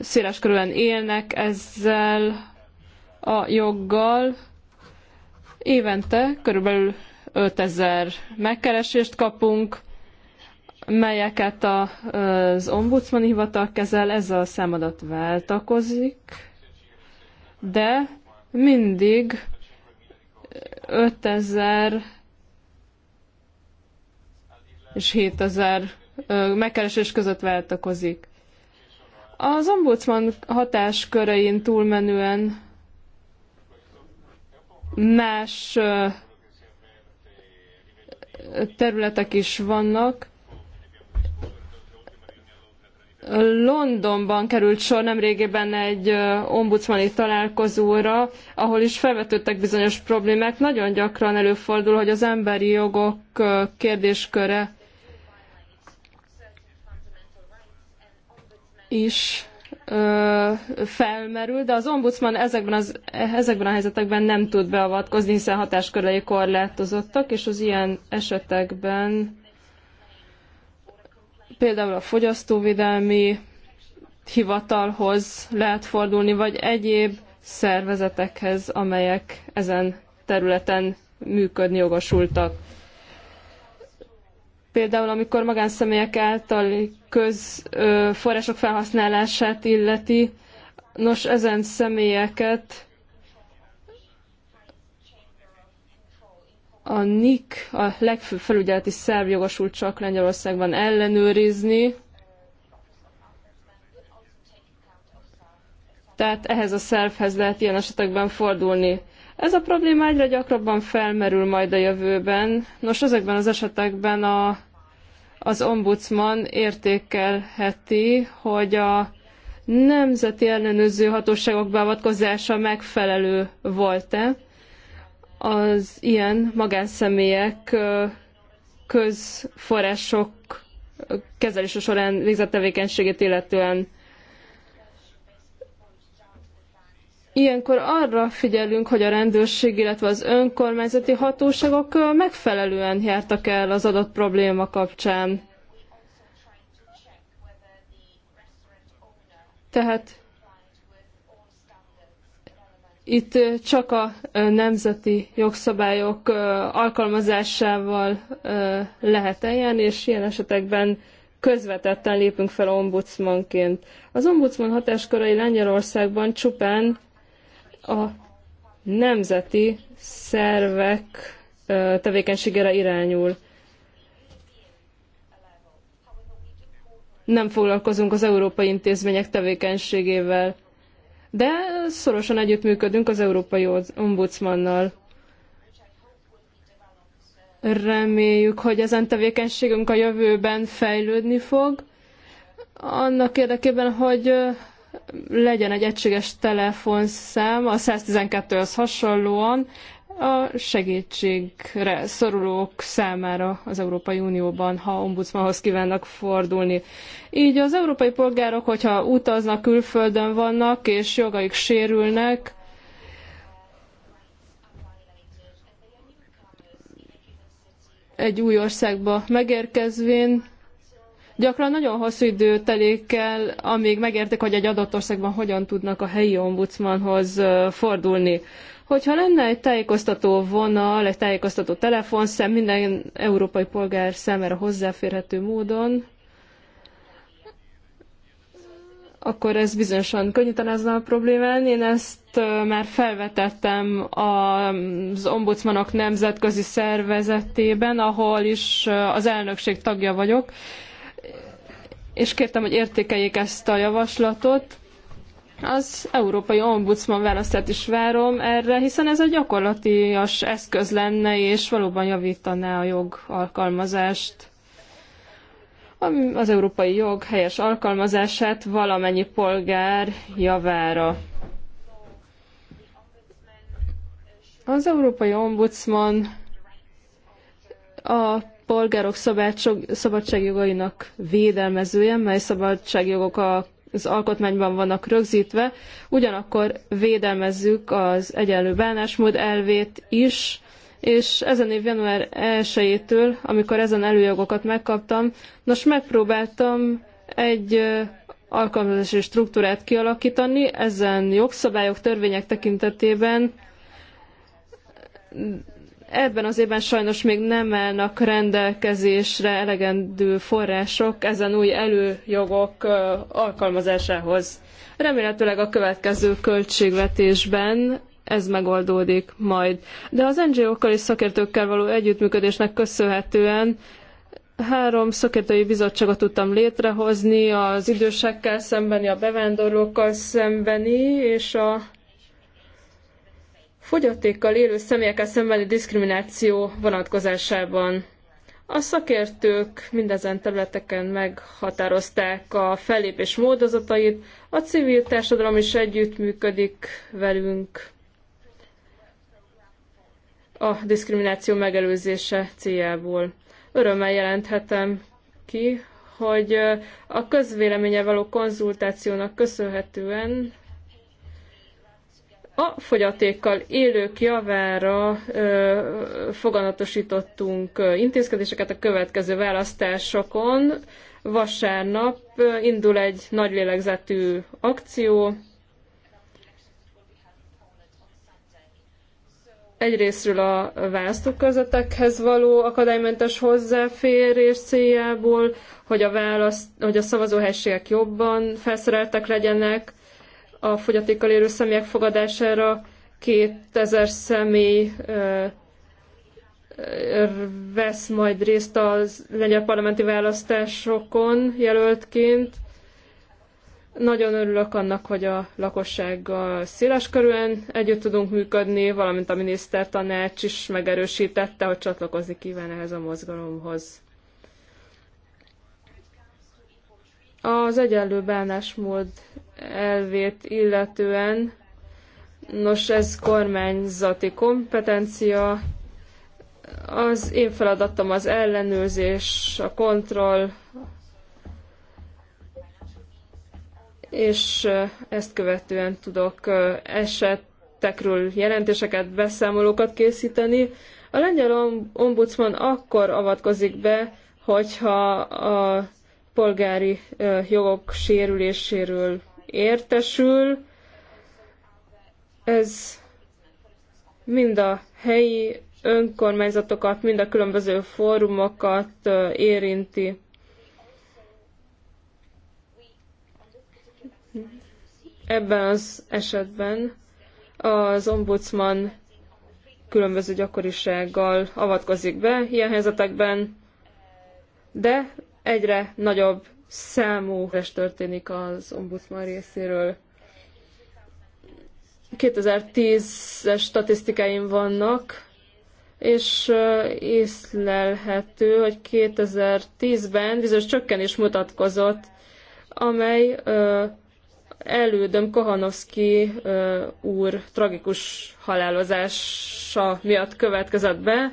széles körülön élnek ezzel a joggal. Évente körülbelül 5000 megkeresést kapunk, melyeket az ombudsmani hivatal kezel, ez a számadat váltakozik, de mindig 5000 és 7000 megkeresés között váltakozik. Az ombudsman hatáskörein túlmenően más területek is vannak. Londonban került sor nemrégiben egy ombudsmani találkozóra, ahol is felvetődtek bizonyos problémák. Nagyon gyakran előfordul, hogy az emberi jogok kérdésköre is ö, felmerül, de az ombudsman ezekben, az, ezekben a helyzetekben nem tud beavatkozni, hiszen hatáskörei korlátozottak, és az ilyen esetekben például a fogyasztóvédelmi hivatalhoz lehet fordulni, vagy egyéb szervezetekhez, amelyek ezen területen működni jogosultak például amikor magánszemélyek által közforrások felhasználását illeti, nos ezen személyeket a NIK, a legfőbb felügyeleti szerv jogosult csak Lengyelországban ellenőrizni, tehát ehhez a szervhez lehet ilyen esetekben fordulni. Ez a probléma egyre gyakrabban felmerül majd a jövőben. Nos, ezekben az esetekben a, az ombudsman értékelheti, hogy a nemzeti ellenőrző hatóságok beavatkozása megfelelő volt-e az ilyen magánszemélyek közforrások kezelése során végzett tevékenységét illetően. Ilyenkor arra figyelünk, hogy a rendőrség, illetve az önkormányzati hatóságok megfelelően jártak el az adott probléma kapcsán. Tehát itt csak a nemzeti jogszabályok alkalmazásával lehet eljárni, és ilyen esetekben közvetetten lépünk fel ombudsmanként. Az ombudsman hatáskörei Lengyelországban csupán a nemzeti szervek tevékenységére irányul. Nem foglalkozunk az európai intézmények tevékenységével, de szorosan együttműködünk az európai ombudsmannal. Reméljük, hogy ezen tevékenységünk a jövőben fejlődni fog, annak érdekében, hogy legyen egy egységes telefonszám a 112-höz hasonlóan a segítségre szorulók számára az Európai Unióban, ha ombudsmanhoz kívánnak fordulni. Így az európai polgárok, hogyha utaznak, külföldön vannak, és jogaik sérülnek, egy új országba megérkezvén, Gyakran nagyon hosszú idő telik el, amíg megértik, hogy egy adott országban hogyan tudnak a helyi ombudsmanhoz fordulni. Hogyha lenne egy tájékoztató vonal, egy tájékoztató telefonszám minden európai polgár számára hozzáférhető módon, akkor ez bizonyosan könnyítene ezen a problémán. Én ezt már felvetettem az ombudsmanok nemzetközi szervezetében, ahol is az elnökség tagja vagyok, és kértem, hogy értékeljék ezt a javaslatot. Az Európai Ombudsman választát is várom erre, hiszen ez egy gyakorlatias eszköz lenne, és valóban javítaná a jog alkalmazást. Az európai jog helyes alkalmazását valamennyi polgár javára. Az Európai Ombudsman a polgárok szabadságjogainak védelmezője, mely szabadságjogok az alkotmányban vannak rögzítve, ugyanakkor védelmezzük az egyenlő bánásmód elvét is, és ezen év január 1-től, amikor ezen előjogokat megkaptam, nos megpróbáltam egy alkalmazási struktúrát kialakítani ezen jogszabályok, törvények tekintetében, Ebben az évben sajnos még nem állnak rendelkezésre elegendő források ezen új előjogok alkalmazásához. Remélhetőleg a következő költségvetésben ez megoldódik majd. De az NGO-kkal és szakértőkkel való együttműködésnek köszönhetően három szakértői bizottságot tudtam létrehozni, az idősekkel szembeni, a bevándorlókkal szembeni és a fogyatékkal élő személyekkel szembeni diszkrimináció vonatkozásában. A szakértők mindezen területeken meghatározták a fellépés módozatait, a civil társadalom is együttműködik velünk a diszkrimináció megelőzése céljából. Örömmel jelenthetem ki, hogy a közvéleménye való konzultációnak köszönhetően a fogyatékkal élők javára ö, foganatosítottunk intézkedéseket a következő választásokon. Vasárnap indul egy nagy lélegzetű akció. Egyrésztről a választókörzetekhez való akadálymentes hozzáférés céljából, hogy a, választ, hogy a szavazóhelységek jobban felszereltek legyenek, a fogyatékkal élő személyek fogadására 2000 személy vesz majd részt a lengyel parlamenti választásokon jelöltként. Nagyon örülök annak, hogy a lakossággal széles körülön együtt tudunk működni, valamint a minisztertanács is megerősítette, hogy csatlakozni kíván ehhez a mozgalomhoz. Az egyenlő bánásmód elvét illetően, nos ez kormányzati kompetencia, az én feladatom az ellenőrzés, a kontroll, és ezt követően tudok esetekről jelentéseket, beszámolókat készíteni. A lengyel ombudsman akkor avatkozik be, hogyha a polgári jogok sérüléséről értesül. Ez mind a helyi önkormányzatokat, mind a különböző fórumokat érinti. Ebben az esetben az ombudsman különböző gyakorisággal avatkozik be ilyen helyzetekben, de egyre nagyobb számú es történik az ombudsman részéről. 2010-es statisztikáim vannak, és észlelhető, hogy 2010-ben bizonyos csökkenés mutatkozott, amely elődöm Kohanovszki úr tragikus halálozása miatt következett be,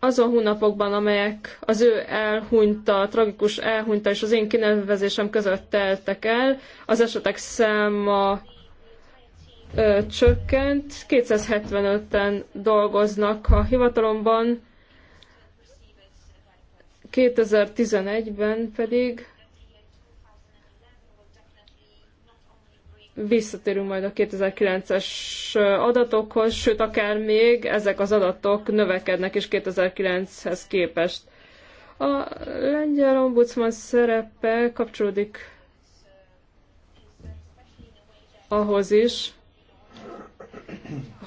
azon hónapokban, amelyek az ő elhunyta, tragikus elhunyta és az én kinevezésem között teltek el, az esetek száma ö, csökkent, 275-en dolgoznak a hivatalomban, 2011-ben pedig visszatérünk majd a 2009-es adatokhoz, sőt akár még ezek az adatok növekednek is 2009-hez képest. A lengyel ombudsman szerepe kapcsolódik ahhoz is,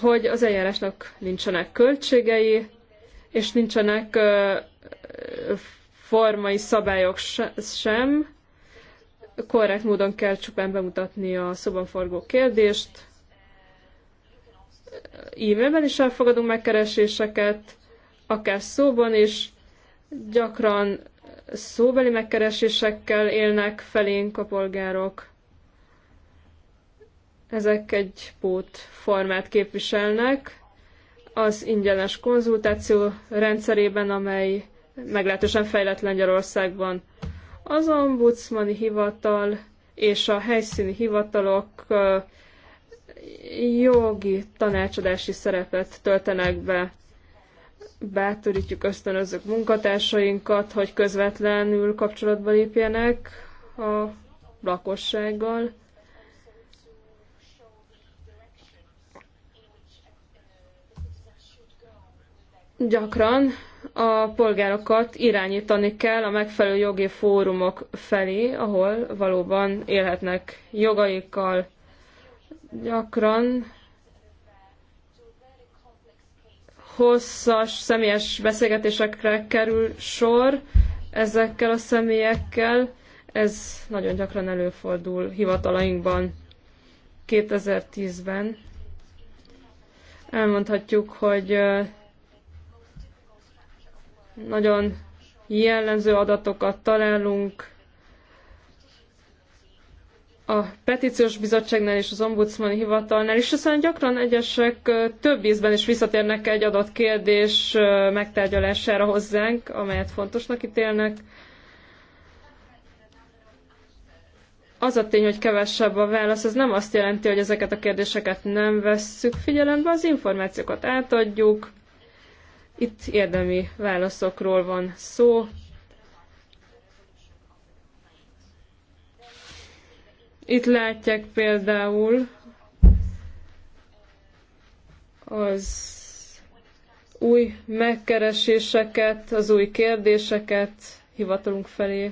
hogy az eljárásnak nincsenek költségei, és nincsenek formai szabályok sem, korrekt módon kell csupán bemutatni a szoban forgó kérdést. E-mailben is elfogadunk megkereséseket, akár szóban is. Gyakran szóbeli megkeresésekkel élnek felénk a polgárok. Ezek egy pót formát képviselnek az ingyenes konzultáció rendszerében, amely meglehetősen fejlett Lengyelországban. Az ombudsmani hivatal és a helyszíni hivatalok jogi tanácsadási szerepet töltenek be. Bátorítjuk ösztönözzük munkatársainkat, hogy közvetlenül kapcsolatba lépjenek a lakossággal. Gyakran a polgárokat irányítani kell a megfelelő jogi fórumok felé, ahol valóban élhetnek jogaikkal. Gyakran hosszas személyes beszélgetésekre kerül sor ezekkel a személyekkel. Ez nagyon gyakran előfordul hivatalainkban 2010-ben. Elmondhatjuk, hogy nagyon jellemző adatokat találunk a petíciós bizottságnál és az ombudsmani hivatalnál is, hiszen gyakran egyesek több ízben is visszatérnek egy adott kérdés megtárgyalására hozzánk, amelyet fontosnak ítélnek. Az a tény, hogy kevesebb a válasz, ez nem azt jelenti, hogy ezeket a kérdéseket nem vesszük figyelembe, az információkat átadjuk, itt érdemi válaszokról van szó. Itt látják például az új megkereséseket, az új kérdéseket hivatalunk felé.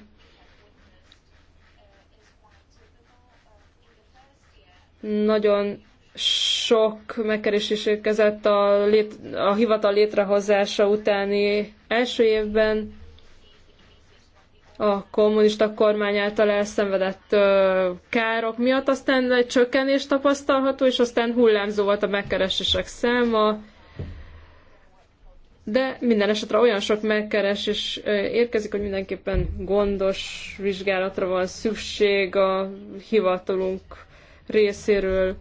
Nagyon sok megkeresés érkezett a, lét, a hivatal létrehozása utáni első évben a kommunista kormány által elszenvedett ö, károk miatt, aztán egy csökkenés tapasztalható, és aztán hullámzó volt a megkeresések száma, de minden esetre olyan sok megkeresés érkezik, hogy mindenképpen gondos vizsgálatra van szükség a hivatalunk részéről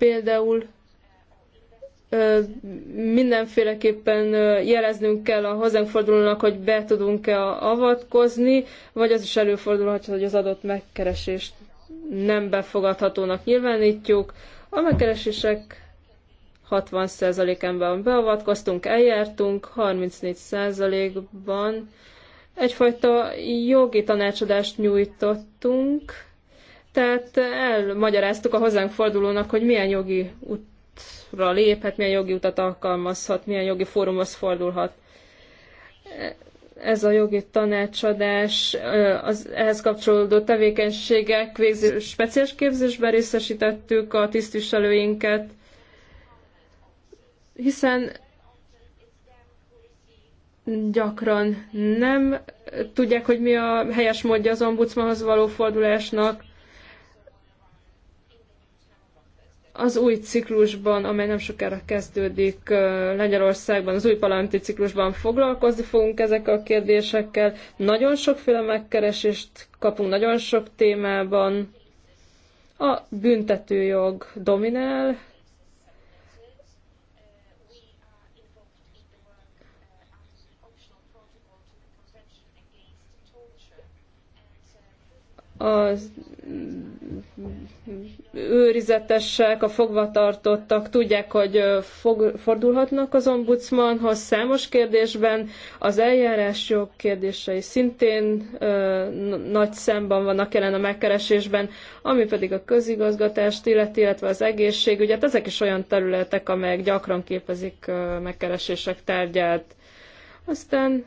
Például mindenféleképpen jeleznünk kell a hazánk fordulónak, hogy be tudunk-e avatkozni, vagy az is előfordulhat, hogy az adott megkeresést nem befogadhatónak nyilvánítjuk. A megkeresések 60 ban beavatkoztunk, eljártunk, 34%-ban egyfajta jogi tanácsadást nyújtottunk, tehát elmagyaráztuk a hozzánk fordulónak, hogy milyen jogi útra léphet, milyen jogi utat alkalmazhat, milyen jogi fórumhoz fordulhat. Ez a jogi tanácsadás, az ehhez kapcsolódó tevékenységek, végzős, speciális képzésben részesítettük a tisztviselőinket, hiszen gyakran nem tudják, hogy mi a helyes módja az ombudsmanhoz való fordulásnak, az új ciklusban, amely nem sokára kezdődik Lengyelországban, az új parlamenti ciklusban foglalkozni fogunk ezekkel a kérdésekkel. Nagyon sokféle megkeresést kapunk nagyon sok témában. A büntetőjog dominál, az őrizetesek, a fogvatartottak tudják, hogy fog, fordulhatnak az ombudsmanhoz számos kérdésben. Az eljárásjog kérdései szintén ö, nagy szemben vannak jelen a megkeresésben, ami pedig a közigazgatást illeti, illetve az egészségügyet. Hát ezek is olyan területek, amelyek gyakran képezik ö, megkeresések tárgyát. Aztán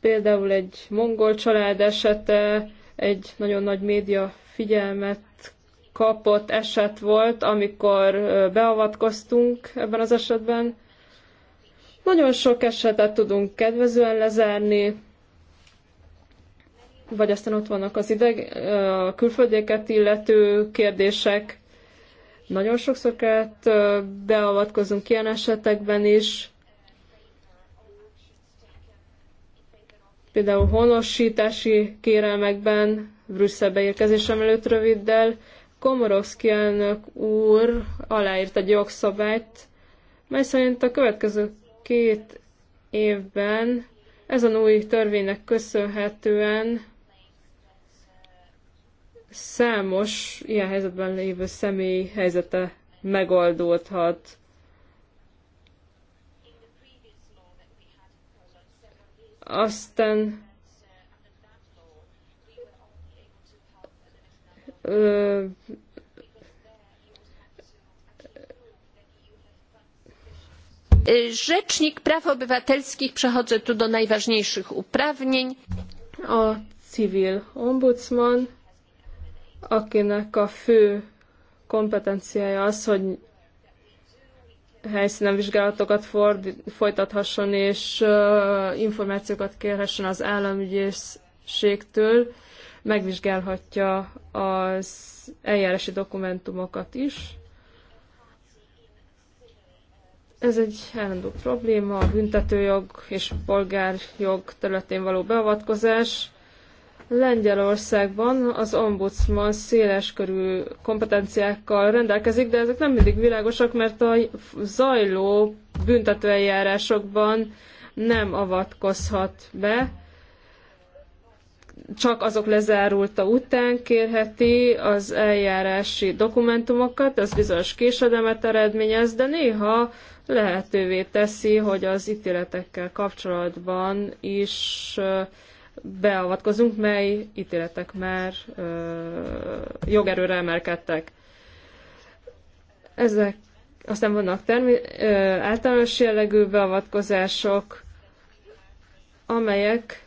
például egy mongol család esete, egy nagyon nagy média figyelmet kapott eset volt, amikor beavatkoztunk ebben az esetben. Nagyon sok esetet tudunk kedvezően lezárni, vagy aztán ott vannak az ideg, a külföldieket illető kérdések. Nagyon sokszor kellett beavatkozunk ilyen esetekben is, például honosítási kérelmekben, Brüsszelbe érkezésem előtt röviddel, Komorowski elnök úr aláírt egy jogszabályt, mely szerint a következő két évben ezen új törvénynek köszönhetően számos ilyen helyzetben lévő személy helyzete megoldódhat. Aztán Rzecznik Praw Obywatelskich, przechodzę tu do najważniejszych uprawnień. A civil ombudsman, akinek a fő kompetenciája az, hogy helyszínen vizsgálatokat ford, folytathasson, és uh, információkat kérhessen az államügyészségtől, megvizsgálhatja az eljárási dokumentumokat is. Ez egy állandó probléma, a büntetőjog és polgárjog területén való beavatkozás Lengyelországban az ombudsman széleskörű kompetenciákkal rendelkezik, de ezek nem mindig világosak, mert a zajló büntetőeljárásokban nem avatkozhat be, csak azok lezárulta után kérheti az eljárási dokumentumokat, ez bizonyos késedemet eredményez, de néha lehetővé teszi, hogy az ítéletekkel kapcsolatban is beavatkozunk, mely ítéletek már ö, jogerőre emelkedtek. Ezek aztán vannak termi- ö, általános jellegű beavatkozások, amelyek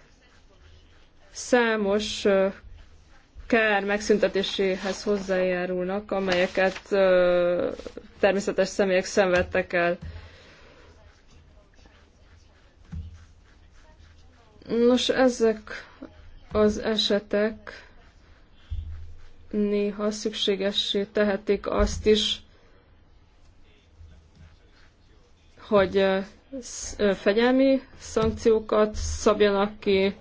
számos ö, kár megszüntetéséhez hozzájárulnak, amelyeket ö, természetes személyek szenvedtek el. Ö, Nos, ezek az esetek néha szükségessé tehetik azt is, hogy eh, eh, fegyelmi szankciókat szabjanak ki,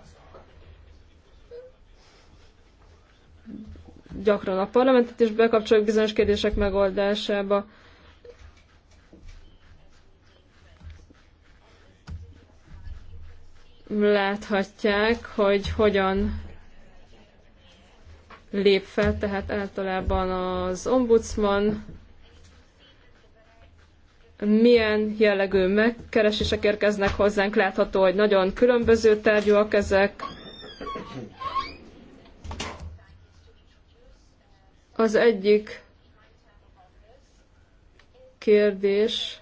gyakran a parlamentet is bekapcsoljuk bizonyos kérdések megoldásába. láthatják, hogy hogyan lép fel, tehát általában az ombudsman milyen jellegű megkeresések érkeznek hozzánk. Látható, hogy nagyon különböző tárgyúak ezek. Az egyik kérdés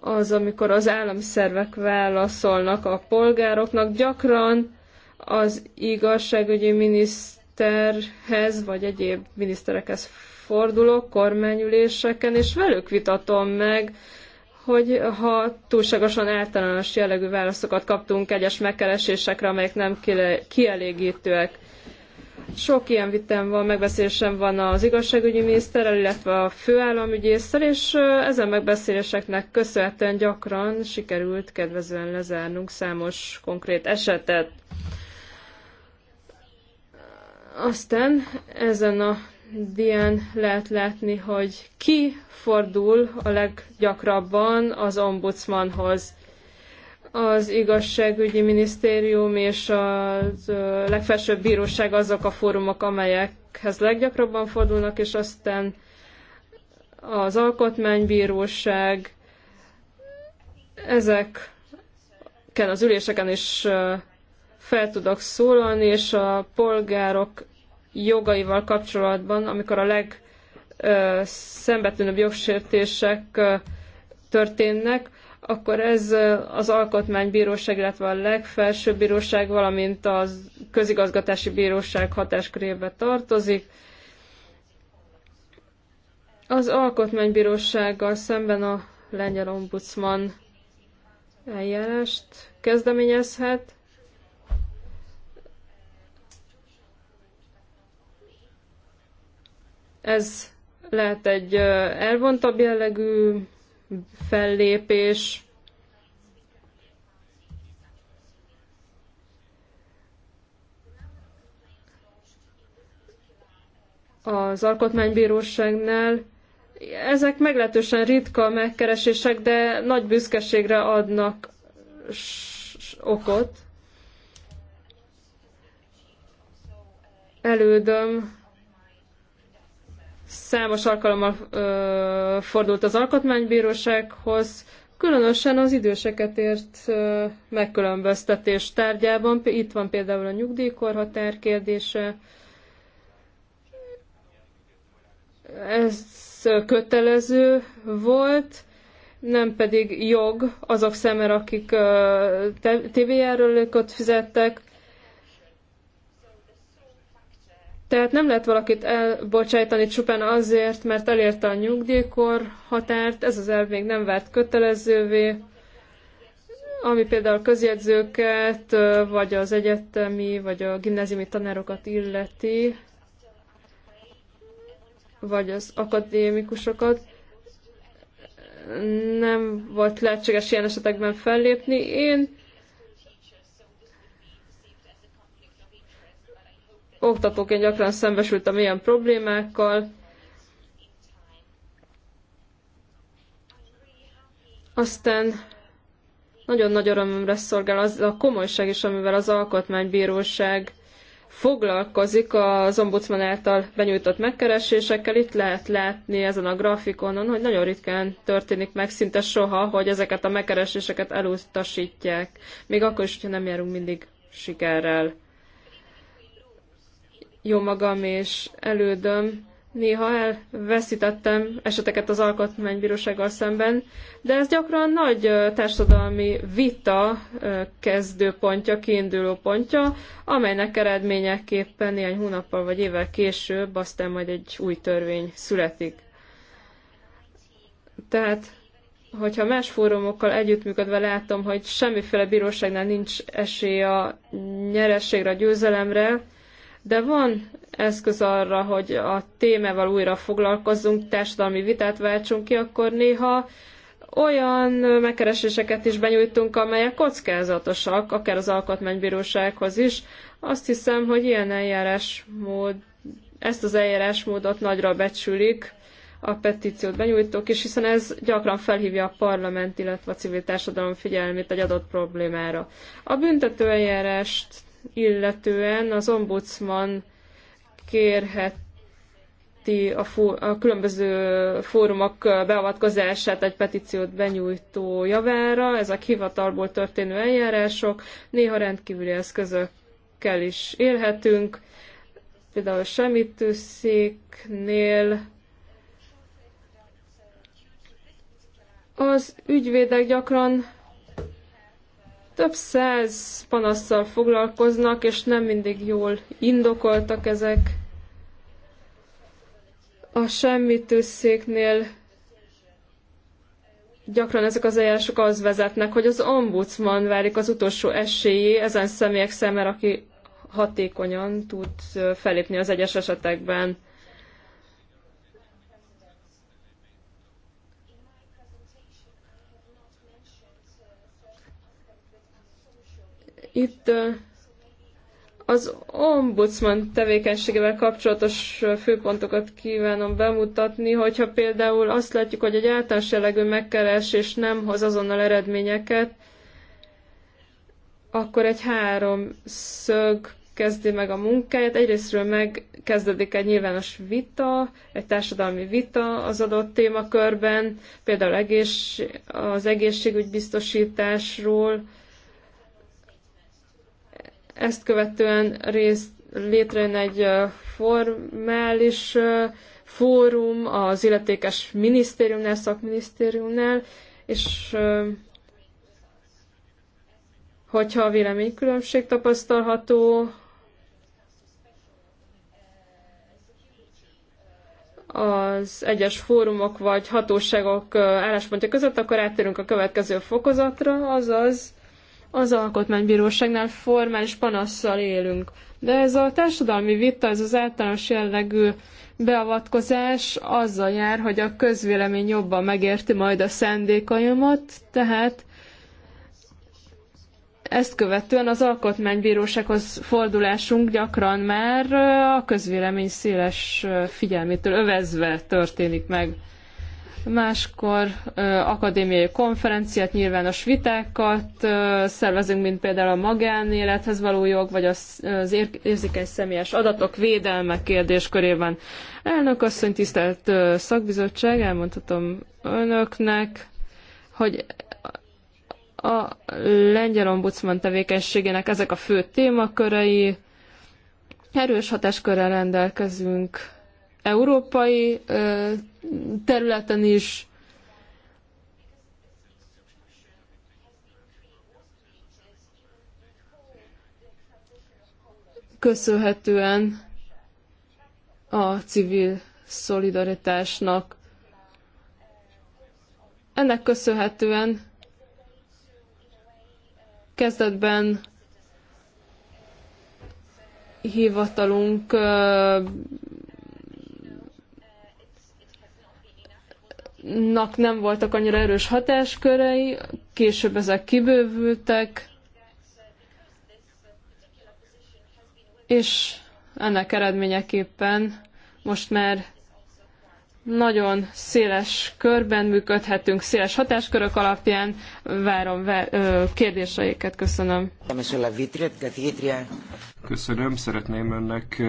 az, amikor az állami szervek válaszolnak a polgároknak, gyakran az igazságügyi miniszterhez, vagy egyéb miniszterekhez fordulok kormányüléseken, és velük vitatom meg, hogy ha túlságosan általános jellegű válaszokat kaptunk egyes megkeresésekre, amelyek nem kielégítőek. Sok ilyen vitem van, megbeszélésem van az igazságügyi miniszterrel, illetve a főállamügyészsel, és ezen megbeszéléseknek köszönhetően gyakran sikerült kedvezően lezárnunk számos konkrét esetet. Aztán ezen a dián lehet látni, hogy ki fordul a leggyakrabban az ombudsmanhoz az igazságügyi minisztérium és a legfelsőbb bíróság azok a fórumok, amelyekhez leggyakrabban fordulnak, és aztán az alkotmánybíróság, ezeken az üléseken is fel tudok szólalni, és a polgárok jogaival kapcsolatban, amikor a legszembetűnőbb jogsértések történnek, akkor ez az alkotmánybíróság, illetve a legfelsőbb bíróság, valamint a közigazgatási bíróság hatáskörébe tartozik. Az alkotmánybírósággal szemben a lengyel ombudsman eljárást kezdeményezhet. Ez lehet egy elvontabb jellegű fellépés, az alkotmánybíróságnál. Ezek meglehetősen ritka megkeresések, de nagy büszkeségre adnak okot. Elődöm Számos alkalommal ö, fordult az alkotmánybírósághoz, különösen az időseket ért ö, megkülönböztetés tárgyában. Itt van például a nyugdíjkorhatár kérdése. Ez kötelező volt, nem pedig jog azok szemére, akik tévéjárulékot fizettek. Tehát nem lehet valakit elbocsájtani csupán azért, mert elérte a nyugdíjkor határt, ez az elv még nem vált kötelezővé, ami például közjegyzőket, vagy az egyetemi, vagy a gimnáziumi tanárokat illeti, vagy az akadémikusokat. Nem volt lehetséges ilyen esetekben fellépni. Én oktatóként gyakran szembesültem ilyen problémákkal. Aztán nagyon nagy örömömre szolgál az a komolyság is, amivel az Alkotmánybíróság foglalkozik az ombudsman által benyújtott megkeresésekkel. Itt lehet látni ezen a grafikonon, hogy nagyon ritkán történik meg, szinte soha, hogy ezeket a megkereséseket elutasítják. Még akkor is, hogyha nem járunk mindig sikerrel jó magam és elődöm néha elveszítettem eseteket az alkotmánybírósággal szemben, de ez gyakran nagy társadalmi vita kezdőpontja, kiinduló pontja, amelynek eredményeképpen néhány hónappal vagy évvel később aztán majd egy új törvény születik. Tehát hogyha más fórumokkal együttműködve látom, hogy semmiféle bíróságnál nincs esély a nyerességre, a győzelemre, de van eszköz arra, hogy a témával újra foglalkozzunk, társadalmi vitát váltsunk ki, akkor néha olyan megkereséseket is benyújtunk, amelyek kockázatosak, akár az alkotmánybírósághoz is. Azt hiszem, hogy ilyen eljárásmód, ezt az eljárásmódot nagyra becsülik a petíciót benyújtók is, hiszen ez gyakran felhívja a parlament, illetve a civil társadalom figyelmét egy adott problémára. A büntetőeljárást illetően az ombudsman kérheti a, a különböző fórumok beavatkozását egy petíciót benyújtó javára. Ezek hivatalból történő eljárások, néha rendkívüli eszközökkel is élhetünk. Például a semmitőszéknél az ügyvédek gyakran több száz panasszal foglalkoznak, és nem mindig jól indokoltak ezek. A semmitőszéknél gyakran ezek az eljárások az vezetnek, hogy az ombudsman válik az utolsó esélyé ezen személyek szemmel, aki hatékonyan tud felépni az egyes esetekben. Itt az ombudsman tevékenységével kapcsolatos főpontokat kívánom bemutatni, hogyha például azt látjuk, hogy egy általános jellegű megkeresés nem hoz azonnal eredményeket, akkor egy három szög kezdi meg a munkáját. Egyrésztről megkezdődik egy nyilvános vita, egy társadalmi vita az adott témakörben, például egész, az egészségügybiztosításról, biztosításról, ezt követően rész, létrejön egy formális fórum az illetékes minisztériumnál, szakminisztériumnál, és hogyha a véleménykülönbség tapasztalható, az egyes fórumok vagy hatóságok álláspontja között, akkor áttérünk a következő fokozatra, azaz az alkotmánybíróságnál formális panasszal élünk. De ez a társadalmi vita, ez az általános jellegű beavatkozás azzal jár, hogy a közvélemény jobban megérti majd a szendékaimat, tehát ezt követően az alkotmánybírósághoz fordulásunk gyakran már a közvélemény széles figyelmétől övezve történik meg máskor ö, akadémiai konferenciát, nyilvános vitákat ö, szervezünk, mint például a magánélethez való jog, vagy az, az ér- érzékeny személyes adatok védelme kérdéskörében. Elnök asszony, tisztelt ö, szakbizottság, elmondhatom önöknek, hogy a lengyel ombudsman tevékenységének ezek a fő témakörei, erős hatáskörrel rendelkezünk európai területen is. Köszönhetően a civil szolidaritásnak. Ennek köszönhetően kezdetben hivatalunk nak nem voltak annyira erős hatáskörei, később ezek kibővültek, és ennek eredményeképpen most már nagyon széles körben működhetünk, széles hatáskörök alapján. Várom kérdéseiket, köszönöm. Köszönöm, szeretném önnek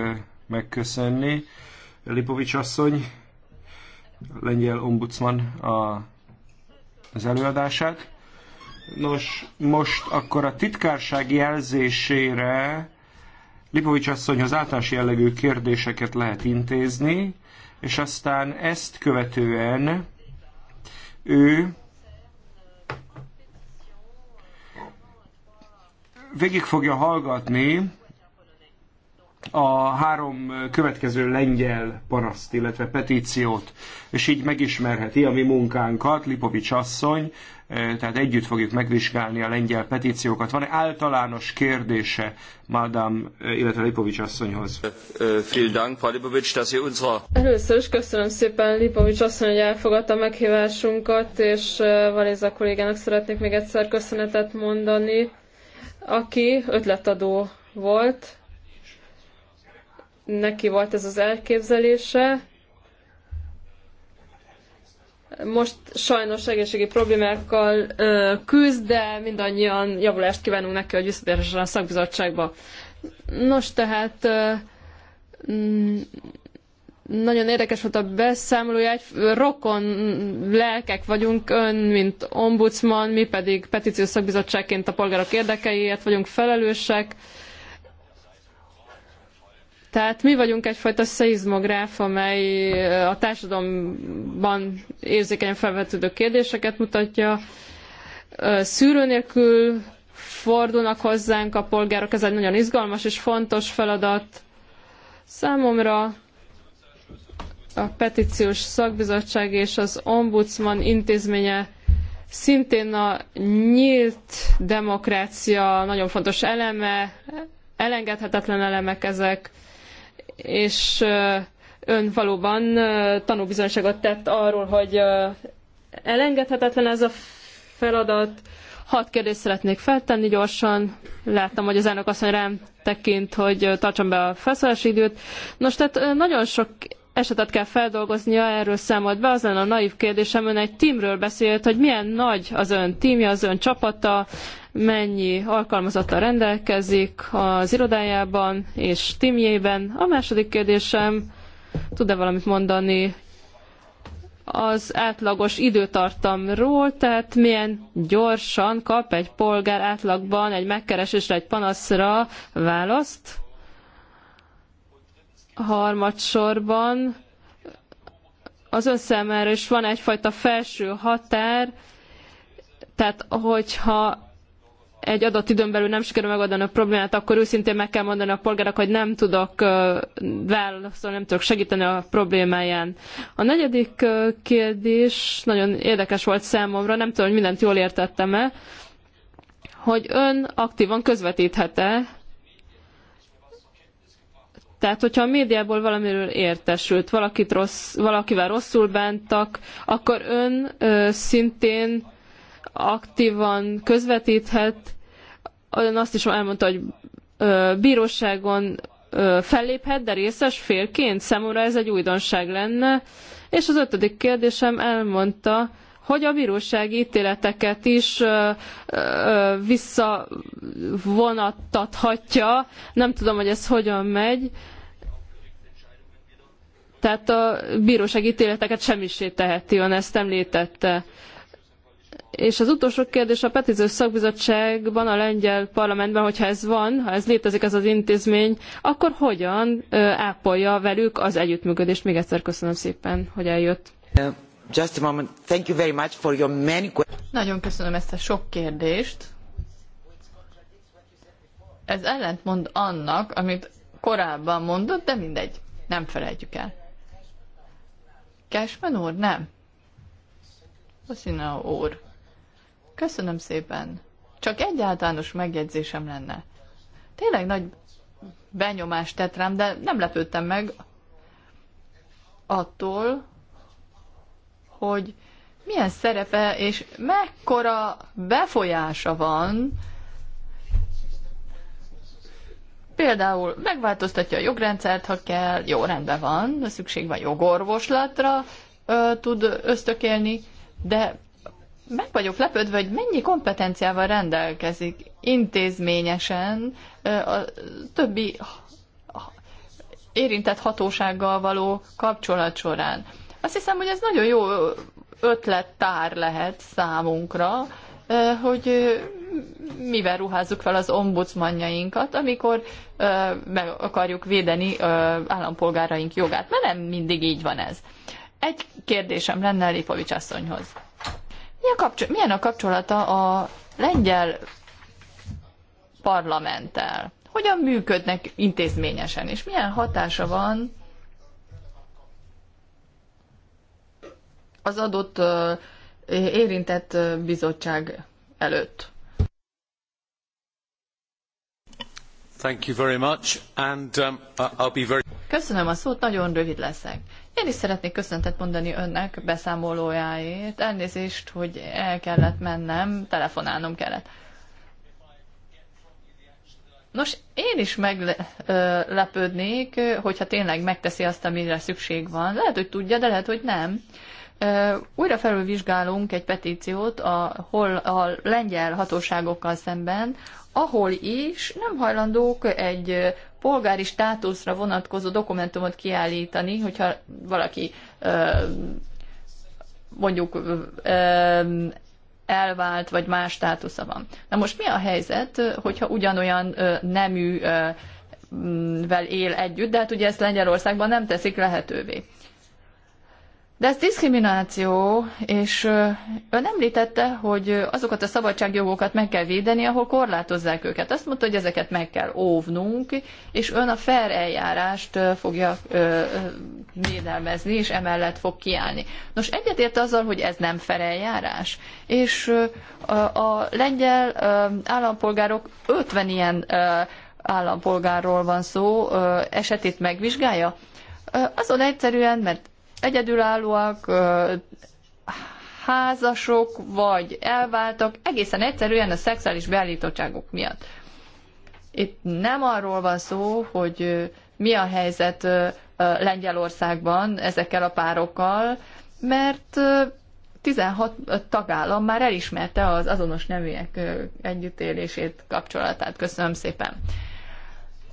megköszönni. Lipovics asszony, lengyel ombudsman a, az előadását. Nos, most akkor a titkárság jelzésére Lipovics asszonyhoz általános jellegű kérdéseket lehet intézni, és aztán ezt követően ő végig fogja hallgatni a három következő lengyel paraszt, illetve petíciót, és így megismerheti a mi munkánkat, Lipovics asszony, eh, tehát együtt fogjuk megvizsgálni a lengyel petíciókat. Van-e általános kérdése Madám, eh, illetve Lipovics asszonyhoz? Eh, Először is köszönöm szépen Lipovics asszony, hogy elfogadta meghívásunkat, és Valéza kollégának szeretnék még egyszer köszönetet mondani, aki ötletadó volt neki volt ez az elképzelése. Most sajnos egészségi problémákkal ö, küzd, de mindannyian javulást kívánunk neki, hogy visszatérhessen a szakbizottságba. Nos, tehát ö, mm, nagyon érdekes volt a beszámolója, egy rokon lelkek vagyunk, ön, mint ombudsman, mi pedig petíciós szakbizottságként a polgárok érdekeiért vagyunk felelősek. Ö, tehát mi vagyunk egyfajta szeizmográf, amely a társadalomban érzékenyen felvetődő kérdéseket mutatja. Szűrő nélkül fordulnak hozzánk a polgárok, ez egy nagyon izgalmas és fontos feladat. Számomra a petíciós szakbizottság és az ombudsman intézménye szintén a nyílt demokrácia nagyon fontos eleme, elengedhetetlen elemek ezek és ön valóban tanúbizonyságot tett arról, hogy elengedhetetlen ez a feladat. Hat kérdést szeretnék feltenni gyorsan. Láttam, hogy az elnök asszony rám tekint, hogy tartsam be a felszólási időt. Nos, tehát nagyon sok esetet kell feldolgoznia, erről számolt be. Az lenne a naív kérdésem, ön egy tímről beszélt, hogy milyen nagy az ön tímje, az ön csapata, mennyi alkalmazattal rendelkezik az irodájában és timjében. A második kérdésem, tud-e valamit mondani az átlagos időtartamról, tehát milyen gyorsan kap egy polgár átlagban egy megkeresésre, egy panaszra választ. Harmadsorban az ön számára is van egyfajta felső határ, tehát hogyha egy adott időn belül nem sikerül megoldani a problémát, akkor őszintén meg kell mondani a polgárnak, hogy nem tudok válaszolni, nem tudok segíteni a problémáján. A negyedik kérdés nagyon érdekes volt számomra, nem tudom, hogy mindent jól értettem-e, hogy ön aktívan közvetíthet-e tehát, hogyha a médiából valamiről értesült, valakit rossz, valakivel rosszul bántak, akkor ön ö, szintén aktívan közvetíthet, ön azt is elmondta, hogy bíróságon felléphet, de részes félként számomra ez egy újdonság lenne. És az ötödik kérdésem elmondta, hogy a bírósági ítéleteket is visszavonattathatja. Nem tudom, hogy ez hogyan megy. Tehát a bírósági ítéleteket semmisé teheti, ön ezt említette. És az utolsó kérdés a petíciós szakbizottságban, a lengyel parlamentben, hogyha ez van, ha ez létezik ez az intézmény, akkor hogyan ápolja velük az együttműködést? Még egyszer köszönöm szépen, hogy eljött. Uh, just a moment. Thank you very much for your many Nagyon köszönöm ezt a sok kérdést. Ez ellentmond annak, amit korábban mondott, de mindegy, nem felejtjük el. Cashman úr, nem. Baszina úr. Köszönöm szépen. Csak egy általános megjegyzésem lenne. Tényleg nagy benyomást tett rám, de nem lepődtem meg attól, hogy milyen szerepe és mekkora befolyása van például megváltoztatja a jogrendszert, ha kell, jó, rendben van, szükség van jogorvoslatra, ö, tud ösztökélni, de meg vagyok lepődve, hogy mennyi kompetenciával rendelkezik intézményesen a többi érintett hatósággal való kapcsolat során. Azt hiszem, hogy ez nagyon jó ötlettár lehet számunkra, hogy mivel ruházzuk fel az ombudsmanjainkat, amikor meg akarjuk védeni állampolgáraink jogát. Mert nem mindig így van ez. Egy kérdésem lenne Lipovics asszonyhoz. Mi a milyen a kapcsolata a lengyel parlamenttel? Hogyan működnek intézményesen, és milyen hatása van az adott érintett bizottság előtt? Thank you very much, and um, I'll be very Köszönöm a szót, nagyon rövid leszek. Én is szeretnék köszöntet mondani önnek beszámolójáért. Elnézést, hogy el kellett mennem, telefonálnom kellett. Nos, én is meglepődnék, hogyha tényleg megteszi azt, amire szükség van. Lehet, hogy tudja, de lehet, hogy nem. Újra felülvizsgálunk egy petíciót a, hol, a lengyel hatóságokkal szemben, ahol is nem hajlandók egy polgári státuszra vonatkozó dokumentumot kiállítani, hogyha valaki mondjuk elvált, vagy más státusza van. Na most mi a helyzet, hogyha ugyanolyan nemű vel él együtt, de hát ugye ezt Lengyelországban nem teszik lehetővé. De ez diszkrimináció, és ön említette, hogy azokat a szabadságjogokat meg kell védeni, ahol korlátozzák őket. Azt mondta, hogy ezeket meg kell óvnunk, és ön a fair eljárást fogja védelmezni, és emellett fog kiállni. Nos, egyetért azzal, hogy ez nem fair eljárás. És a lengyel állampolgárok 50 ilyen állampolgárról van szó, esetét megvizsgálja? Azon egyszerűen, mert egyedülállóak, házasok, vagy elváltak, egészen egyszerűen a szexuális beállítottságok miatt. Itt nem arról van szó, hogy mi a helyzet Lengyelországban ezekkel a párokkal, mert 16 tagállam már elismerte az azonos neműek együttélését, kapcsolatát. Köszönöm szépen!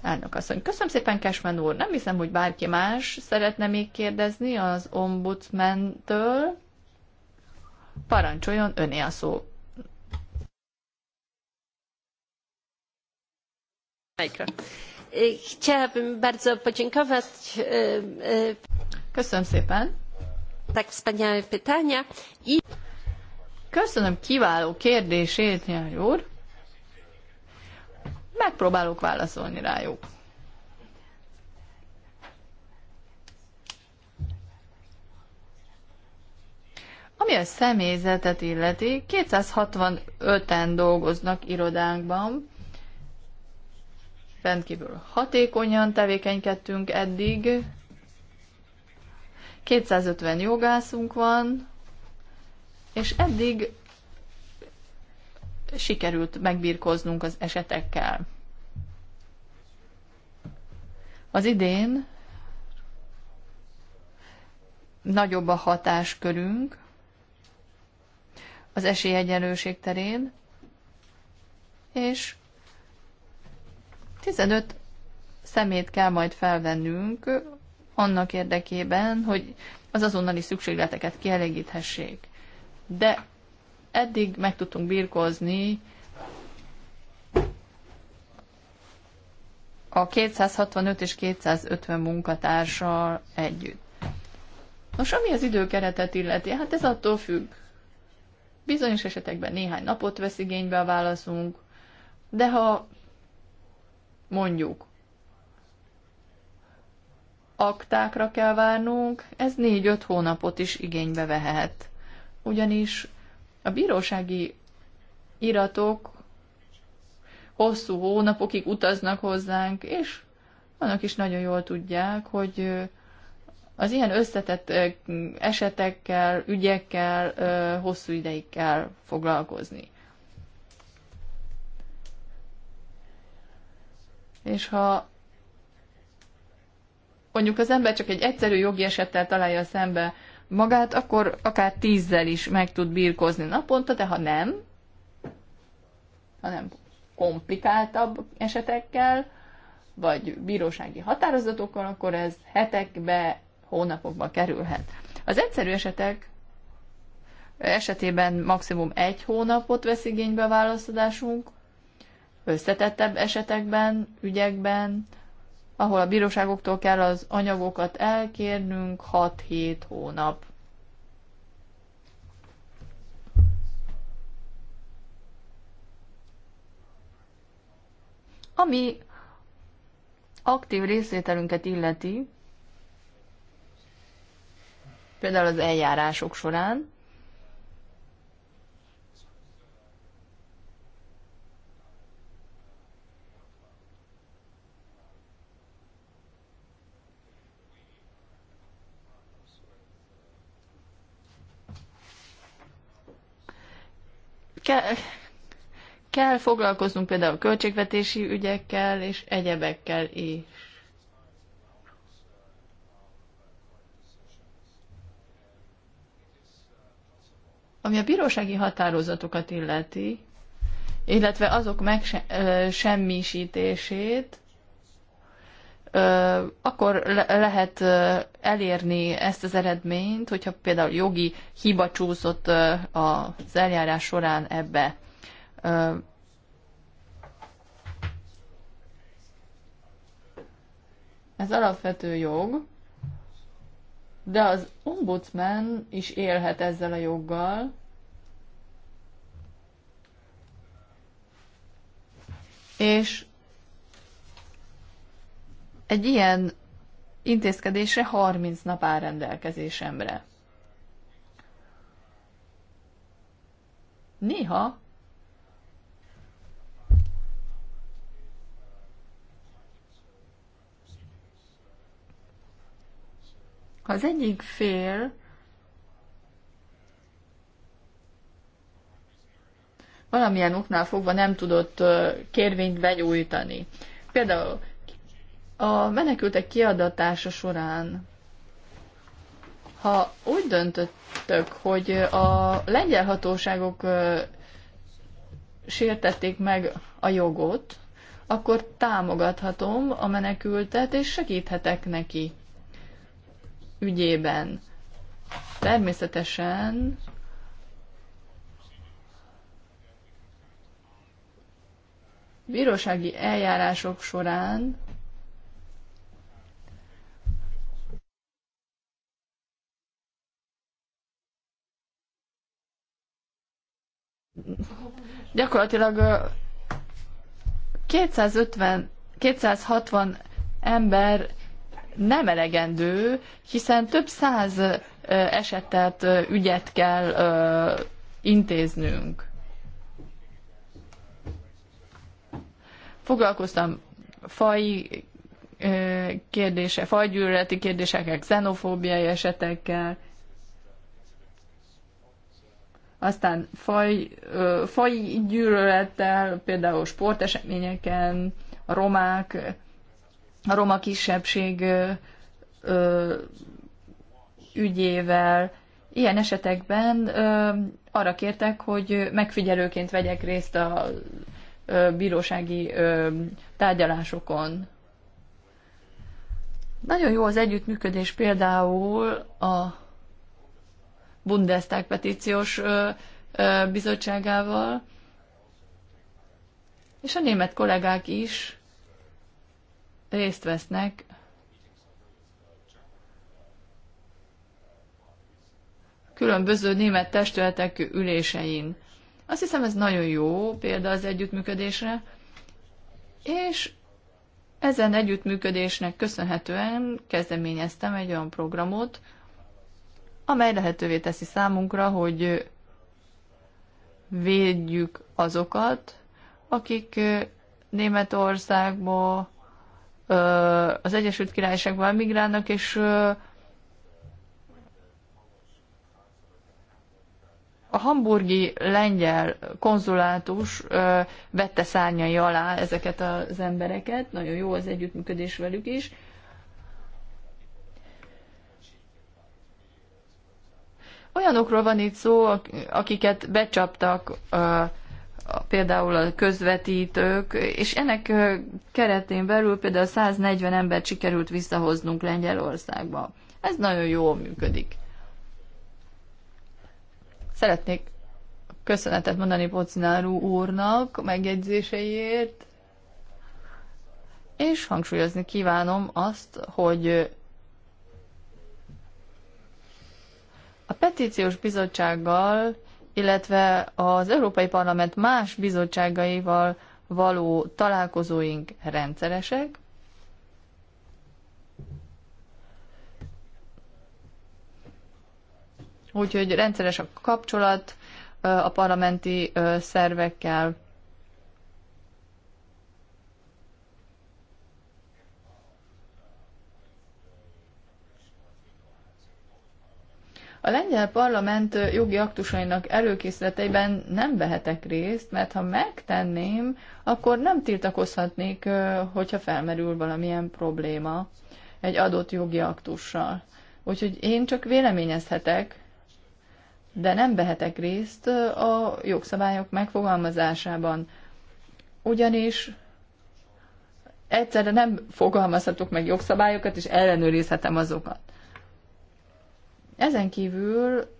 Elnök asszony, köszönöm szépen, Kesmen úr. Nem hiszem, hogy bárki más szeretne még kérdezni az ombudsmentől. Parancsoljon öné a szó. Chciałabym bardzo podziękować. E, e, köszönöm szépen. Tak wspaniałe pytania. I... Köszönöm kiváló kérdését, Nyár úr megpróbálok válaszolni rájuk. Ami a személyzetet illeti, 265-en dolgoznak irodánkban, rendkívül hatékonyan tevékenykedtünk eddig, 250 jogászunk van, és eddig sikerült megbírkoznunk az esetekkel. Az idén nagyobb a hatáskörünk az esélyegyenlőség terén, és 15 szemét kell majd felvennünk annak érdekében, hogy az azonnali szükségleteket kielégíthessék. De eddig meg tudtunk birkózni a 265 és 250 munkatársal együtt. Nos, ami az időkeretet illeti, hát ez attól függ. Bizonyos esetekben néhány napot vesz igénybe a válaszunk, de ha mondjuk aktákra kell várnunk, ez 4-5 hónapot is igénybe vehet. Ugyanis a bírósági iratok hosszú hónapokig utaznak hozzánk, és annak is nagyon jól tudják, hogy az ilyen összetett esetekkel, ügyekkel hosszú ideig kell foglalkozni. És ha mondjuk az ember csak egy egyszerű jogi esettel találja szembe magát, akkor akár tízzel is meg tud birkozni naponta, de ha nem, hanem komplikáltabb esetekkel, vagy bírósági határozatokkal, akkor ez hetekbe, hónapokba kerülhet. Az egyszerű esetek esetében maximum egy hónapot vesz igénybe a válaszadásunk, összetettebb esetekben, ügyekben ahol a bíróságoktól kell az anyagokat elkérnünk 6-7 hónap. Ami aktív részvételünket illeti, például az eljárások során, kell, kell foglalkoznunk például a költségvetési ügyekkel és egyebekkel is. Ami a bírósági határozatokat illeti, illetve azok megsemmisítését, akkor le lehet elérni ezt az eredményt, hogyha például jogi hiba csúszott az eljárás során ebbe. Ez alapvető jog, de az ombudsman is élhet ezzel a joggal, és egy ilyen intézkedésre 30 nap áll rendelkezésemre. Néha Ha az egyik fél valamilyen oknál fogva nem tudott kérvényt benyújtani. Például a menekültek kiadatása során, ha úgy döntöttök, hogy a lengyel hatóságok sértették meg a jogot, akkor támogathatom a menekültet, és segíthetek neki ügyében. Természetesen bírósági eljárások során gyakorlatilag 250, 260 ember nem elegendő, hiszen több száz esetet, ügyet kell intéznünk. Foglalkoztam faj kérdése, fajgyűlöleti kérdésekkel, xenofóbiai esetekkel, aztán faj, faj gyűlölettel, például sporteseményeken, a romák, a roma kisebbség ügyével. Ilyen esetekben arra kértek, hogy megfigyelőként vegyek részt a bírósági tárgyalásokon. Nagyon jó az együttműködés például a Bundestag petíciós bizottságával, és a német kollégák is részt vesznek különböző német testületek ülésein. Azt hiszem, ez nagyon jó példa az együttműködésre, és ezen együttműködésnek köszönhetően kezdeményeztem egy olyan programot, amely lehetővé teszi számunkra, hogy védjük azokat, akik Németországból, az Egyesült Királyságban migrálnak, és a hamburgi lengyel konzulátus vette szárnyai alá ezeket az embereket, nagyon jó az együttműködés velük is, Olyanokról van itt szó, akiket becsaptak például a közvetítők, és ennek keretén belül például 140 embert sikerült visszahoznunk Lengyelországba. Ez nagyon jól működik. Szeretnék köszönetet mondani Pocinárú úrnak megjegyzéseiért, és hangsúlyozni kívánom azt, hogy A petíciós bizottsággal, illetve az Európai Parlament más bizottságaival való találkozóink rendszeresek, Úgyhogy rendszeres a kapcsolat a parlamenti szervekkel. A lengyel parlament jogi aktusainak előkészleteiben nem vehetek részt, mert ha megtenném, akkor nem tiltakozhatnék, hogyha felmerül valamilyen probléma egy adott jogi aktussal. Úgyhogy én csak véleményezhetek, de nem vehetek részt a jogszabályok megfogalmazásában. Ugyanis egyszerre nem fogalmazhatok meg jogszabályokat, és ellenőrizhetem azokat. Ezen kívül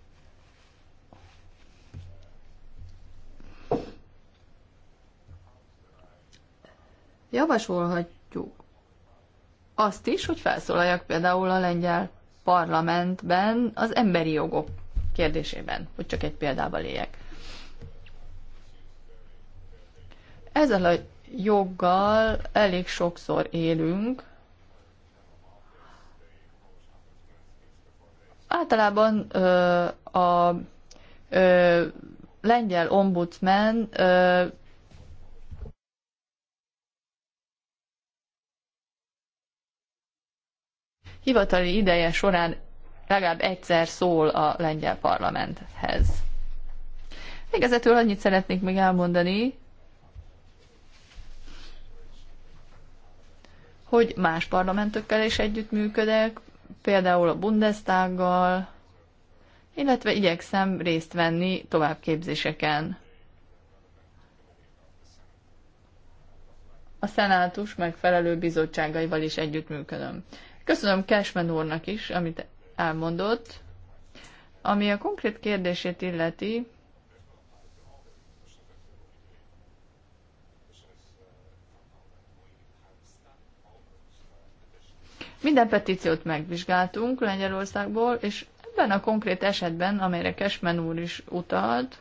javasolhatjuk azt is, hogy felszólaljak például a lengyel parlamentben az emberi jogok kérdésében, hogy csak egy példával éljek. Ezzel a joggal elég sokszor élünk, Általában ö, a ö, lengyel ombudsman ö, hivatali ideje során legalább egyszer szól a lengyel parlamenthez. Végezetül annyit szeretnék még elmondani, hogy más parlamentökkel is együttműködek, például a Bundestaggal, illetve igyekszem részt venni továbbképzéseken. A szenátus megfelelő bizottságaival is együttműködöm. Köszönöm Cashman úrnak is, amit elmondott. Ami a konkrét kérdését illeti, Minden petíciót megvizsgáltunk Lengyelországból, és ebben a konkrét esetben, amelyre Kesmen úr is utalt,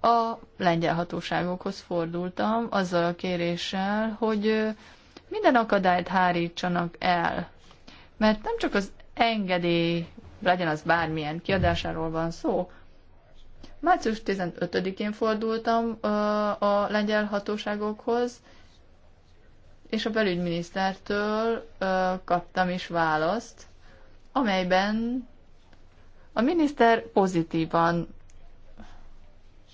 a lengyel hatóságokhoz fordultam azzal a kéréssel, hogy minden akadályt hárítsanak el. Mert nem csak az engedély, legyen az bármilyen kiadásáról van szó. Március 15-én fordultam a lengyel hatóságokhoz, és a belügyminisztertől ö, kaptam is választ, amelyben a miniszter pozitívan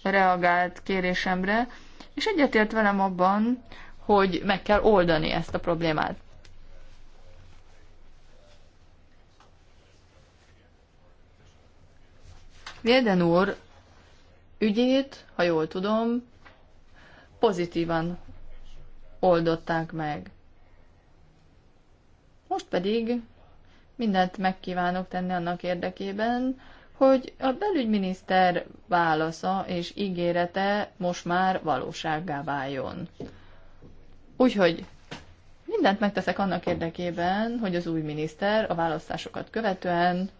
reagált kérésemre, és egyetért velem abban, hogy meg kell oldani ezt a problémát. Véden úr ügyét, ha jól tudom, pozitívan oldották meg. Most pedig mindent megkívánok tenni annak érdekében, hogy a belügyminiszter válasza és ígérete most már valósággá váljon. Úgyhogy mindent megteszek annak érdekében, hogy az új miniszter a választásokat követően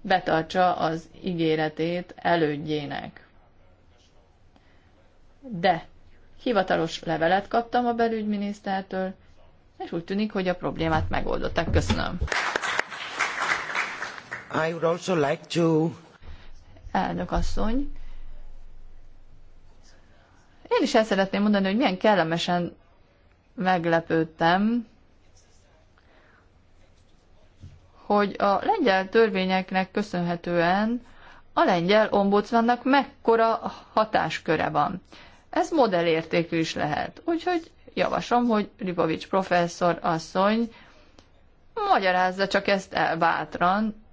betartsa az ígéretét elődjének. De Hivatalos levelet kaptam a belügyminisztertől, és úgy tűnik, hogy a problémát megoldották. Köszönöm. I would also like to... Elnök asszony, én is el szeretném mondani, hogy milyen kellemesen meglepődtem, hogy a lengyel törvényeknek köszönhetően a lengyel ombudsmannak mekkora hatásköre van ez modellértékű is lehet. Úgyhogy javaslom, hogy Lipovics professzor asszony magyarázza csak ezt el bátran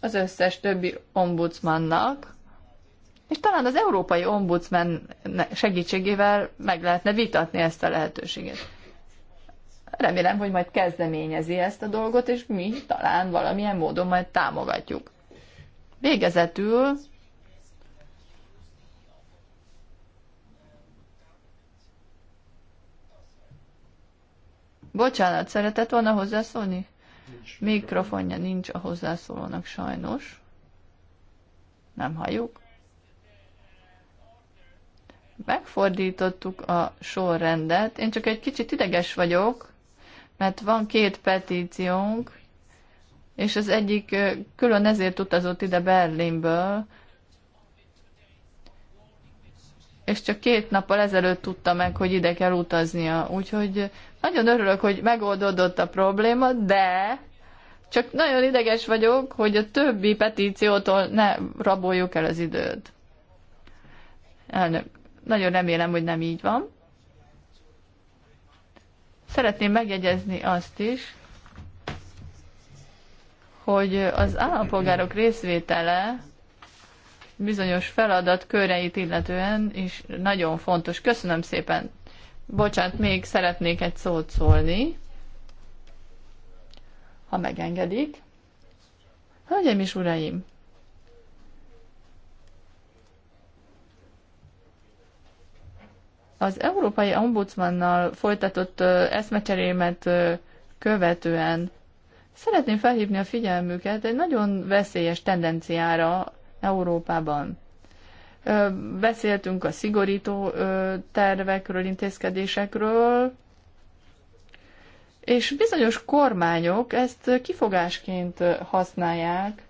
az összes többi ombudsmannak, és talán az európai ombudsman segítségével meg lehetne vitatni ezt a lehetőséget. Remélem, hogy majd kezdeményezi ezt a dolgot, és mi talán valamilyen módon majd támogatjuk. Végezetül Bocsánat, szeretett volna hozzászólni? Nincs. Mikrofonja nincs a hozzászólónak sajnos. Nem halljuk. Megfordítottuk a sorrendet. Én csak egy kicsit ideges vagyok, mert van két petíciónk, és az egyik külön ezért utazott ide Berlinből, és csak két nappal ezelőtt tudta meg, hogy ide kell utaznia. Úgyhogy nagyon örülök, hogy megoldódott a probléma, de csak nagyon ideges vagyok, hogy a többi petíciótól ne raboljuk el az időt. Elnök, nagyon remélem, hogy nem így van. Szeretném megjegyezni azt is, hogy az állampolgárok részvétele bizonyos feladat köreit illetően is nagyon fontos. Köszönöm szépen. Bocsánat, még szeretnék egy szót szólni, ha megengedik. Hölgyeim és uraim! Az Európai Ombudsmannal folytatott eszmecserémet követően szeretném felhívni a figyelmüket egy nagyon veszélyes tendenciára Európában. Beszéltünk a szigorító tervekről, intézkedésekről, és bizonyos kormányok ezt kifogásként használják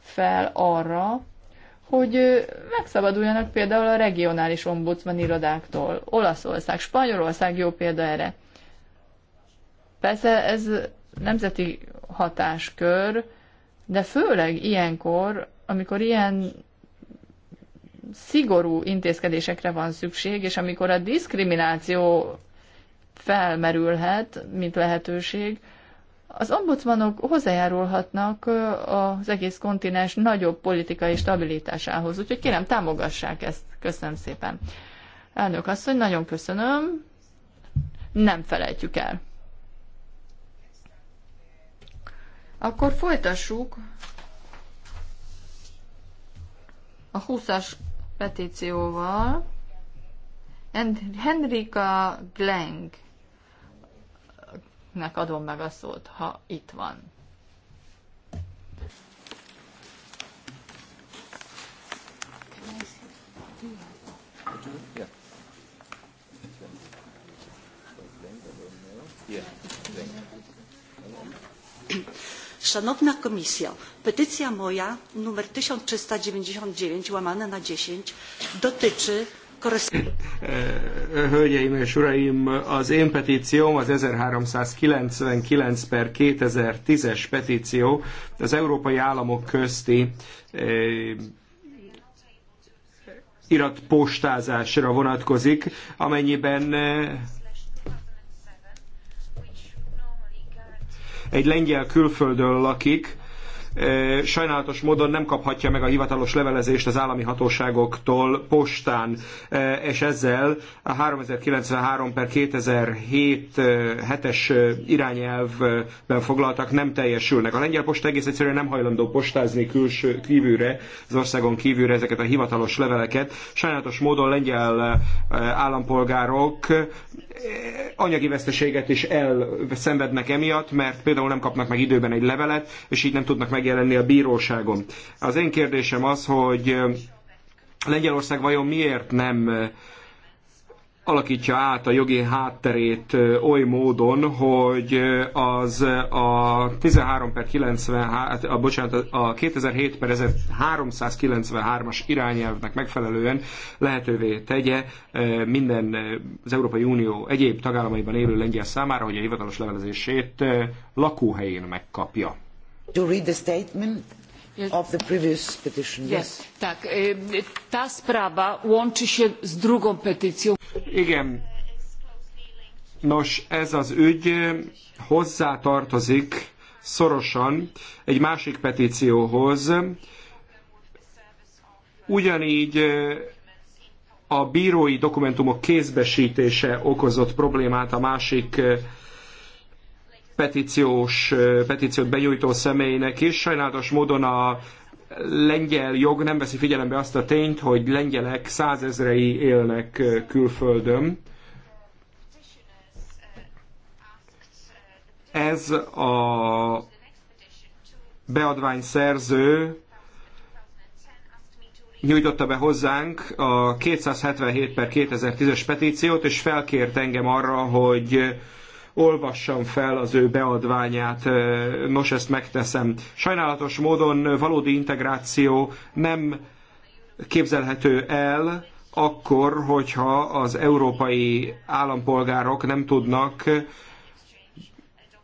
fel arra, hogy megszabaduljanak például a regionális ombudsman irodáktól. Olaszország, Spanyolország jó példa erre. Persze ez nemzeti hatáskör, de főleg ilyenkor amikor ilyen szigorú intézkedésekre van szükség, és amikor a diszkrimináció felmerülhet, mint lehetőség, az ombudsmanok hozzájárulhatnak az egész kontinens nagyobb politikai stabilitásához. Úgyhogy kérem, támogassák ezt. Köszönöm szépen. Elnök asszony, nagyon köszönöm. Nem felejtjük el. Akkor folytassuk a 20-as petícióval. Henrika Glengnek adom meg a szót, ha itt van. Szanowna Komisjo, petycja moja numer 1399 łamane na 10 dotyczy e, Hölgyeim és uraim, az én petícióm az 1399 per 2010-es petíció az európai államok közti e, iratpostázásra vonatkozik, amennyiben e, egy lengyel külföldön lakik, e, sajnálatos módon nem kaphatja meg a hivatalos levelezést az állami hatóságoktól postán, e, és ezzel a 3093 per 2007 e, hetes irányelvben foglaltak nem teljesülnek. A lengyel posta egész egyszerűen nem hajlandó postázni külső kívülre, az országon kívülre ezeket a hivatalos leveleket. Sajnálatos módon lengyel állampolgárok anyagi veszteséget is elszenvednek emiatt, mert például nem kapnak meg időben egy levelet, és így nem tudnak megjelenni a bíróságon. Az én kérdésem az, hogy Lengyelország vajon miért nem alakítja át a jogi hátterét oly módon, hogy az a 13 per 90, a, bocsánat, a 2007 per 1393-as irányelvnek megfelelően lehetővé tegye minden az Európai Unió egyéb tagállamaiban élő lengyel számára, hogy a hivatalos levelezését lakóhelyén megkapja. To read the statement ta sprawa łączy się z drugą petycją. Igen. Nos, ez az ügy hozzátartozik szorosan egy másik petícióhoz. Ugyanígy e, a bírói dokumentumok kézbesítése okozott problémát a másik e, petíciós, petíciót benyújtó személynek is. Sajnálatos módon a lengyel jog nem veszi figyelembe azt a tényt, hogy lengyelek százezrei élnek külföldön. Ez a beadvány szerző nyújtotta be hozzánk a 277 per 2010-es petíciót, és felkért engem arra, hogy olvassam fel az ő beadványát, nos ezt megteszem. Sajnálatos módon valódi integráció nem képzelhető el, akkor, hogyha az európai állampolgárok nem tudnak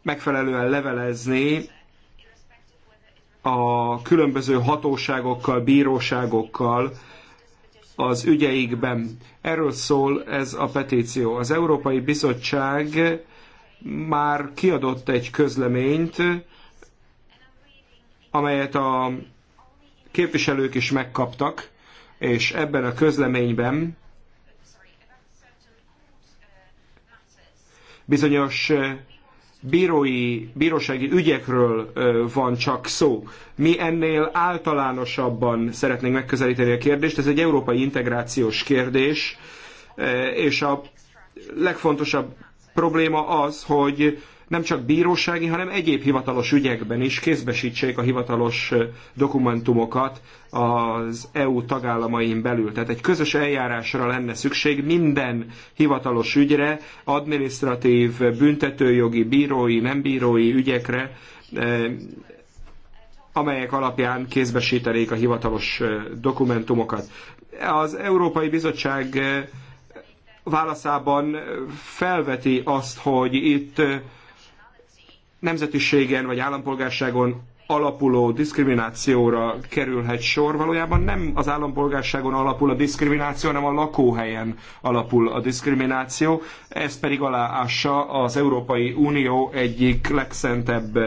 megfelelően levelezni a különböző hatóságokkal, bíróságokkal az ügyeikben. Erről szól ez a petíció. Az Európai Bizottság már kiadott egy közleményt, amelyet a képviselők is megkaptak, és ebben a közleményben bizonyos bírói, bírósági ügyekről van csak szó. Mi ennél általánosabban szeretnénk megközelíteni a kérdést, ez egy európai integrációs kérdés, és a legfontosabb probléma az, hogy nem csak bírósági, hanem egyéb hivatalos ügyekben is kézbesítsék a hivatalos dokumentumokat az EU tagállamain belül. Tehát egy közös eljárásra lenne szükség minden hivatalos ügyre, administratív, büntetőjogi, bírói, nem bírói ügyekre, amelyek alapján kézbesítenék a hivatalos dokumentumokat. Az Európai Bizottság válaszában felveti azt, hogy itt nemzetiségen vagy állampolgárságon alapuló diszkriminációra kerülhet sor. Valójában nem az állampolgárságon alapul a diszkrimináció, hanem a lakóhelyen alapul a diszkrimináció. Ez pedig aláássa az Európai Unió egyik legszentebb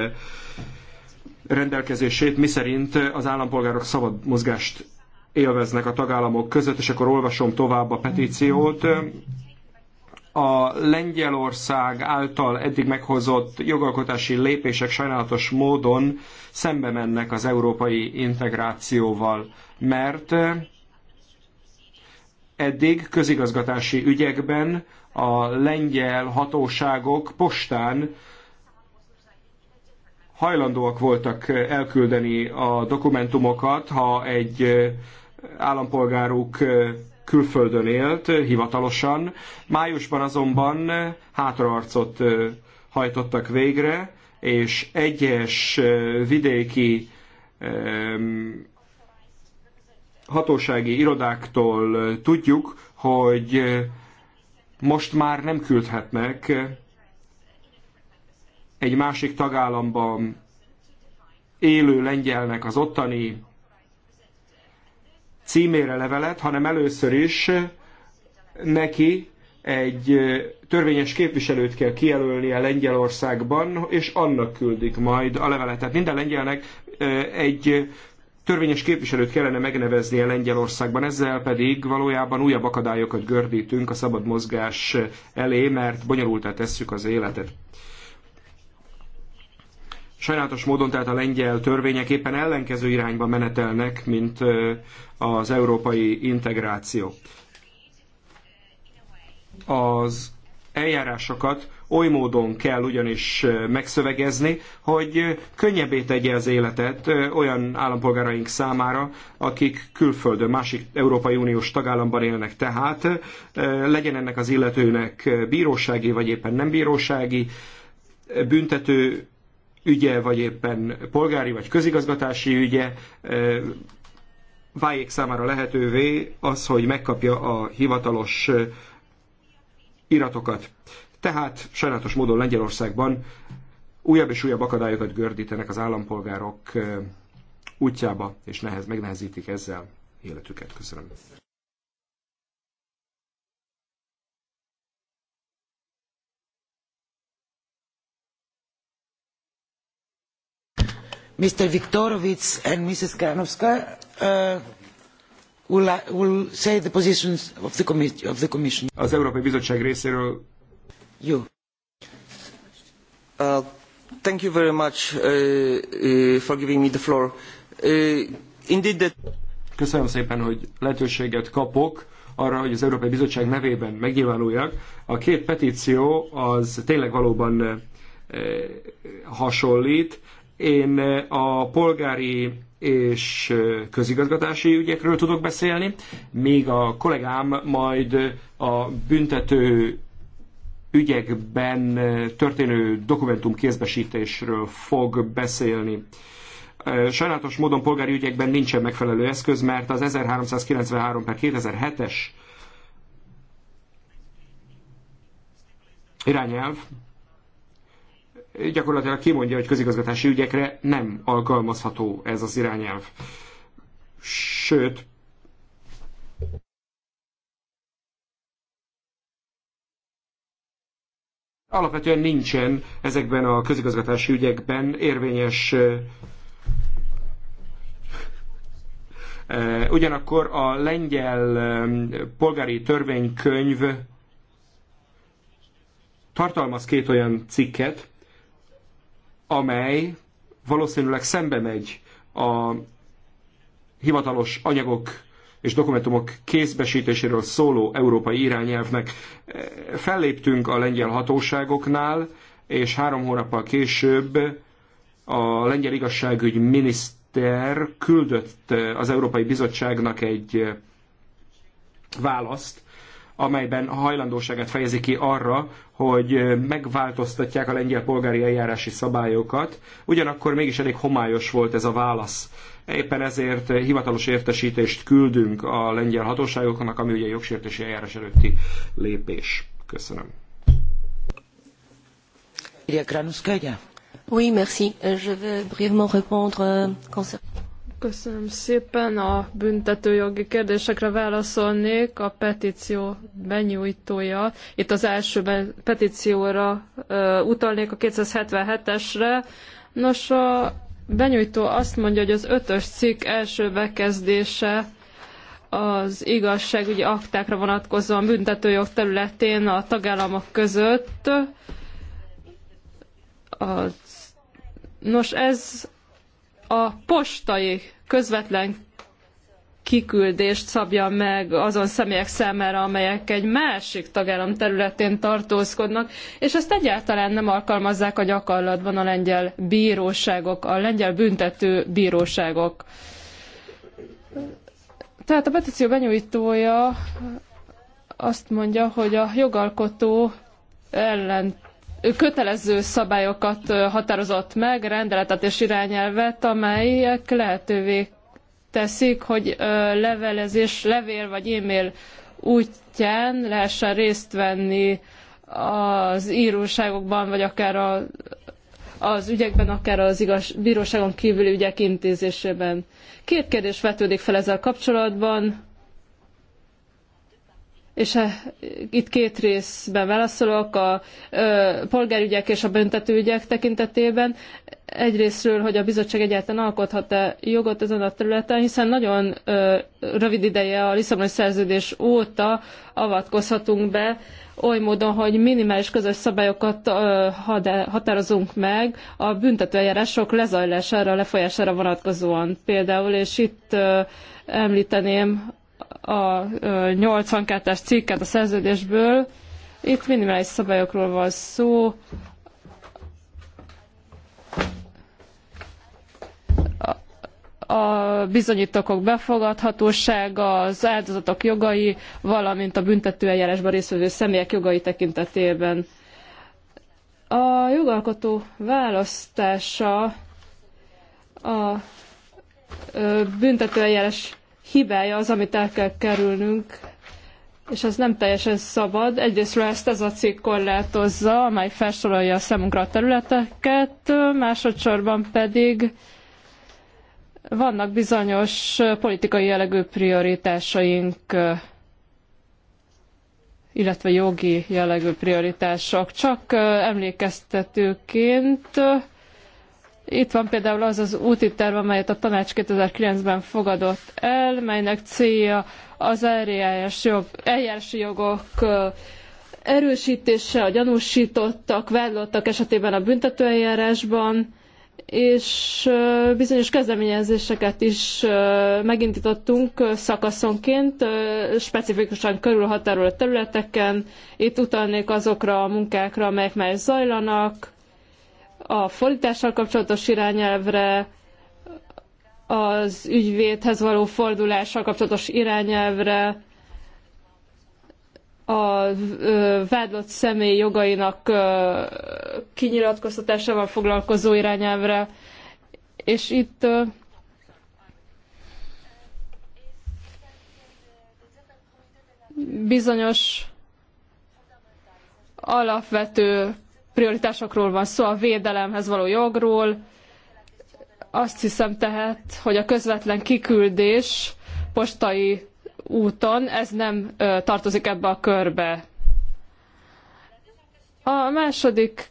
rendelkezését, miszerint az állampolgárok szabad mozgást élveznek a tagállamok között, és akkor olvasom tovább a petíciót. A Lengyelország által eddig meghozott jogalkotási lépések sajnálatos módon szembe mennek az európai integrációval, mert eddig közigazgatási ügyekben a lengyel hatóságok postán hajlandóak voltak elküldeni a dokumentumokat, ha egy állampolgáruk külföldön élt hivatalosan, májusban azonban hátraarcot hajtottak végre, és egyes vidéki hatósági irodáktól tudjuk, hogy most már nem küldhetnek egy másik tagállamban élő lengyelnek az ottani címére levelet, hanem először is neki egy törvényes képviselőt kell kijelölnie Lengyelországban, és annak küldik majd a levelet. Tehát minden lengyelnek egy törvényes képviselőt kellene megneveznie Lengyelországban, ezzel pedig valójában újabb akadályokat gördítünk a szabad mozgás elé, mert bonyolultá tesszük az életet. Sajnálatos módon tehát a lengyel törvények éppen ellenkező irányba menetelnek, mint az európai integráció. Az eljárásokat oly módon kell ugyanis megszövegezni, hogy könnyebbé tegye az életet olyan állampolgáraink számára, akik külföldön, másik Európai Uniós tagállamban élnek. Tehát legyen ennek az illetőnek bírósági, vagy éppen nem bírósági, büntető ügye, vagy éppen polgári vagy közigazgatási ügye váljék számára lehetővé az, hogy megkapja a hivatalos iratokat. Tehát sajnálatos módon Lengyelországban újabb és újabb akadályokat gördítenek az állampolgárok útjába, és nehez, megnehezítik ezzel életüket. Köszönöm. Mr. Viktorovits and Mrs. Kranovska uh, uh, will, say the positions of the, committee, of the Commission. Az Európai Bizottság részéről. You. Uh, thank you very much uh, uh, for giving me the floor. Uh, indeed that... Köszönöm szépen, hogy lehetőséget kapok arra, hogy az Európai Bizottság nevében megnyilvánuljak. A két petíció az tényleg valóban uh, hasonlít. Én eh, a polgári és eh, közigazgatási ügyekről tudok beszélni, míg a kollégám majd eh, a büntető ügyekben történő dokumentum kézbesítésről fog beszélni. Sajnálatos módon polgári ügyekben nincsen megfelelő eszköz, mert az 1393 per 2007-es irányelv gyakorlatilag kimondja, hogy közigazgatási ügyekre nem alkalmazható ez az irányelv. Sőt, alapvetően nincsen ezekben a közigazgatási ügyekben érvényes Ugyanakkor a lengyel polgári törvénykönyv tartalmaz két olyan cikket, amely valószínűleg szembe megy a hivatalos anyagok és dokumentumok kézbesítéséről szóló európai irányelvnek. Felléptünk a lengyel hatóságoknál, és három hónappal később a lengyel igazságügy miniszter küldött az Európai Bizottságnak egy választ, amelyben a hajlandóságát fejezi ki arra, hogy megváltoztatják a lengyel polgári eljárási szabályokat, ugyanakkor mégis elég homályos volt ez a válasz. Éppen ezért hivatalos értesítést küldünk a lengyel hatóságoknak, ami ugye jogsértési eljárás előtti lépés. Köszönöm. Oui, merci. Euh, je veux brièvement répondre euh, concernant... Köszönöm szépen. A büntetőjogi kérdésekre válaszolnék. A petíció benyújtója. Itt az első petícióra utalnék a 277-esre. Nos, a benyújtó azt mondja, hogy az ötös cikk első bekezdése az igazságügyi aktákra vonatkozóan büntetőjog területén a tagállamok között. A... Nos, ez a postai közvetlen kiküldést szabja meg azon személyek számára, amelyek egy másik tagállam területén tartózkodnak, és ezt egyáltalán nem alkalmazzák a gyakorlatban a lengyel bíróságok, a lengyel büntető bíróságok. Tehát a petíció benyújtója azt mondja, hogy a jogalkotó ellent kötelező szabályokat határozott meg, rendeletet és irányelvet, amelyek lehetővé teszik, hogy levelezés, levél vagy e-mail útján lehessen részt venni az íróságokban, vagy akár a, az ügyekben, akár az igaz, bíróságon kívüli ügyek intézésében. Két kérdés vetődik fel ezzel kapcsolatban és eh, itt két részben válaszolok, a polgárügyek és a büntetőügyek tekintetében. Egyrésztről, hogy a bizottság egyáltalán alkothat-e jogot ezen a területen, hiszen nagyon rövid ideje a Lisszaboni szerződés óta avatkozhatunk be oly módon, hogy minimális közös szabályokat határozunk meg a büntetőeljárások lezajlására, lefolyására vonatkozóan például, és itt említeném a 82-es cikket a szerződésből. Itt minimális szabályokról van szó. A bizonyítókok befogadhatósága, az áldozatok jogai, valamint a büntetőeljárásban részvevő személyek jogai tekintetében. A jogalkotó választása a büntetőeljárás hibája az, amit el kell kerülnünk, és ez nem teljesen szabad. Egyrészt ezt ez a cikk korlátozza, amely felsorolja a szemünkre a területeket, másodszorban pedig vannak bizonyos politikai jellegű prioritásaink, illetve jogi jellegű prioritások. Csak emlékeztetőként itt van például az az úti terv, amelyet a tanács 2009-ben fogadott el, melynek célja az eljárás jog, eljárási jogok erősítése a gyanúsítottak, vádlottak esetében a büntetőeljárásban, és bizonyos kezdeményezéseket is megindítottunk szakaszonként, specifikusan körülhatárolt területeken. Itt utalnék azokra a munkákra, amelyek már zajlanak, a fordítással kapcsolatos irányelvre, az ügyvédhez való fordulással kapcsolatos irányelvre, a vádlott személy jogainak kinyilatkoztatásával foglalkozó irányelvre, és itt bizonyos alapvető prioritásokról van szó, a védelemhez való jogról. Azt hiszem tehát, hogy a közvetlen kiküldés postai úton ez nem tartozik ebbe a körbe. A második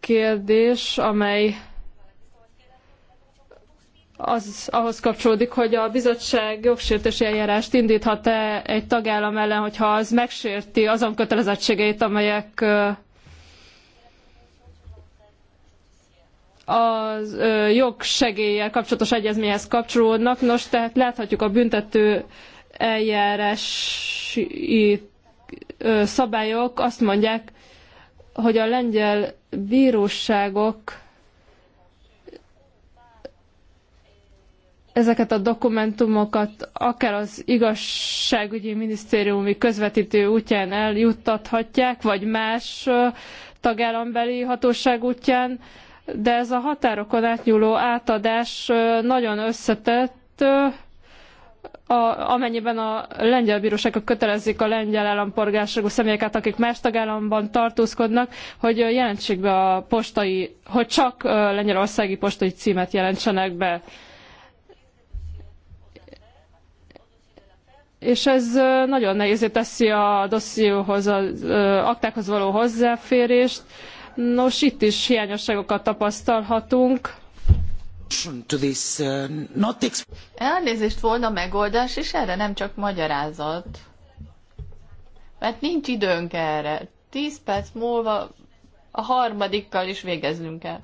kérdés, amely az ahhoz kapcsolódik, hogy a bizottság jogsértési eljárást indíthat-e egy tagállam ellen, hogyha az megsérti azon kötelezettségeit, amelyek a jogsegéllyel kapcsolatos egyezményhez kapcsolódnak. Nos, tehát láthatjuk a büntető eljárási szabályok azt mondják, hogy a lengyel bíróságok ezeket a dokumentumokat akár az igazságügyi minisztériumi közvetítő útján eljuttathatják, vagy más tagállambeli hatóság útján de ez a határokon átnyúló átadás nagyon összetett, a, amennyiben a lengyel bíróságok kötelezik a lengyel állampolgárságú személyeket, akik más tagállamban tartózkodnak, hogy jelentsék be a postai, hogy csak lengyelországi postai címet jelentsenek be. És ez nagyon nehézé teszi a dosszióhoz, az aktákhoz való hozzáférést, Nos, itt is hiányosságokat tapasztalhatunk. Uh, Elnézést volna megoldás, és erre nem csak magyarázat. Mert nincs időnk erre. Tíz perc múlva a harmadikkal is végeznünk kell.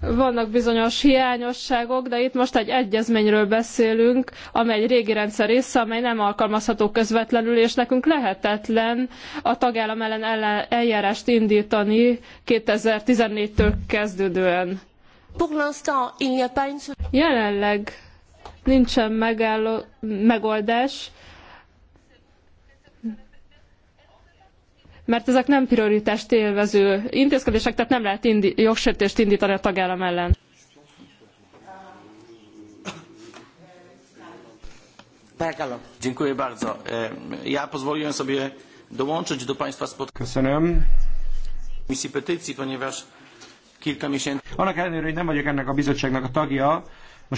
Vannak bizonyos hiányosságok, de itt most egy egyezményről beszélünk, amely egy régi rendszer része, amely nem alkalmazható közvetlenül, és nekünk lehetetlen a tagállam ellen eljárást indítani 2014-től kezdődően. Jelenleg nincsen megálló, megoldás, mert ezek nem prioritást élvező intézkedések, tehát nem lehet indi- jogsértést indítani a tagállam ellen. Dziękuję e, Annak ellenére, hogy nem vagyok ennek a bizottságnak a tagja,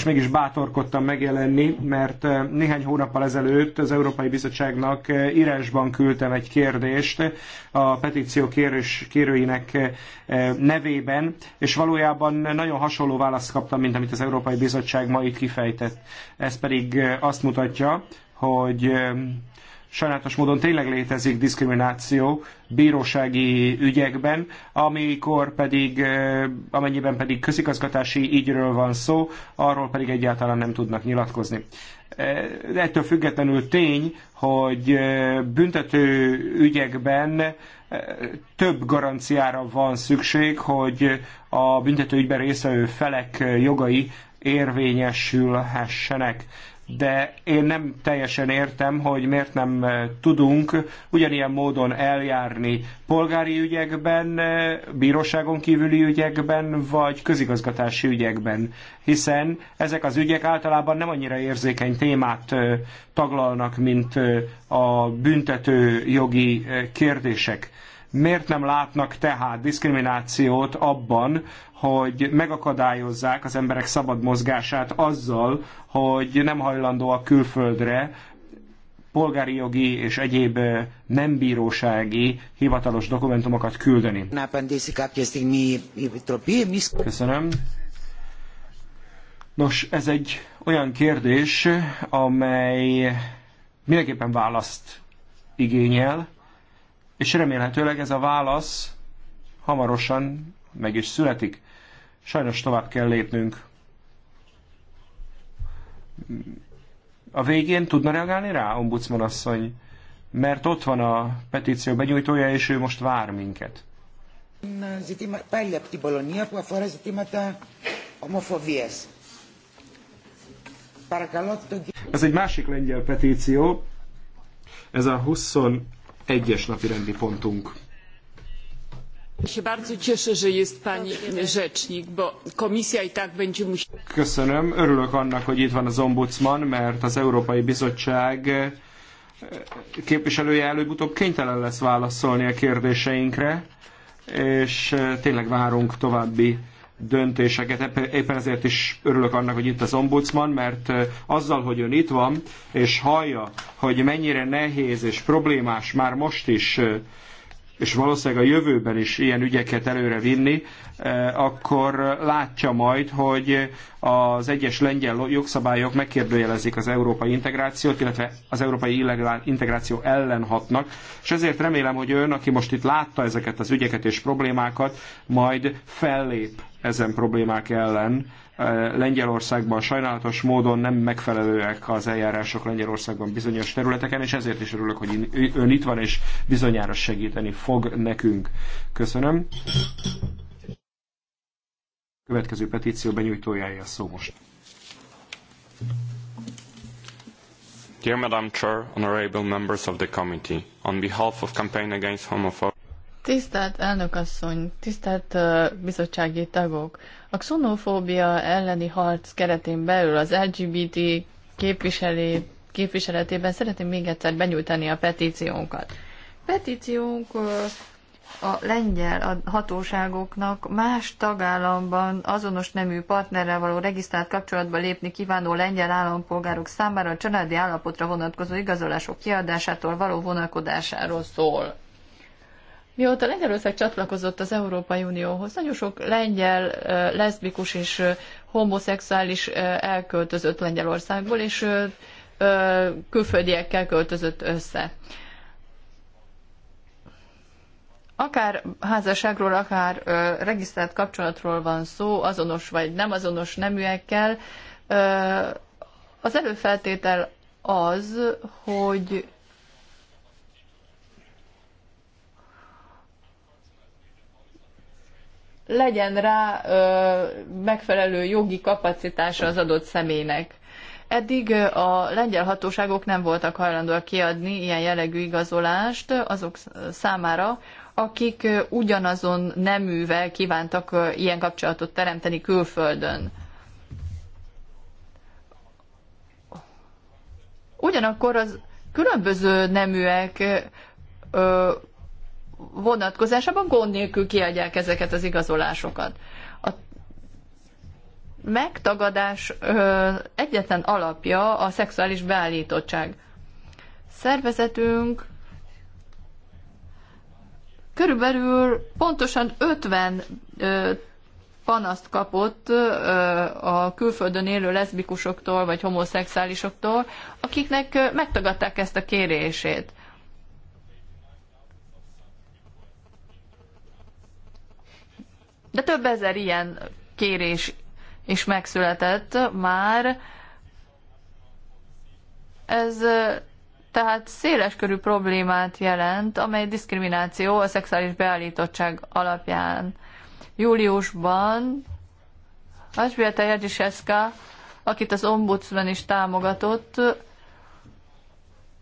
most mégis bátorkodtam megjelenni, mert eh, néhány hónappal ezelőtt az Európai Bizottságnak eh, írásban küldtem egy kérdést a petíció kérős, kérőinek eh, nevében, és valójában nagyon hasonló választ kaptam, mint amit az Európai Bizottság ma itt kifejtett. Ez pedig azt mutatja, hogy sajnálatos módon tényleg létezik diszkrimináció bírósági ügyekben, amikor pedig, eh, amennyiben pedig közigazgatási ügyről van szó, arról pedig egyáltalán nem tudnak nyilatkozni. De eh, ettől függetlenül tény, hogy eh, büntető ügyekben több garanciára van szükség, hogy a ügyben részvevő felek jogai érvényesülhessenek de én nem teljesen értem, hogy miért nem eh, tudunk ugyanilyen módon eljárni polgári ügyekben, eh, bíróságon kívüli ügyekben, vagy közigazgatási ügyekben, hiszen ezek az ügyek általában nem annyira érzékeny témát eh, taglalnak, mint a büntető jogi kérdések. Miért nem látnak tehát diszkriminációt abban, hogy megakadályozzák az emberek szabad mozgását azzal, hogy nem hajlandóak külföldre polgári jogi és egyéb nem bírósági hivatalos dokumentumokat küldeni. Köszönöm. Nos, ez egy olyan kérdés, amely mindenképpen választ igényel és remélhetőleg ez a válasz hamarosan meg is születik. Sajnos tovább kell lépnünk. A végén tudna reagálni rá, ombudsman asszony? Mert ott van a petíció benyújtója, és ő most vár minket. Ez egy másik lengyel petíció, ez a egyes napi rendi pontunk. Köszönöm, örülök annak, hogy itt van az ombudsman, mert az Európai Bizottság e, képviselője előbb-utóbb kénytelen lesz válaszolni a kérdéseinkre, és e, tényleg várunk további döntéseket. Éppen ezért is örülök annak, hogy itt az ombudsman, mert azzal, hogy ön itt van, és hallja, hogy mennyire nehéz és problémás már most is és valószínűleg a jövőben is ilyen ügyeket előre vinni, akkor látja majd, hogy az egyes lengyel jogszabályok megkérdőjelezik az európai integrációt, illetve az európai integráció ellen hatnak, és ezért remélem, hogy ön, aki most itt látta ezeket az ügyeket és problémákat, majd fellép ezen problémák ellen. Lengyelországban sajnálatos módon nem megfelelőek az eljárások Lengyelországban bizonyos területeken, és ezért is örülök, hogy ön itt van, és bizonyára segíteni fog nekünk. Köszönöm. Következő petíció benyújtójája szó most. Dear Madam Chair, honorable members of the committee, on behalf of Campaign Against Homophobia, Tisztelt elnökasszony, tisztelt bizottsági tagok! A xenofóbia elleni harc keretén belül az LGBT képviselé, képviseletében szeretném még egyszer benyújtani a petíciónkat. Petíciónk a lengyel hatóságoknak más tagállamban azonos nemű partnerrel való regisztrált kapcsolatba lépni kívánó lengyel állampolgárok számára a családi állapotra vonatkozó igazolások kiadásától való vonalkodásáról szól. Mióta Lengyelország csatlakozott az Európai Unióhoz, nagyon sok lengyel, leszbikus és homoszexuális elköltözött Lengyelországból, és külföldiekkel költözött össze. Akár házasságról, akár regisztrált kapcsolatról van szó, azonos vagy nem azonos neműekkel, az előfeltétel az, hogy legyen rá ö, megfelelő jogi kapacitása az adott személynek. Eddig a lengyel hatóságok nem voltak hajlandóak kiadni ilyen jellegű igazolást azok számára, akik ugyanazon neművel kívántak ilyen kapcsolatot teremteni külföldön. Ugyanakkor az különböző neműek ö, vonatkozásában gond nélkül kiadják ezeket az igazolásokat. A megtagadás egyetlen alapja a szexuális beállítottság. Szervezetünk körülbelül pontosan 50 panaszt kapott a külföldön élő leszbikusoktól vagy homoszexuálisoktól, akiknek megtagadták ezt a kérését. De több ezer ilyen kérés is megszületett már. Ez tehát széleskörű problémát jelent, amely diszkrimináció a szexuális beállítottság alapján. Júliusban Asbieta Jadzsiseszka, akit az ombudsman is támogatott,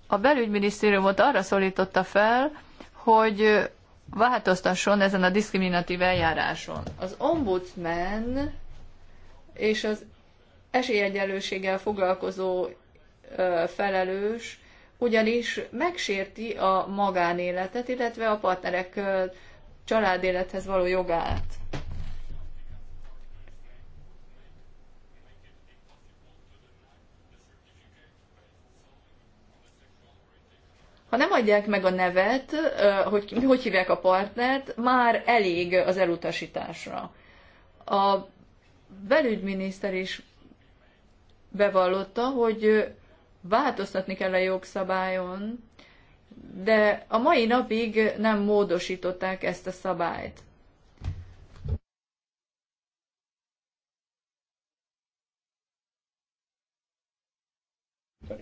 a belügyminisztériumot arra szólította fel, hogy változtasson ezen a diszkriminatív eljáráson. Az ombudsman és az esélyegyenlőséggel foglalkozó felelős ugyanis megsérti a magánéletet, illetve a partnerek családélethez való jogát. Ha nem adják meg a nevet, hogy hogy hívják a partnert, már elég az elutasításra. A belügyminiszter is bevallotta, hogy változtatni kell a jogszabályon, de a mai napig nem módosították ezt a szabályt.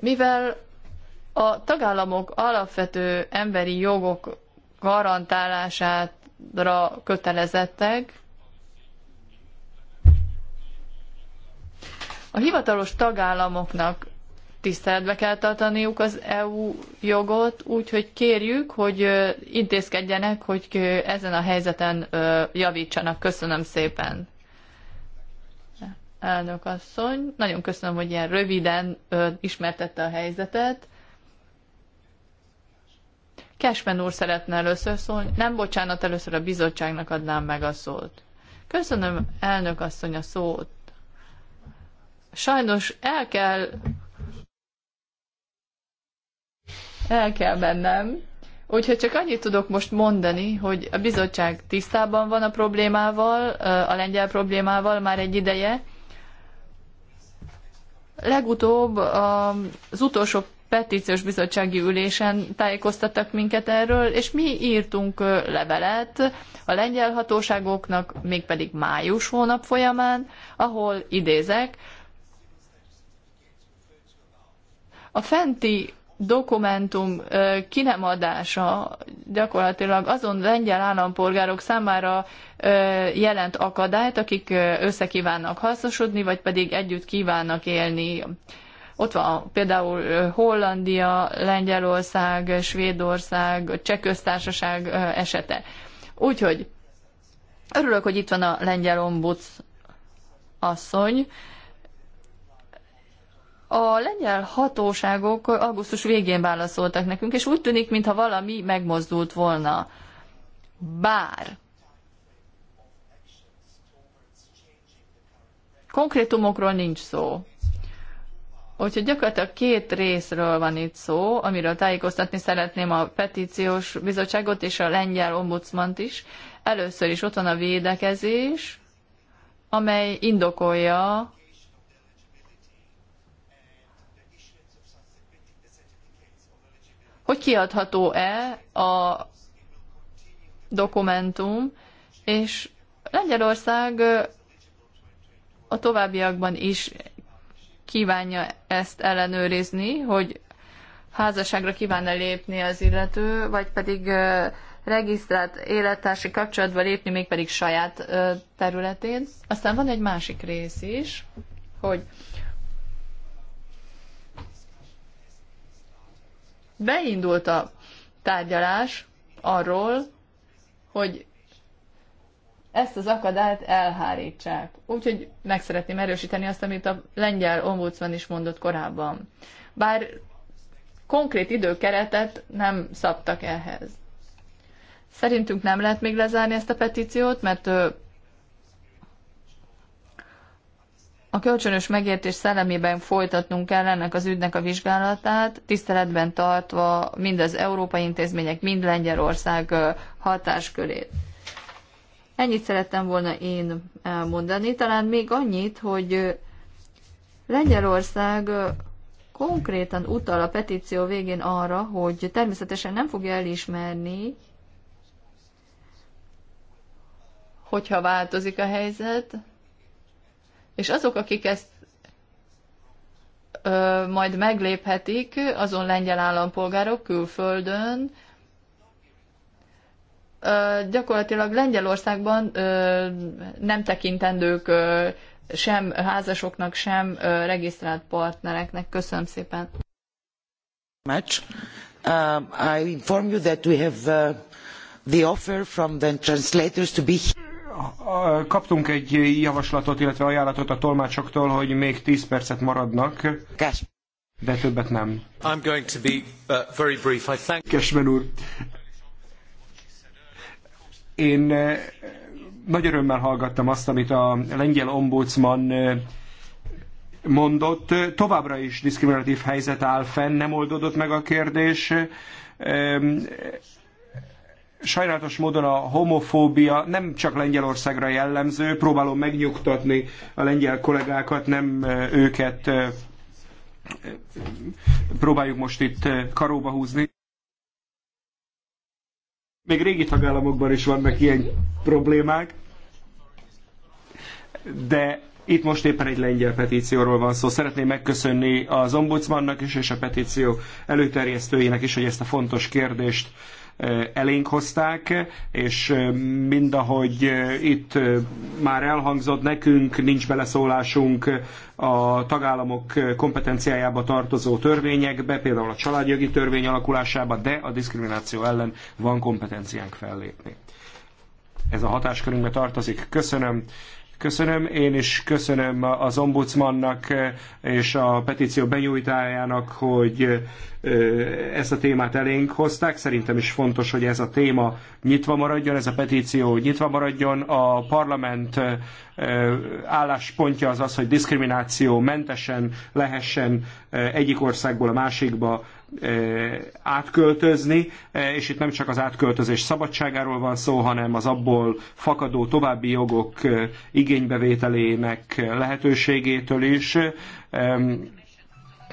Mivel a tagállamok alapvető emberi jogok garantálására kötelezettek. A hivatalos tagállamoknak tiszteletbe kell tartaniuk az EU jogot, úgyhogy kérjük, hogy intézkedjenek, hogy ezen a helyzeten javítsanak. Köszönöm szépen. Elnök asszony, nagyon köszönöm, hogy ilyen röviden ismertette a helyzetet. Kesmen úr szeretne először szólni. Nem, bocsánat, először a bizottságnak adnám meg a szót. Köszönöm, elnök asszony, a szót. Sajnos el kell... El kell mennem. Úgyhogy csak annyit tudok most mondani, hogy a bizottság tisztában van a problémával, a lengyel problémával már egy ideje. Legutóbb az utolsó petíciós bizottsági ülésen tájékoztattak minket erről, és mi írtunk levelet a lengyel hatóságoknak, mégpedig május hónap folyamán, ahol idézek, a fenti dokumentum kinemadása gyakorlatilag azon lengyel állampolgárok számára jelent akadályt, akik összekívánnak hasznosodni, vagy pedig együtt kívánnak élni ott van például Hollandia, Lengyelország, Svédország, Csehköztársaság esete. Úgyhogy örülök, hogy itt van a lengyel ombuds asszony. A lengyel hatóságok augusztus végén válaszoltak nekünk, és úgy tűnik, mintha valami megmozdult volna. Bár konkrétumokról nincs szó. Úgyhogy gyakorlatilag két részről van itt szó, amiről tájékoztatni szeretném a petíciós bizottságot és a lengyel ombudsmant is. Először is ott van a védekezés, amely indokolja hogy kiadható-e a dokumentum, és Lengyelország a továbbiakban is kívánja ezt ellenőrizni, hogy házasságra kívánna lépni az illető, vagy pedig regisztrált élettársi kapcsolatba lépni, mégpedig saját területén. Aztán van egy másik rész is, hogy beindult a tárgyalás arról, hogy ezt az akadályt elhárítsák. Úgyhogy meg szeretném erősíteni azt, amit a lengyel ombudsman is mondott korábban. Bár konkrét időkeretet nem szabtak ehhez. Szerintünk nem lehet még lezárni ezt a petíciót, mert a kölcsönös megértés szellemében folytatnunk kell ennek az ügynek a vizsgálatát, tiszteletben tartva mind az európai intézmények, mind Lengyelország hatáskörét. Ennyit szerettem volna én elmondani, talán még annyit, hogy Lengyelország konkrétan utal a petíció végén arra, hogy természetesen nem fogja elismerni, hogyha változik a helyzet, és azok, akik ezt ö, majd megléphetik, azon lengyel állampolgárok külföldön, gyakorlatilag Lengyelországban nem tekintendők sem házasoknak, sem regisztrált partnereknek. Köszönöm szépen. Much. Um, I inform you that we have uh, the offer from the translators to be here kaptunk egy javaslatot, illetve ajánlatot a tolmácsoktól, hogy még 10 percet maradnak. Kes. De többet nem. I'm going to be uh, very brief. I thank... Kesmen úr, én eh, nagy örömmel hallgattam azt, amit a lengyel ombudsman eh, mondott. Továbbra is diszkriminatív helyzet áll fenn, nem oldódott meg a kérdés. Sajnálatos módon a homofóbia nem csak Lengyelországra jellemző, próbálom megnyugtatni a lengyel kollégákat, nem eh, őket próbáljuk most itt karóba húzni. Még régi tagállamokban is vannak ilyen problémák, de itt most éppen egy lengyel petícióról van szó. Szeretném megköszönni az ombudsmannak is, és a petíció előterjesztőjének is, hogy ezt a fontos kérdést elénk hozták, és mindahogy itt már elhangzott nekünk, nincs beleszólásunk a tagállamok kompetenciájába tartozó törvényekbe, például a családjogi törvény alakulásába, de a diszkrimináció ellen van kompetenciánk fellépni. Ez a hatáskörünkbe tartozik. Köszönöm. Köszönöm, én is köszönöm az ombudsmannak eh, és a petíció benyújtájának, hogy eh, ezt a témát elénk hozták. Szerintem is fontos, hogy ez a téma nyitva maradjon, ez a petíció nyitva maradjon. A parlament eh, álláspontja az az, hogy diszkrimináció mentesen lehessen egyik országból a másikba átköltözni, és itt nem csak az átköltözés szabadságáról van szó, hanem az abból fakadó további jogok igénybevételének lehetőségétől is.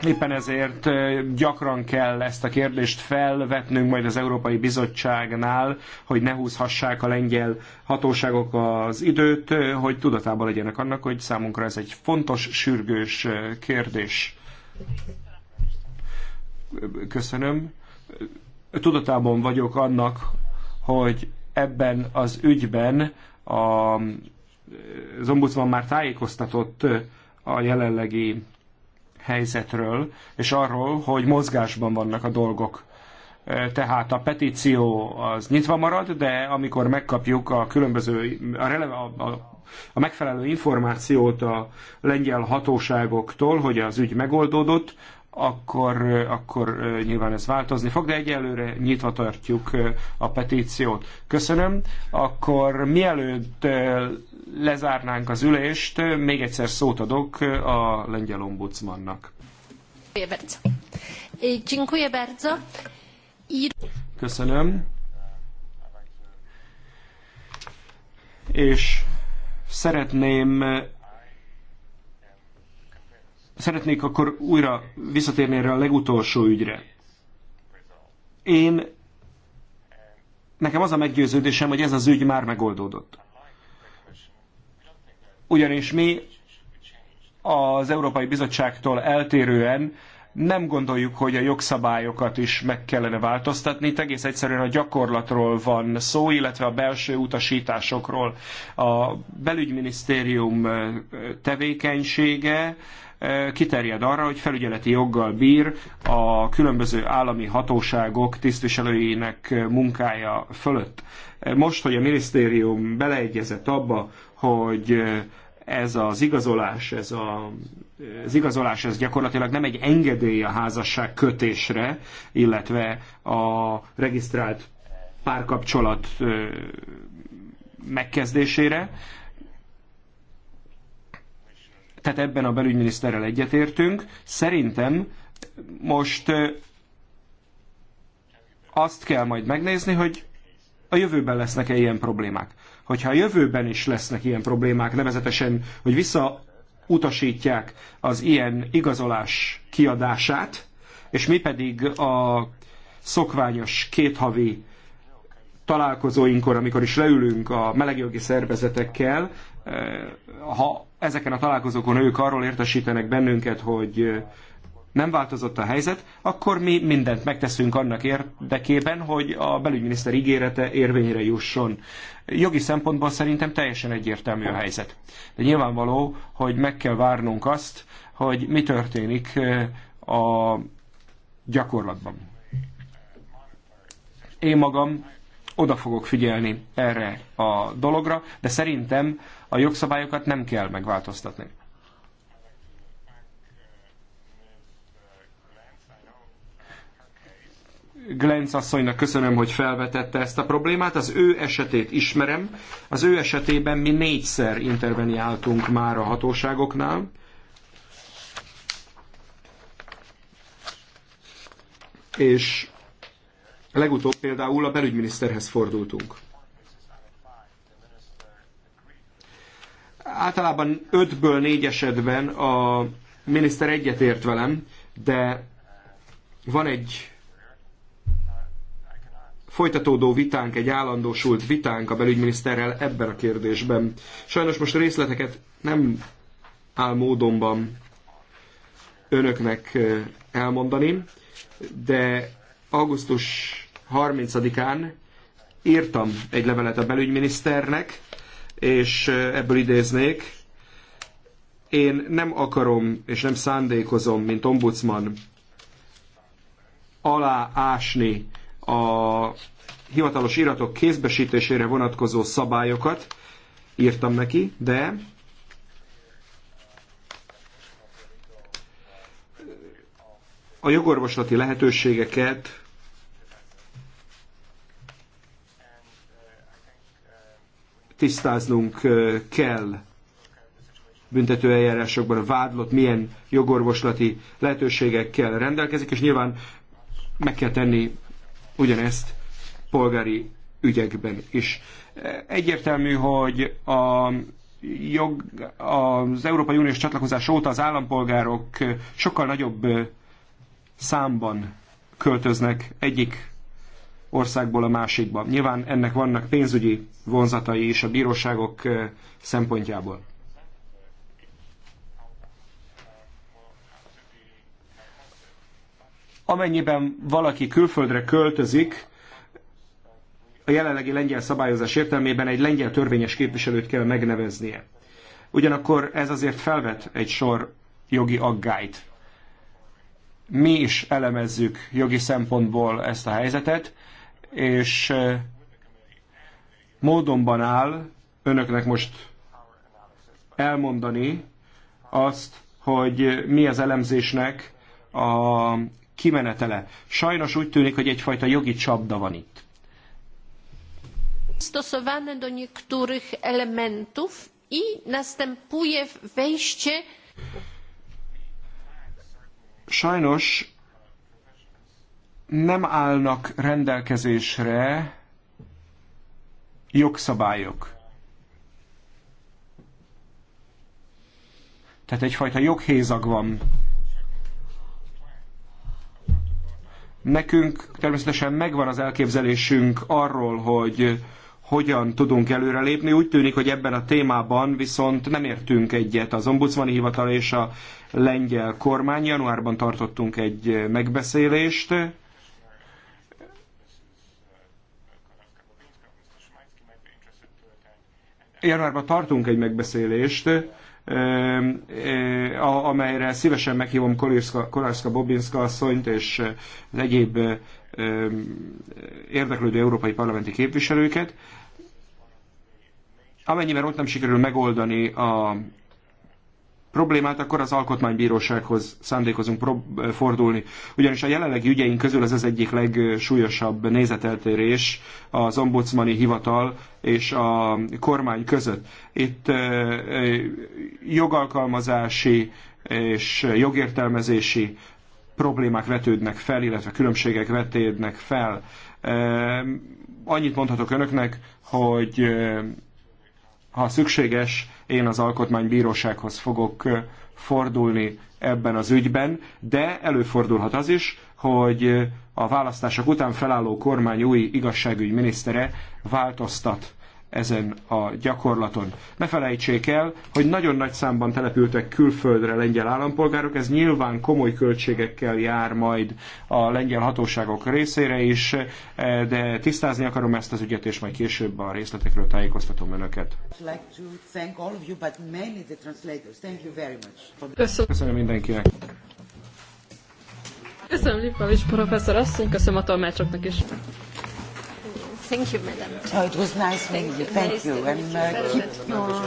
Éppen ezért gyakran kell ezt a kérdést felvetnünk majd az Európai Bizottságnál, hogy ne húzhassák a lengyel hatóságok az időt, hogy tudatában legyenek annak, hogy számunkra ez egy fontos, sürgős kérdés köszönöm. Tudatában vagyok annak, hogy ebben az ügyben a, az már tájékoztatott a jelenlegi helyzetről, és arról, hogy mozgásban vannak a dolgok. Tehát a petíció az nyitva marad, de amikor megkapjuk a különböző, a, rele, a, a, a megfelelő információt a lengyel hatóságoktól, hogy az ügy megoldódott, akkor, akkor nyilván ez változni fog, de egyelőre nyitva tartjuk a petíciót. Köszönöm. Akkor mielőtt lezárnánk az ülést, még egyszer szót adok a lengyel ombudsmannak. Köszönöm. És szeretném Szeretnék akkor újra visszatérni erre a legutolsó ügyre. Én, nekem az a meggyőződésem, hogy ez az ügy már megoldódott. Ugyanis mi az Európai Bizottságtól eltérően nem gondoljuk, hogy a jogszabályokat is meg kellene változtatni, itt egész egyszerűen a gyakorlatról van szó, illetve a belső utasításokról. A belügyminisztérium tevékenysége kiterjed arra, hogy felügyeleti joggal bír a különböző állami hatóságok tisztviselőinek munkája fölött. Most, hogy a minisztérium beleegyezett abba, hogy ez az igazolás, ez a, az igazolás ez gyakorlatilag nem egy engedély a házasság kötésre, illetve a regisztrált párkapcsolat megkezdésére. Tehát ebben a belügyminiszterrel egyetértünk. Szerintem most azt kell majd megnézni, hogy a jövőben lesznek-e ilyen problémák hogyha a jövőben is lesznek ilyen problémák, nevezetesen, hogy visszautasítják az ilyen igazolás kiadását, és mi pedig a szokványos kéthavi találkozóinkor, amikor is leülünk a melegjogi szervezetekkel, eh, ha ezeken a találkozókon ők arról értesítenek bennünket, hogy eh, nem változott a helyzet, akkor mi mindent megteszünk annak érdekében, hogy a belügyminiszter ígérete érvényre jusson. Jogi szempontból szerintem teljesen egyértelmű a helyzet. De nyilvánvaló, hogy meg kell várnunk azt, hogy mi történik a gyakorlatban. Én magam oda fogok figyelni erre a dologra, de szerintem a jogszabályokat nem kell megváltoztatni. Glenc asszonynak köszönöm, hogy felvetette ezt a problémát. Az ő esetét ismerem. Az ő esetében mi négyszer interveniáltunk már a hatóságoknál. És legutóbb például a belügyminiszterhez fordultunk. Általában ötből négy esetben a miniszter egyetért velem, de van egy folytatódó vitánk, egy állandósult vitánk a belügyminiszterrel ebben a kérdésben. Sajnos most részleteket nem áll módonban önöknek elmondani, de augusztus 30-án írtam egy levelet a belügyminiszternek, és ebből idéznék, én nem akarom és nem szándékozom, mint ombudsman, aláásni a hivatalos iratok kézbesítésére vonatkozó szabályokat írtam neki, de a jogorvoslati lehetőségeket tisztáznunk kell büntetőeljárásokban a vádlott milyen jogorvoslati lehetőségekkel rendelkezik, és nyilván meg kell tenni ugyanezt polgári ügyekben is. Egyértelmű, hogy a jog, az Európai Uniós csatlakozás óta az állampolgárok sokkal nagyobb számban költöznek egyik országból a másikba. Nyilván ennek vannak pénzügyi vonzatai is a bíróságok szempontjából. Amennyiben valaki külföldre költözik, a jelenlegi lengyel szabályozás értelmében egy lengyel törvényes képviselőt kell megneveznie. Ugyanakkor ez azért felvet egy sor jogi aggályt. Mi is elemezzük jogi szempontból ezt a helyzetet, és eh, módonban áll önöknek most elmondani azt, hogy mi az elemzésnek a kimenetele. Sajnos úgy tűnik, hogy egyfajta jogi csapda van itt. Stosowane do niektórych elementów i następuje wejście. Sajnos nem állnak rendelkezésre jogszabályok. Tehát egyfajta joghézag van Nekünk természetesen megvan az elképzelésünk arról, hogy hogyan tudunk előrelépni. Úgy tűnik, hogy ebben a témában viszont nem értünk egyet. Az ombudsmani hivatal és a lengyel kormány januárban tartottunk egy megbeszélést, januárban tartunk egy megbeszélést, amelyre szívesen meghívom Kolarska Bobinska asszonyt és az egyéb érdeklődő európai parlamenti képviselőket. Amennyiben ott nem sikerül megoldani a problémát, akkor az alkotmánybírósághoz szándékozunk fordulni. Ugyanis a jelenlegi ügyeink közül ez az egyik legsúlyosabb nézeteltérés az ombudsmani hivatal és a kormány között. Itt jogalkalmazási és jogértelmezési problémák vetődnek fel, illetve különbségek vetődnek fel. Annyit mondhatok önöknek, hogy ha szükséges, én az alkotmánybírósághoz fogok fordulni ebben az ügyben, de előfordulhat az is, hogy a választások után felálló kormány új minisztere változtat ezen a gyakorlaton. Ne felejtsék el, hogy nagyon nagy számban települtek külföldre lengyel állampolgárok, ez nyilván komoly költségekkel jár majd a lengyel hatóságok részére is, eh, de tisztázni akarom ezt az ügyet, és majd később a részletekről tájékoztatom önöket. Köszönöm mindenkinek! Köszönöm Lipovics professzor asszony, köszönöm a tolmácsoknak is. Thank you, madam. Oh, it was nice meeting you. Thank nice you. And uh, keep your